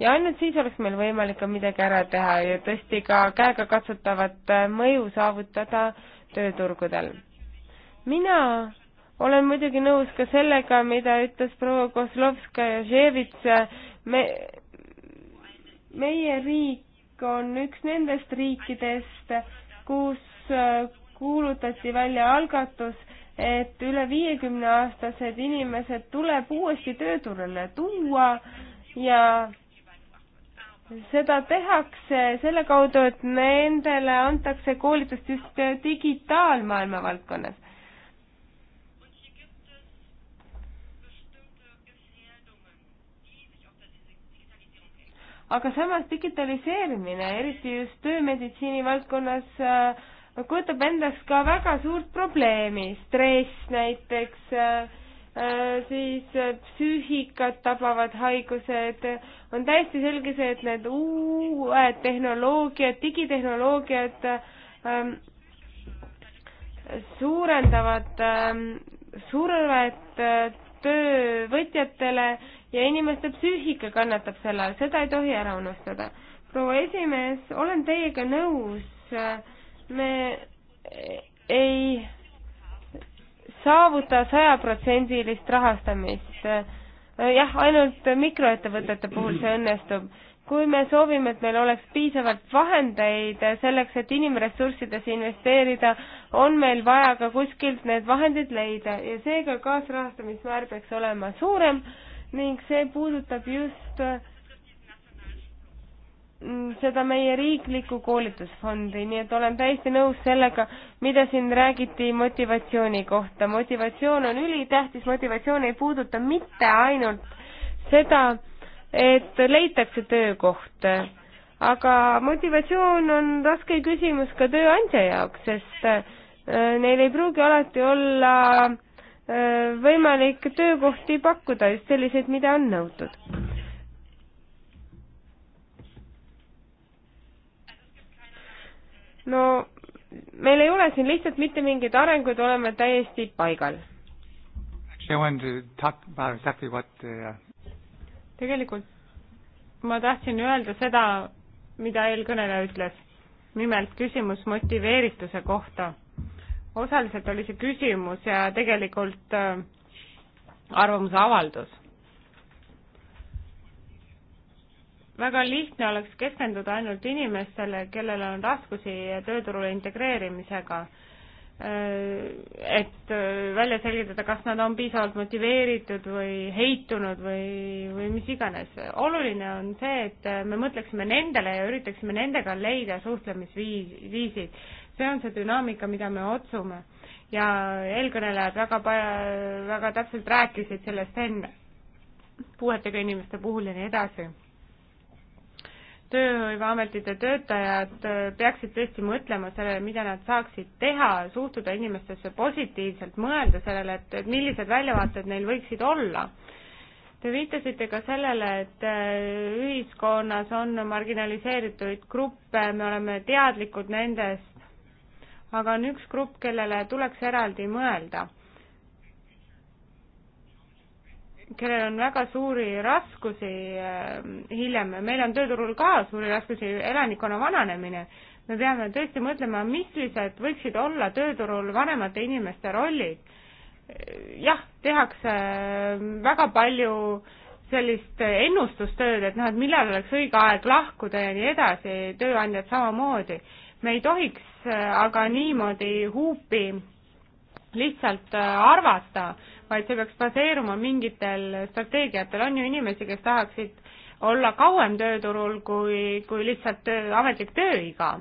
ja ainult siis oleks meil võimalik ka midagi ära teha ja tõesti ka käegakatsutavat äh, mõju saavutada tööturgudel. mina olen muidugi nõus ka sellega, mida ütles proua Kozlovskaja-Ževits, me, meie riik on üks nendest riikidest, kus kuulutati välja algatus, et üle viiekümne aastased inimesed tuleb uuesti tööturule tuua ja seda tehakse selle kaudu, et nendele antakse koolitust just digitaalmaailma valdkonnas aga samas digitaliseerimine, eriti just töömeditsiini valdkonnas, äh, kujutab endast ka väga suurt probleemi, stress näiteks, äh, äh, siis psüühikat tabavad haigused, on täiesti selge see, et need uued tehnoloogiad, digitehnoloogiad ähm, suurendavad ähm, survet töövõtjatele ja inimeste psüühika kannatab selle all, seda ei tohi ära unustada. proua esimees, olen teiega nõus, me ei saavuta sajaprotsendilist rahastamist. jah, ainult mikroettevõtete puhul see õnnestub. kui me soovime, et meil oleks piisavalt vahendeid selleks, et inimressurssidesse investeerida, on meil vaja ka kuskilt need vahendid leida ja seega kaasrahastamismäär peaks olema suurem ning see puudutab just mm, seda meie riiklikku koolitusfondi, nii et olen täiesti nõus sellega, mida siin räägiti motivatsiooni kohta. motivatsioon on ülitähtis, motivatsioon ei puuduta mitte ainult seda, et leitakse töökoht, aga motivatsioon on raske küsimus ka tööandja jaoks, sest äh, neil ei pruugi alati olla äh, võimalik töökohti pakkuda, just selliseid, mida on nõutud. no meil ei ole siin lihtsalt mitte mingeid arenguid, oleme täiesti paigal. Exactly what... Uh, tegelikult ma tahtsin öelda seda, mida eelkõneleja ütles, nimelt küsimus motiveerituse kohta osaliselt oli see küsimus ja tegelikult äh, arvamuse avaldus. väga lihtne oleks keskenduda ainult inimestele, kellel on raskusi tööturule integreerimisega, äh, et äh, välja selgitada, kas nad on piisavalt motiveeritud või heitunud või, või mis iganes. oluline on see, et me mõtleksime nendele ja üritaksime nendega leida suhtlemisviisi, viisid see on see dünaamika, mida me otsume. ja eelkõnelejad väga pa-, väga täpselt rääkisid sellest enne, puuetega inimeste puhul ja nii edasi. tööhõiveametite töötajad äh, peaksid tõesti mõtlema sellele, mida nad saaksid teha, suhtuda inimestesse positiivselt, mõelda sellele, et, et millised väljavaated neil võiksid olla Te viitasite ka sellele, et äh, ühiskonnas on marginaliseeritud gruppe, me oleme teadlikud nendest aga on üks grupp, kellele tuleks eraldi mõelda, kellel on väga suuri raskusi äh, hiljem, meil on tööturul ka suuri raskusi, elanikkonna vananemine, me peame tõesti mõtlema, missugused võiksid olla tööturul vanemate inimeste rollid. jah, tehakse äh, väga palju sellist ennustustööd, et noh, et millal oleks õige aeg lahkuda ja nii edasi, tööandjad samamoodi. me ei tohiks Äh, aga niimoodi huupi lihtsalt äh, arvata, vaid see peaks baseeruma mingitel strateegiatel, on ju inimesi, kes tahaksid olla kauem tööturul kui, kui lihtsalt töö, ametlik tööiga.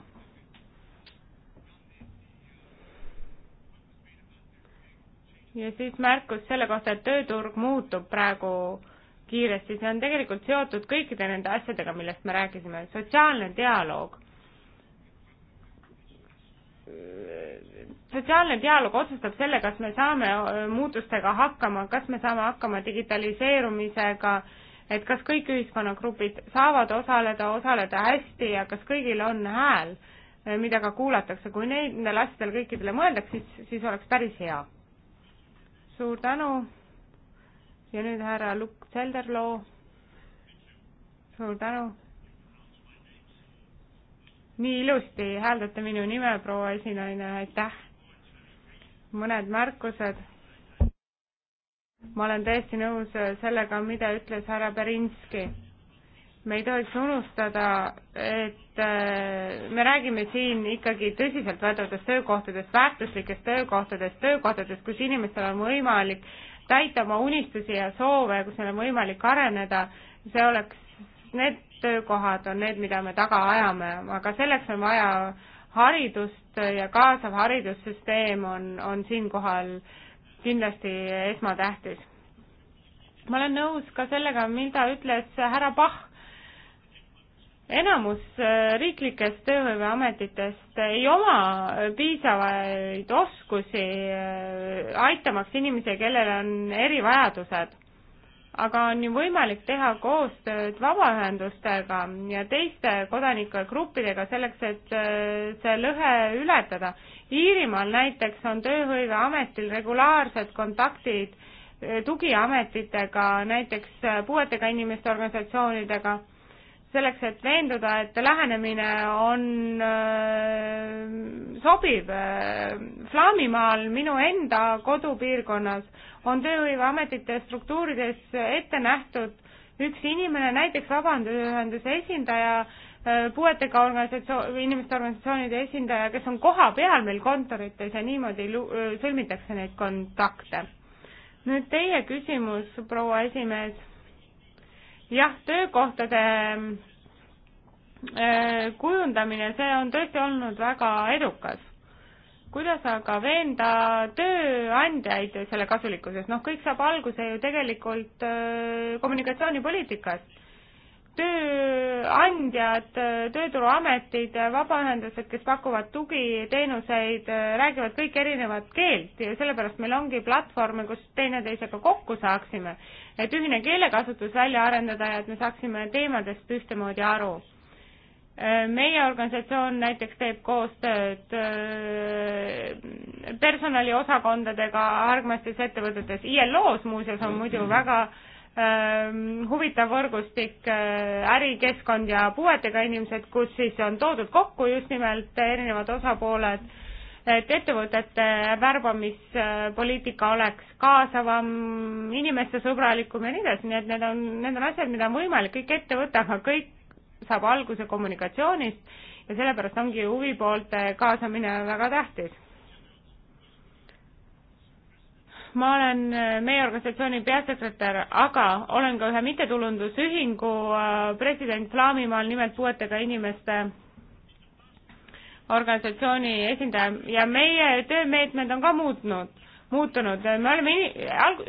ja siis märkus selle kohta, et tööturg muutub praegu kiiresti, see on tegelikult seotud kõikide nende asjadega, millest me rääkisime, sotsiaalne dialoog sotsiaalne dialoog otsustab selle, kas me saame äh, muutustega hakkama, kas me saame hakkama digitaliseerumisega, et kas kõik ühiskonnagrupid saavad osaleda, osaleda hästi ja kas kõigil on hääl, äh, mida ka kuulatakse. kui nendel asjadel kõikidele mõeldaks, siis, siis oleks päris hea. suur tänu. ja nüüd härra Lukk Selderloo. suur tänu nii ilusti hääldate minu nime, proua esinaine, aitäh. mõned märkused. ma olen täiesti nõus sellega, mida ütles härra Berinski. me ei tohiks unustada, et äh, me räägime siin ikkagi tõsiseltvõetavatest töökohtadest, väärtuslikest töökohtadest, töökohtadest, kus inimestel on võimalik täita oma unistusi ja soove, kus neil on võimalik areneda, see oleks need töökohad on need, mida me taga ajame, aga selleks on vaja haridust ja kaasav haridussüsteem on, on siinkohal kindlasti esmatähtis. ma olen nõus ka sellega, mida ütles härra Pahh. enamus äh, riiklikest tööhõiveametitest ei oma piisavaid oskusi äh, aitamaks inimesi, kellel on erivajadused aga on ju võimalik teha koostööd vabaühendustega ja teiste kodanikegruppidega selleks, et äh, see lõhe ületada. Iirimaal näiteks on Tööhõiveametil regulaarsed kontaktid äh, tugiametitega, näiteks äh, puuetega inimeste organisatsioonidega, selleks, et veenduda, et lähenemine on sobiv. Flaamimaal, minu enda kodupiirkonnas, on tööhõiveametite struktuurides ette nähtud üks inimene, näiteks vabaühenduse esindaja, äh, puuetega organisatsioon, inimeste organisatsioonide esindaja, kes on koha peal meil kontorites ja niimoodi äh, sõlmitakse neid kontakte. nüüd teie küsimus, proua esimees. jah, töökohtade äh, kujundamine, see on tõesti olnud väga edukas kuidas aga veenda tööandjaid selle kasulikkuses, noh, kõik saab alguse ju tegelikult äh, kommunikatsioonipoliitikast. tööandjad, äh, tööturuametid, äh, vabaühendused, kes pakuvad tugiteenuseid, räägivad kõik erinevat keelt ja sellepärast meil ongi platvorme, kus teineteisega kokku saaksime, et ühine keelekasutus välja arendada ja et me saaksime teemadest ühtemoodi aru meie organisatsioon näiteks teeb koostööd äh, personaliosakondadega hargmastes ettevõtetes. ILO-s muuseas on muidu väga ähm, huvitav võrgustik äh, ärikeskkond ja puuetega inimesed, kus siis on toodud kokku just nimelt erinevad osapooled, et ettevõtete värbamispoliitika oleks kaasavam, inimeste sõbralikum ja nii edasi, nii et need on, need on asjad, mida on võimalik kõik ette võtta, aga kõik saab alguse kommunikatsioonist ja sellepärast ongi huvipoolte kaasamine väga tähtis. ma olen äh, meie organisatsiooni peasekretär, aga olen ka ühe mittetulundusühingu äh, president Laamimaal, nimelt puuetega inimeste organisatsiooni esindaja ja meie töömeetmed on ka muutnud muutunud, me oleme alg-,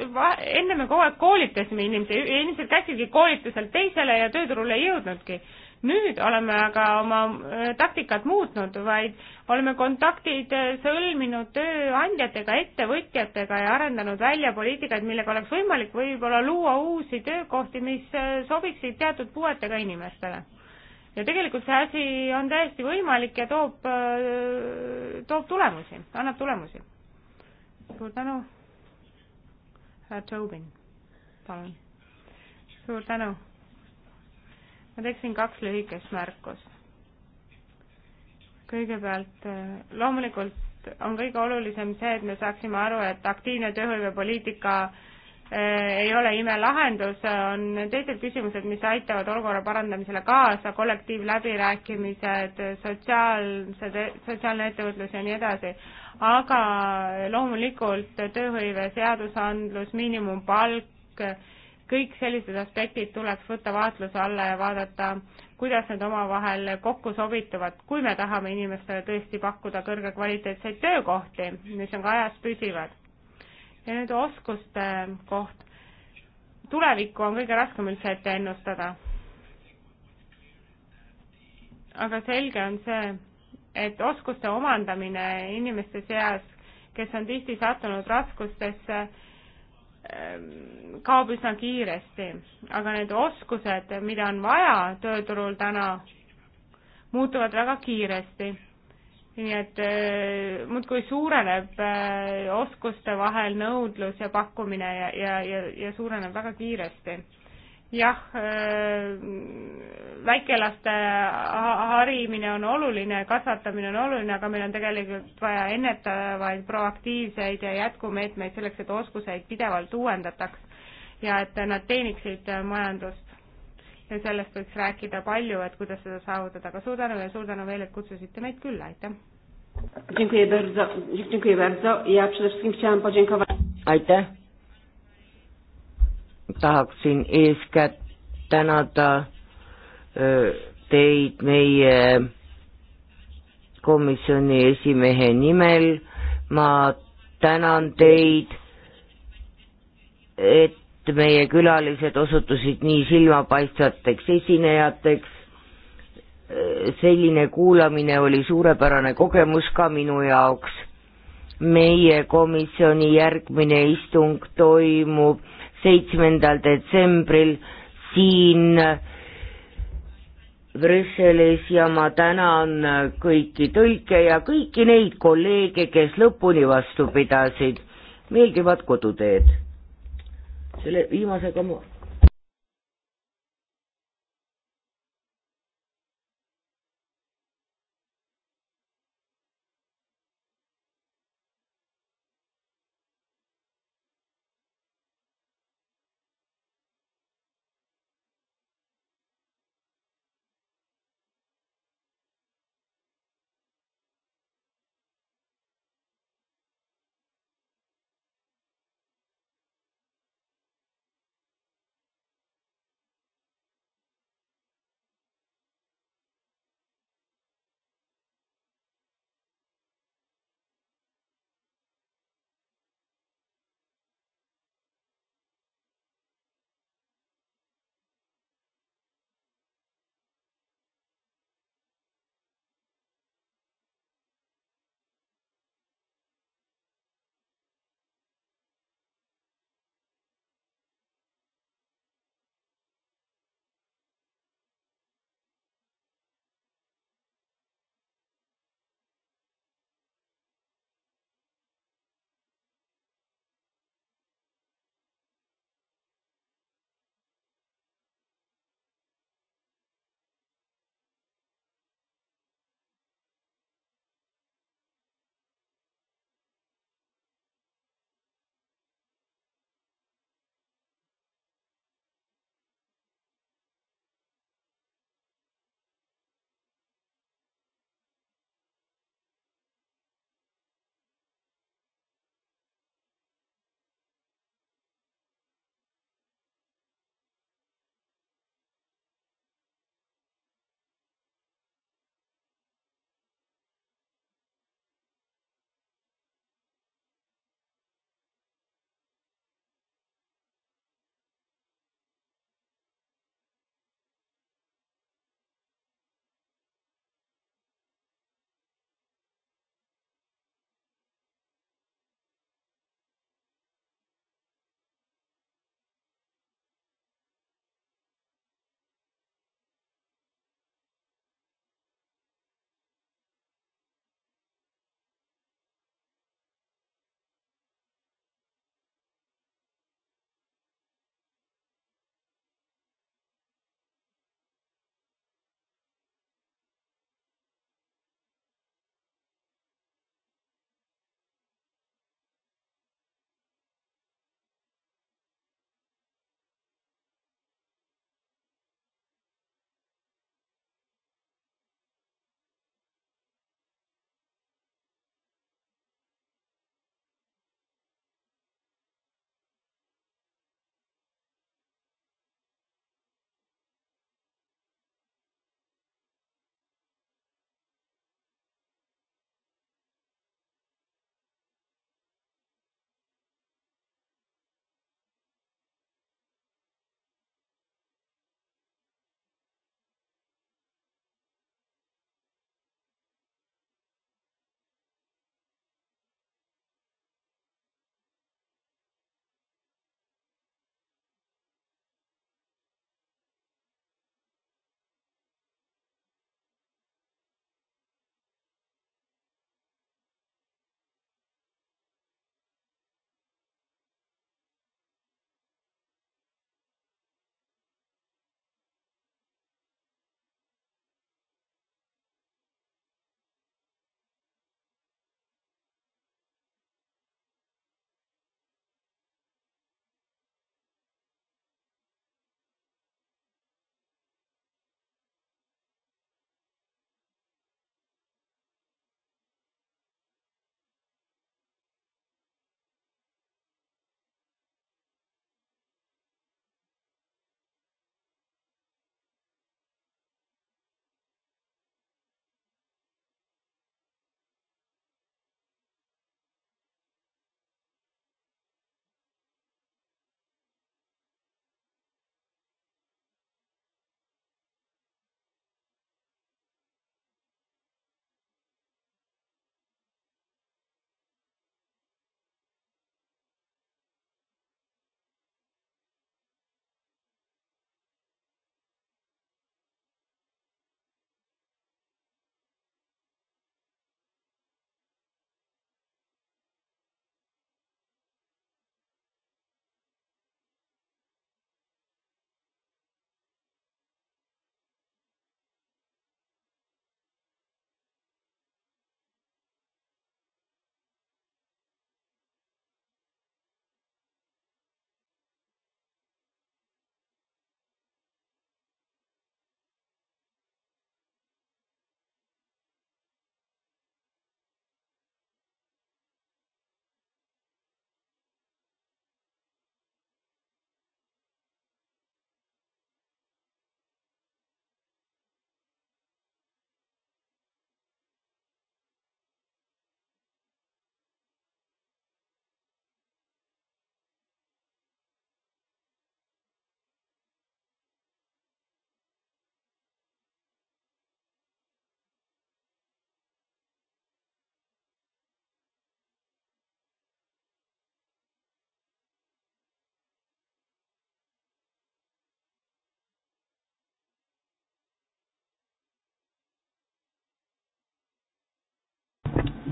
enne me kogu aeg koolitasime inimesi, inimesed käisidki koolituselt teisele ja tööturule ei jõudnudki nüüd oleme aga oma äh, taktikat muutnud, vaid oleme kontaktid äh, sõlminud tööandjatega, ettevõtjatega ja arendanud välja poliitikaid, millega oleks võimalik võib-olla luua uusi töökohti, mis äh, sobiksid teatud puuetega inimestele. ja tegelikult see asi on täiesti võimalik ja toob, toob tulemusi, annab tulemusi. suur tänu. härra Tobin, palun. suur tänu ma teeksin kaks lühikest märkust. kõigepealt eh, loomulikult on kõige olulisem see, et me saaksime aru, et aktiivne tööhõivepoliitika eh, ei ole imelahendus, on teised küsimused, mis aitavad olukorra parandamisele kaasa, kollektiivläbirääkimised, sotsiaalsed, e-, sotsiaalne ettevõtlus ja nii edasi. aga loomulikult tööhõive seadusandlus, miinimumpalk, kõik sellised aspektid tuleks võtta vaatluse alla ja vaadata, kuidas need omavahel kokku sobituvad, kui me tahame inimestele tõesti pakkuda kõrgekvaliteetseid töökohti, mis on ka ajas püsivad. ja nüüd oskuste koht. tulevikku on kõige raskem üldse ette ennustada. aga selge on see, et oskuste omandamine inimeste seas, kes on tihti sattunud raskustesse, Ähm, kaob üsna kiiresti, aga need oskused, mida on vaja tööturul täna, muutuvad väga kiiresti. nii et äh, muudkui suureneb äh, oskuste vahel nõudlus ja pakkumine ja, ja, ja, ja suureneb väga kiiresti jah, äh, väikelaste harimine on oluline, kasvatamine on oluline, aga meil on tegelikult vaja ennetavaid, proaktiivseid ja jätkumeetmeid selleks, et oskuseid pidevalt uuendataks ja et nad teeniksid majandust. ja sellest võiks rääkida palju, et kuidas seda saavutada, aga suur tänu ja suur tänu veel, et kutsusite meid külla, aitäh! aitäh! tahaksin eeskätt tänada teid meie komisjoni esimehe nimel, ma tänan teid, et meie külalised osutusid nii silmapaistvateks esinejateks, selline kuulamine oli suurepärane kogemus ka minu jaoks. meie komisjoni järgmine istung toimub seitsmendal detsembril siin Brüsselis ja ma tänan kõiki tõlke ja kõiki neid kolleege, kes lõpuni vastu pidasid. meeldivat koduteed. selle viimasega ma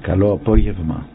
Καλό απόγευμα.